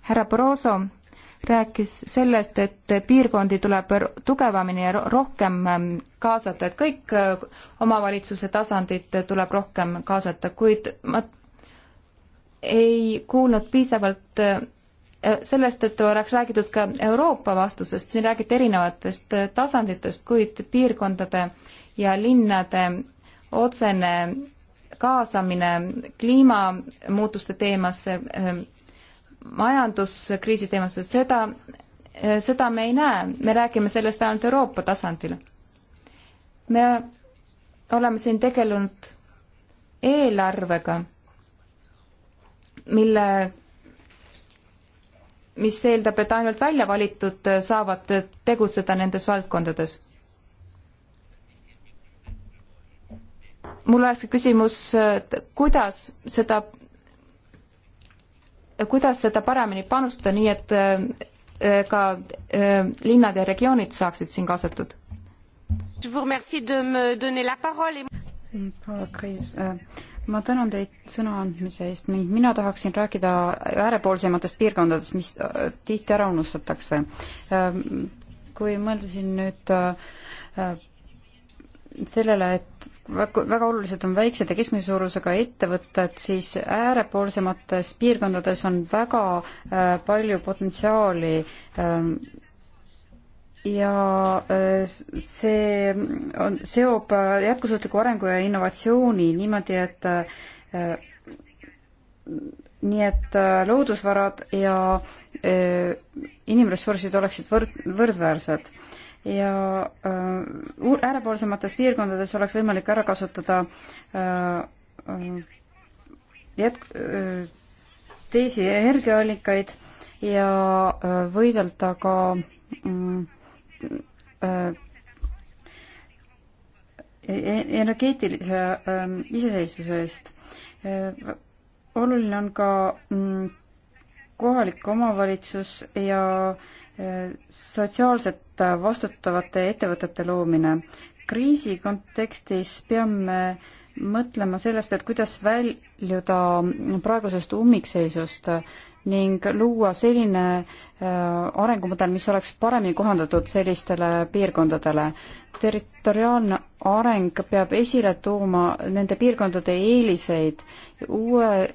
härra Barroso rääkis sellest, et piirkondi tuleb tugevamini ja rohkem ähm, kaasata, et kõik äh, omavalitsuse tasandid tuleb rohkem kaasata, kuid ma ei kuulnud piisavalt äh, sellest, et oleks räägitud ka Euroopa vastusest, siin räägiti erinevatest äh, tasanditest, kuid piirkondade ja linnade otsene kaasamine kliimamuutuste teemasse ähm, majanduskriisi teemas, et seda, seda me ei näe, me räägime sellest ainult Euroopa tasandil. me oleme siin tegelenud eelarvega, mille, mis eeldab, et ainult välja valitud saavad tegutseda nendes valdkondades. mul oleks ka küsimus, et kuidas seda kuidas seda paremini panustada, nii et äh, äh, ka äh, linnad ja regioonid saaksid siin kaasatud? ma tänan teid sõna andmise eest ning mina tahaksin rääkida äärepoolsematest piirkondadest, mis tihti ära unustatakse. kui mõelda siin nüüd sellele, et väga olulised on väiksed ja keskmise suurusega ettevõtted, siis äärepoolsemates piirkondades on väga äh, palju potentsiaali ähm, ja äh, see on, seob äh, jätkusuutliku arengu ja innovatsiooni niimoodi, et nii et loodusvarad ja inimressursid oleksid võrd, võrdväärsed ja äh, äärepoolsemates piirkondades oleks võimalik ära kasutada äh, äh, jätk- äh,, teisi energiaallikaid ja äh, võidelda ka mm, äh, e-, e-, energeetilise äh, iseseisvuse eest äh,. oluline on ka mm, kohalik omavalitsus ja äh, sotsiaalselt vastutavate ettevõtete loomine. kriisi kontekstis peame mõtlema sellest, et kuidas väljuda praegusest ummikseisust ning luua selline äh, arengumudel, mis oleks paremini kohandatud sellistele piirkondadele. territoriaalne areng peab esile tooma nende piirkondade eeliseid, uue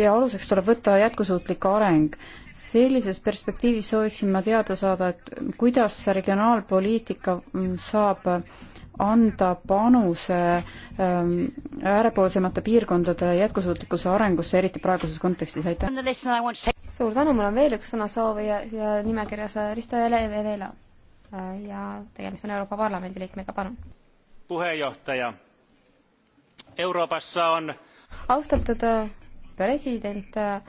ja aluseks tuleb võtta jätkusuutlik areng sellises perspektiivis sooviksin ma teada saada, et kuidas regionaalpoliitika mm, saab anda panuse ähm, äärepoolsemate piirkondade jätkusuutlikkuse arengusse, eriti praeguses kontekstis, aitäh! suur tänu, mul on veel üks sõnasoovija ja nimekirjas Risto Jelevela ja tegemist on Euroopa Parlamendi liikmega, palun! puheenjohtaja, Euroopassa on austatud äh, president, äh,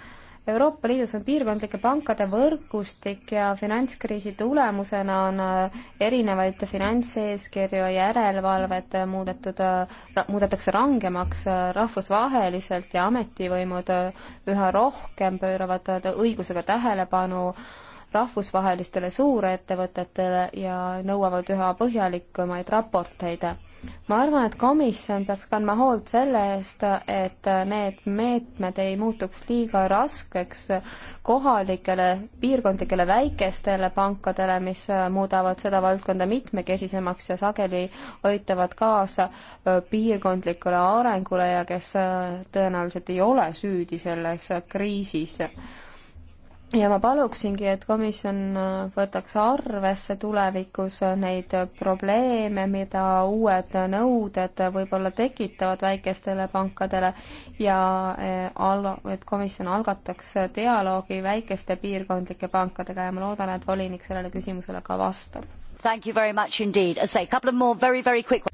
Euroopa Liidus on piirkondlike pankade võrgustik ja finantskriisi tulemusena on äh, erinevaid finantseeskirju ja järelevalvet äh, muudetud, äh, muudetakse rangemaks rahvusvaheliselt ja ametivõimud üha rohkem pööravad õigusega tähelepanu äh, rahvusvahelistele suurettevõtetele ja nõuavad üha põhjalikumaid raporteid. ma arvan, et komisjon peaks kandma hoolt selle eest, et need meetmed ei muutuks liiga raskeks kohalikele, piirkondlikele väikestele pankadele, mis muudavad seda valdkonda mitmekesisemaks ja sageli aitavad kaasa piirkondlikule arengule ja kes tõenäoliselt ei ole süüdi selles kriisis ja ma paluksingi, et komisjon äh, võtaks arvesse tulevikus äh, neid probleeme, mida uued nõuded äh, võib-olla tekitavad väikestele pankadele ja et komisjon algataks dialoogi väikeste piirkondlike pankadega ja ma loodan, et volinik sellele küsimusele ka vastab.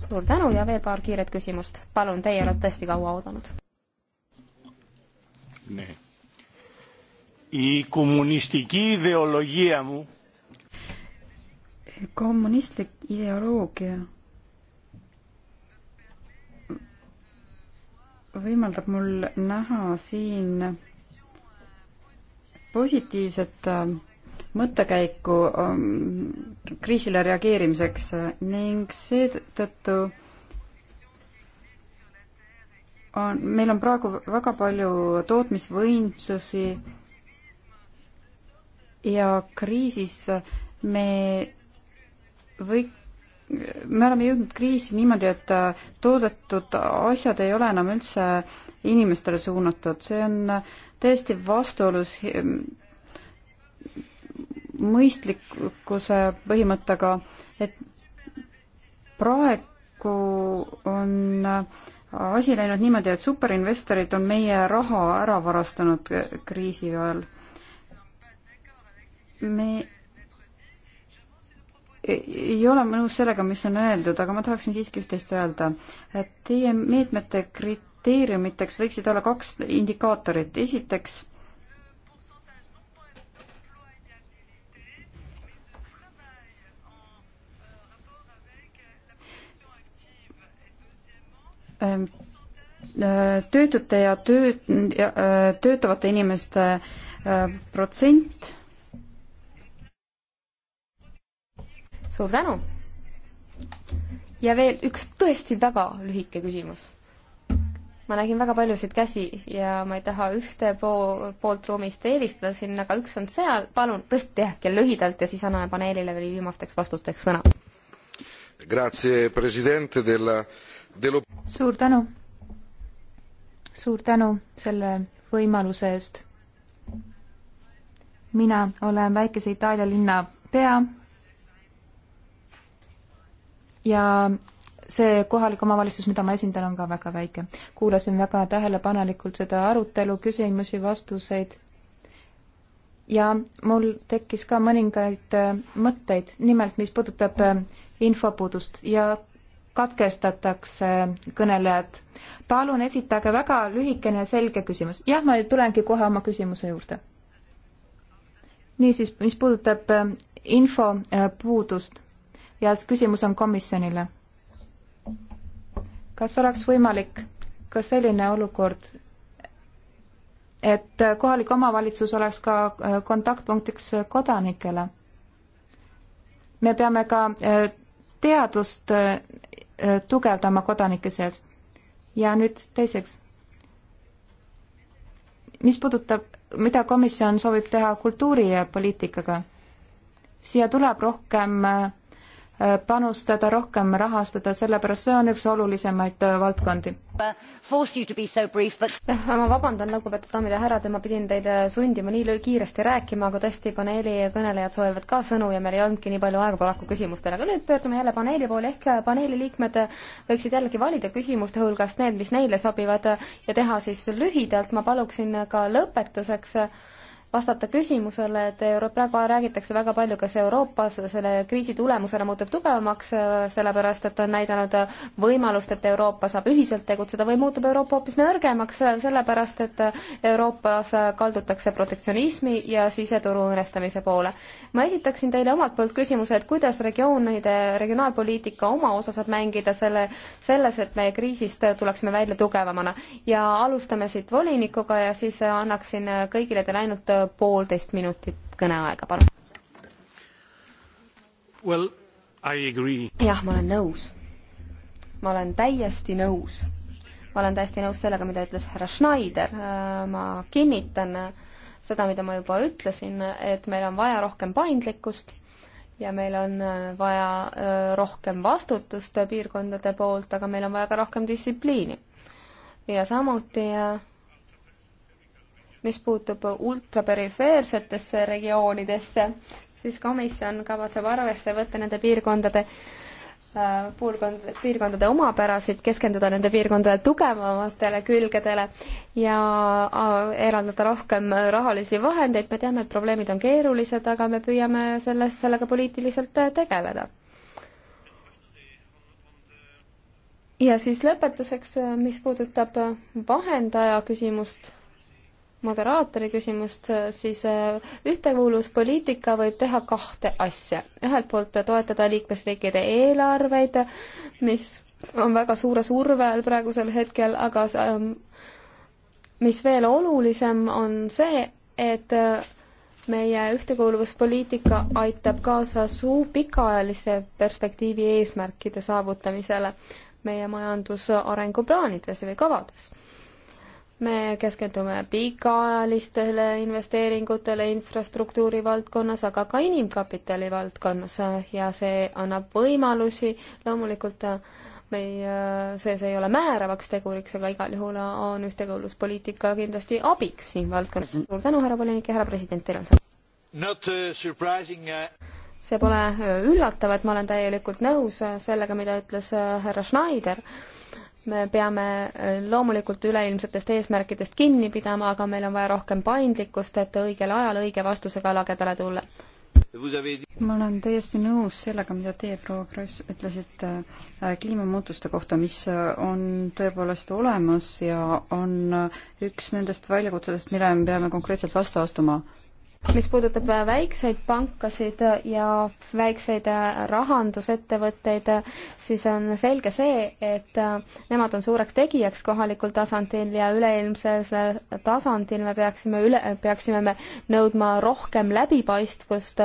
suur tänu ja veel paar kiiret küsimust. palun, teie olete tõesti kaua oodanud nee Η κομμουνιστική ιδεολογία μου Kommunistlik ideoloogia võimaldab mul näha siin positiivset äh, mõttekäiku ähm, kriisile reageerimiseks ning seetõttu on, meil on praegu väga palju tootmisvõimsusi ja kriisis me või me oleme jõudnud kriisi niimoodi, et äh, toodetud asjad ei ole enam üldse inimestele suunatud, see on täiesti vastuolus ehm, mõistlikkuse põhimõttega, et praegu on äh, asi läinud niimoodi, et superinvestorid on meie raha ära varastanud äh, kriisi ajal me ei ole nõus sellega, mis on öeldud, aga ma tahaksin siiski üht-teist öelda. Teie meetmete kriteeriumiteks võiksid olla kaks indikaatorit. esiteks, ähm, äh, töötute ja töö, äh, töötavate inimeste äh, protsent suur tänu! ja veel üks tõesti väga lühike küsimus. ma nägin väga paljusid käsi ja ma ei taha ühte po poolt ruumist eelistada siin, aga üks on seal, palun tõesti tehke lühidalt ja siis anname paneelile veel viimasteks vastusteks sõna. suur tänu! suur tänu selle võimaluse eest! mina olen väikese Itaalia linna pea ja see kohalik omavalitsus, mida ma esindan, on ka väga väike. kuulasin väga tähelepanelikult seda arutelu, küsimusi, vastuseid ja mul tekkis ka mõningaid äh, mõtteid, nimelt mis puudutab äh, infopuudust ja katkestatakse kõnelejad. palun esitage väga lühikene ja selge küsimus. jah, ma tulengi kohe oma küsimuse juurde. niisiis, mis puudutab äh, infopuudust ja küsimus on komisjonile. kas oleks võimalik ka selline olukord, et kohalik omavalitsus oleks ka äh, kontaktpunktiks kodanikele? me peame ka äh, teadust äh, tugevdama kodanike seas. ja nüüd teiseks, mis puudutab, mida komisjon soovib teha kultuuripoliitikaga? siia tuleb rohkem panustada, rohkem rahastada, sellepärast see on üks olulisemaid äh, valdkondi. ma vabandan, lugupeetud daamid ja härrad, et ma pidin teid äh, sundima nii kiiresti rääkima, aga tõesti paneeli kõnelejad soovivad ka sõnu ja meil ei olnudki nii palju aega paraku küsimustele, aga nüüd pöördume jälle paneeli poole, ehk äh, paneeli liikmed võiksid jällegi valida küsimuste hulgast need, mis neile sobivad ja teha siis lühidalt, ma paluksin ka lõpetuseks vastata küsimusele, et Euro-, praegu räägitakse väga palju, kas Euroopa selle kriisi tulemusena muutub tugevamaks, sellepärast et on näidanud võimalust, et Euroopa saab ühiselt tegutseda või muutub Euroopa hoopis nõrgemaks, sellepärast et Euroopas kaldutakse protektsionismi ja siseturu õõnestamise poole. ma esitaksin teile omalt poolt küsimuse, et kuidas regioonide, regionaalpoliitika oma osa saab mängida selle, selles, et me kriisist tuleksime välja tugevamana. ja alustame siit volinikuga ja siis annaksin kõigile teile ainult poolteist minutit kõneaega, palun well,. jah, ma olen nõus. ma olen täiesti nõus. ma olen täiesti nõus sellega, mida ütles härra Schneider, äh, ma kinnitan seda, mida ma juba ütlesin, et meil on vaja rohkem paindlikkust ja meil on äh, vaja äh, rohkem vastutust piirkondade poolt, aga meil on vaja ka rohkem distsipliini. ja samuti mis puutub ultraperifeersetesse regioonidesse, siis komisjon kavatseb arvesse võtta nende piirkondade äh, piirkond, piirkondade omapärasid, keskenduda nende piirkondade tugevamatele külgedele ja äh, eraldada rohkem rahalisi vahendeid, me teame, et probleemid on keerulised, aga me püüame selles, sellega poliitiliselt äh, tegeleda. ja siis lõpetuseks, mis puudutab vahendaja küsimust moderaatori küsimust, siis äh, ühtekuuluvuspoliitika võib teha kahte asja. ühelt poolt toetada liikmesriikide eelarveid, mis on väga suure surve all praegusel hetkel, aga ähm, mis veel olulisem, on see, et äh, meie ühtekuuluvuspoliitika aitab kaasa suu pikaajalise perspektiivi eesmärkide saavutamisele meie majandusarengu plaanides või kavades me keskendume pikaajalistele investeeringutele infrastruktuuri valdkonnas, aga ka inimkapitali valdkonnas ja see annab võimalusi, loomulikult äh, me ei, äh, see, see ei ole määravaks teguriks, aga igal juhul äh, on ühtekuuluvuspoliitika kindlasti abiks siin valdkonnas. suur tänu, härra volinik ja härra president, teil on sõna. Uh, uh, see pole üllatav, et ma olen täielikult nõus sellega, mida ütles härra Schneider me peame äh, loomulikult üleilmsetest eesmärkidest kinni pidama, aga meil on vaja rohkem paindlikkust, et õigel ajal õige vastusega lagedale tulla. ma olen täiesti nõus sellega, mida teie, proua Kross, ütlesite äh, kliimamuutuste kohta, mis äh, on tõepoolest olemas ja on üks nendest väljakutsedest, millele me peame konkreetselt vastu astuma mis puudutab äh, väikseid pankasid äh, ja väikseid äh, rahandusettevõtteid, siis on selge see, et nemad on suureks tegijaks kohalikul tasandil ja üleilmsel tasandil me peaksime üle, peaksime me nõudma rohkem läbipaistvust,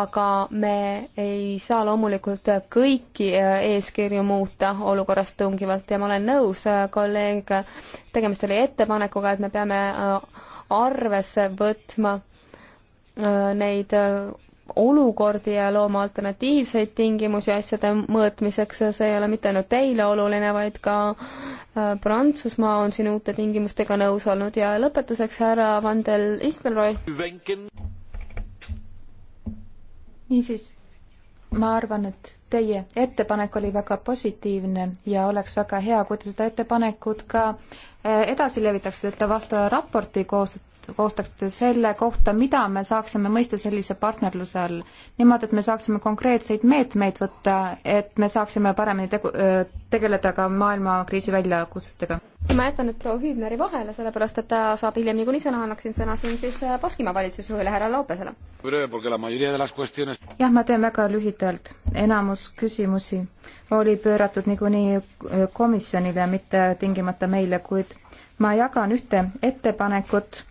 aga me ei saa loomulikult kõiki eeskirju muuta olukorrast tungivalt ja ma olen nõus, kolleeg, tegemist oli ettepanekuga, et me peame arvesse võtma äh, Äh, neid äh, olukordi ja looma alternatiivseid tingimusi asjade mõõtmiseks ja see ei ole mitte ainult teile oluline, vaid ka äh, Prantsusmaa on siin uute tingimustega nõus olnud ja lõpetuseks härra Van del Istelrooy. niisiis, ma arvan, et teie ettepanek oli väga positiivne ja oleks väga hea, kui te seda ettepanekut ka edasi levitaksite, et te vastava raporti koos, koostaksite selle kohta, mida me saaksime mõista sellise partnerluse all. niimoodi, et me saaksime konkreetseid meetmeid võtta, et me saaksime paremini tegu-, tegeleda ka maailmakriisi väljakutsetega. ma jätan nüüd proua Hüübneri vahele, sellepärast et ta saab hiljem niikuinii sõna, annaksin sõna siin siis äh, Baskimaa valitsusjuhile, härra Laupesele. jah, ma teen väga lühidalt. enamus küsimusi oli pööratud niikuinii äh, komisjonile, mitte tingimata meile, kuid ma jagan ühte ettepanekut,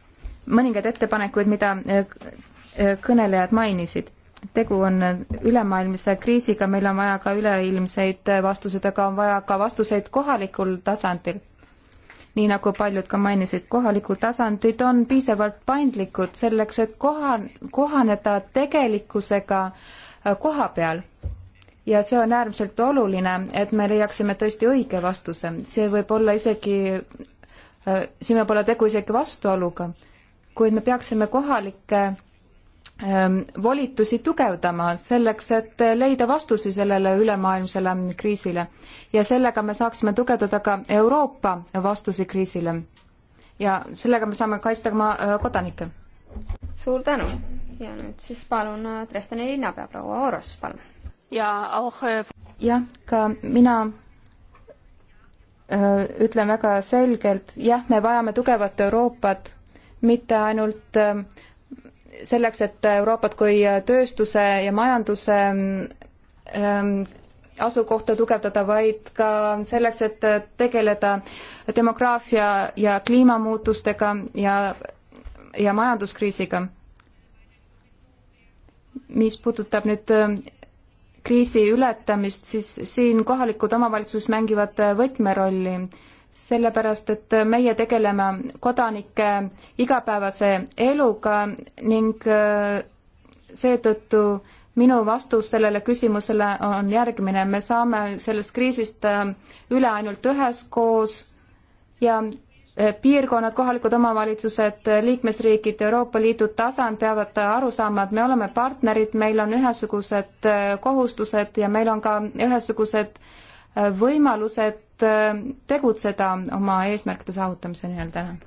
mõningaid ettepanekuid, mida äh, äh, kõnelejad mainisid. tegu on äh, ülemaailmse kriisiga, meil on vaja ka üleilmseid vastuseid, aga on vaja ka vastuseid kohalikul tasandil. nii nagu paljud ka mainisid, kohalikud tasandid on piisavalt paindlikud selleks, et koha, kohaneda tegelikkusega koha peal ja see on äärmiselt oluline, et me leiaksime tõesti õige vastuse, see võib olla isegi, siin võib olla tegu isegi vastuoluga, kuid me peaksime kohalikke ähm, volitusi tugevdama selleks, et leida vastusi sellele ülemaailmsele kriisile ja sellega me saaksime tugevdada ka Euroopa vastusi kriisile. ja sellega me saame kaitsta ka oma äh, kodanikke. suur tänu ja nüüd siis palun äh, Dresdeni linnapea proua Oros, palun. ja oh äh, jah, ka mina öö, ütlen väga selgelt, jah, me vajame tugevat Euroopat mitte ainult ähm, selleks, et Euroopat kui äh, tööstuse ja majanduse ähm, asukohta tugevdada, vaid ka selleks, et äh, tegeleda demograafia ja kliimamuutustega ja, ja majanduskriisiga. mis puudutab nüüd ähm, kriisi ületamist, siis siin kohalikud omavalitsused mängivad äh, võtmerolli sellepärast et meie tegeleme kodanike igapäevase eluga ning äh, seetõttu minu vastus sellele küsimusele on järgmine, me saame sellest kriisist äh, üle ainult üheskoos ja äh, piirkonnad, kohalikud omavalitsused, liikmesriigid, Euroopa Liidu tasand peavad aru saama, et me oleme partnerid, meil on ühesugused kohustused ja meil on ka ühesugused võimalused Äh, tegutseda oma eesmärkide saavutamise nimel, tänan.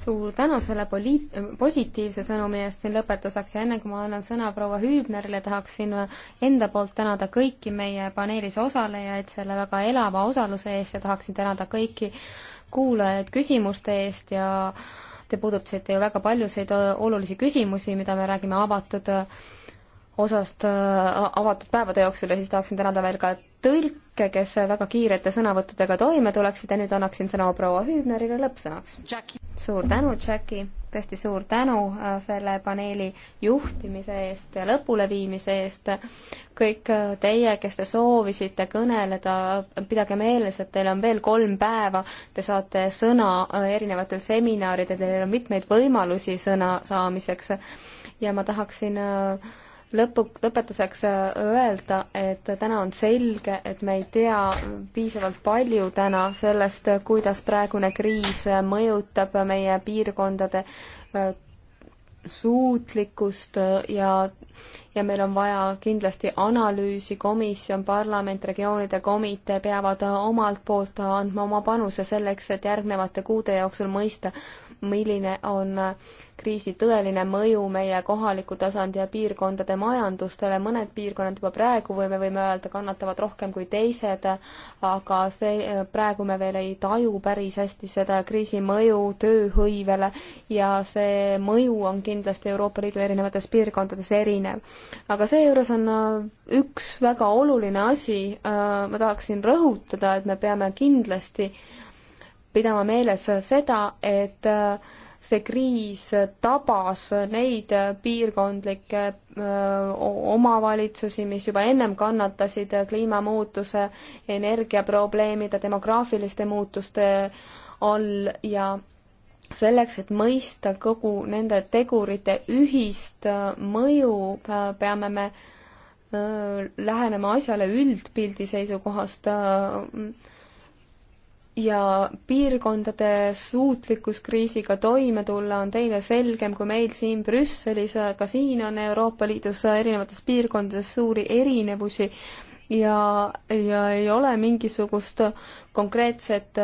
suur tänu selle poliit-, positiivse sõnumi eest siin lõpetuseks ja enne kui ma annan sõna proua Hüübnerile, tahaksin enda poolt tänada kõiki meie paneelis osalejaid selle väga elava osaluse eest ja tahaksin tänada kõiki kuulajaid küsimuste eest ja te puudutasite ju väga paljusid olulisi küsimusi, mida me räägime avatud osast äh, avatud päevade jooksul ja siis tahaksin tänada veel ka tõlke, kes väga kiirete sõnavõttudega toime tuleksid ja nüüd annaksin sõna proua Hüübnerile lõppsõnaks. suur tänu, Jackie, tõesti suur tänu äh, selle paneeli juhtimise eest ja lõpuleviimise eest. kõik äh, teie, kes te soovisite kõneleda, pidage meeles, et teil on veel kolm päeva, te saate sõna erinevatel seminaridel, teil on mitmeid võimalusi sõna saamiseks ja ma tahaksin äh, lõpu, lõpetuseks äh, öelda, et täna on selge, et me ei tea piisavalt palju täna sellest, kuidas praegune kriis äh, mõjutab meie piirkondade äh, suutlikkust ja, ja meil on vaja kindlasti analüüsi, komisjon, parlament, regioonide komitee peavad omalt poolt andma oma panuse selleks, et järgnevate kuude jooksul mõista, milline on kriisi tõeline mõju meie kohaliku tasandi ja piirkondade majandustele, mõned piirkonnad juba praegu või me võime öelda, kannatavad rohkem kui teised, aga see, praegu me veel ei taju päris hästi seda kriisi mõju tööhõivele ja see mõju on kindlasti Euroopa Liidu erinevates piirkondades erinev. aga seejuures on äh, üks väga oluline asi, äh, ma tahaksin rõhutada, et me peame kindlasti pidama meeles seda, et äh, see kriis tabas neid äh, piirkondlikke äh, omavalitsusi, mis juba ennem kannatasid kliimamuutuse, energiaprobleemide, demograafiliste muutuste all ja selleks, et mõista kogu nende tegurite ühist mõju, peame me lähenema asjale üldpildi seisukohast äh, ja piirkondade suutlikkus kriisiga toime tulla on teile selgem kui meil siin Brüsselis, ka siin on Euroopa Liidus erinevates piirkondades suuri erinevusi ja, ja ei ole mingisugust konkreetset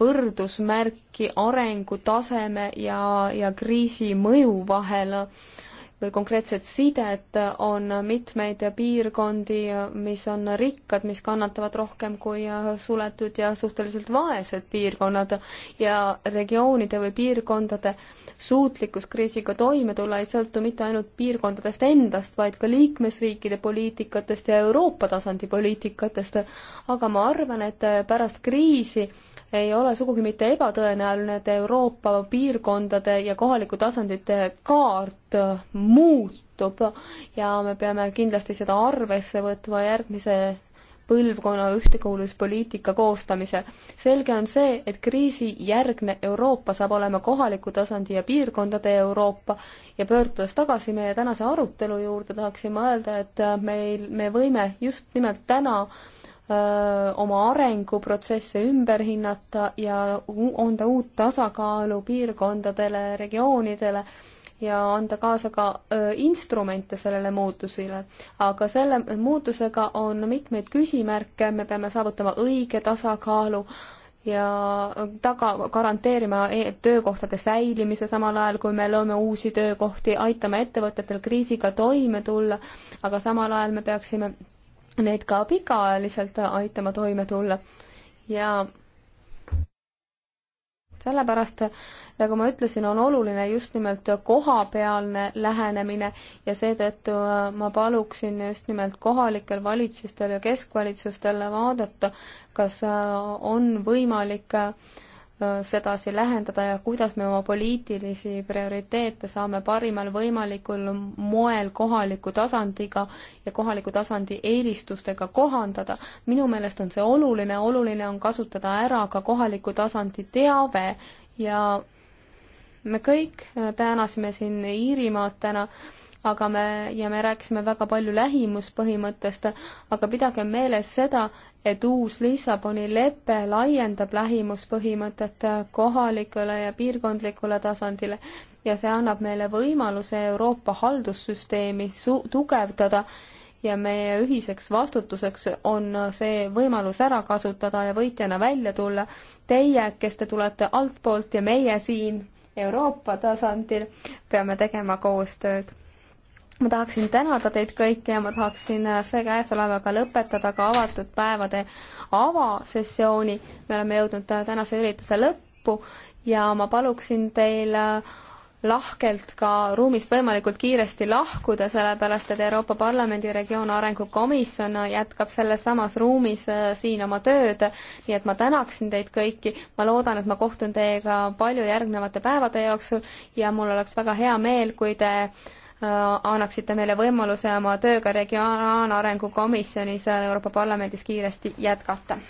võrdusmärki arengutaseme ja, ja kriisi mõju vahel või konkreetset sidet, on mitmeid piirkondi, mis on rikkad, mis kannatavad rohkem kui suletud ja suhteliselt vaesed piirkonnad ja regioonide või piirkondade suutlikkus kriisiga toime tulla ei sõltu mitte ainult piirkondadest endast, vaid ka liikmesriikide poliitikatest ja Euroopa tasandi poliitikatest. aga ma arvan, et pärast kriisi ei ole sugugi mitte ebatõenäoline, et Euroopa piirkondade ja kohaliku tasandite kaart muutub ja me peame kindlasti seda arvesse võtma järgmise põlvkonna ühtekuuluvuspoliitika koostamisel. selge on see, et kriisi järgne Euroopa saab olema kohaliku tasandi ja piirkondade Euroopa ja pöördudes tagasi meie tänase arutelu juurde, tahaksin ma öelda, et meil, me võime just nimelt täna äh, oma arenguprotsesse ümber hinnata ja anda uut tasakaalu piirkondadele, regioonidele ja anda kaasa ka instrumente sellele muutusele. aga selle muutusega on mitmeid küsimärke, me peame saavutama õige tasakaalu ja taga, garanteerima e-, töökohtade säilimise, samal ajal kui me loome uusi töökohti, aitame ettevõtetel kriisiga toime tulla, aga samal ajal me peaksime neid ka pikaajaliselt aitama toime tulla ja sellepärast, nagu ma ütlesin, on oluline just nimelt kohapealne lähenemine ja seetõttu ma paluksin just nimelt kohalikel valitsustel ja keskvalitsustel vaadata, kas on võimalik äh, Äh, sedasi lähendada ja kuidas me oma poliitilisi prioriteete saame parimal võimalikul moel kohaliku tasandiga ja kohaliku tasandi eelistustega kohandada. minu meelest on see oluline, oluline on kasutada ära ka kohaliku tasandi teave ja me kõik äh, tänasime siin Iirimaad täna aga me, ja me rääkisime väga palju lähimuspõhimõttest, aga pidage meeles seda, et uus Lissaboni lepe laiendab lähimuspõhimõtet kohalikule ja piirkondlikule tasandile ja see annab meile võimaluse Euroopa haldussüsteemi su-, tugevdada ja meie ühiseks vastutuseks on see võimalus ära kasutada ja võitjana välja tulla. Teie, kes te tulete altpoolt ja meie siin Euroopa tasandil, peame tegema koostööd ma tahaksin tänada teid kõiki ja ma tahaksin äh, see käesolevaga lõpetada ka avatud päevade avasessiooni. me oleme jõudnud äh, tänase ürituse lõppu ja ma paluksin teil äh, lahkelt ka ruumist võimalikult kiiresti lahkuda, sellepärast et Euroopa Parlamendi regioon arengukomisjon jätkab selles samas ruumis siin oma tööd. nii et ma tänaksin teid kõiki, ma loodan, et ma kohtun teiega palju järgnevate päevade jooksul ja mul oleks väga hea meel, kui te Äh, annaksite meile võimaluse oma tööga Regionaalarengu Komisjonis Euroopa Parlamendis kiiresti jätkata.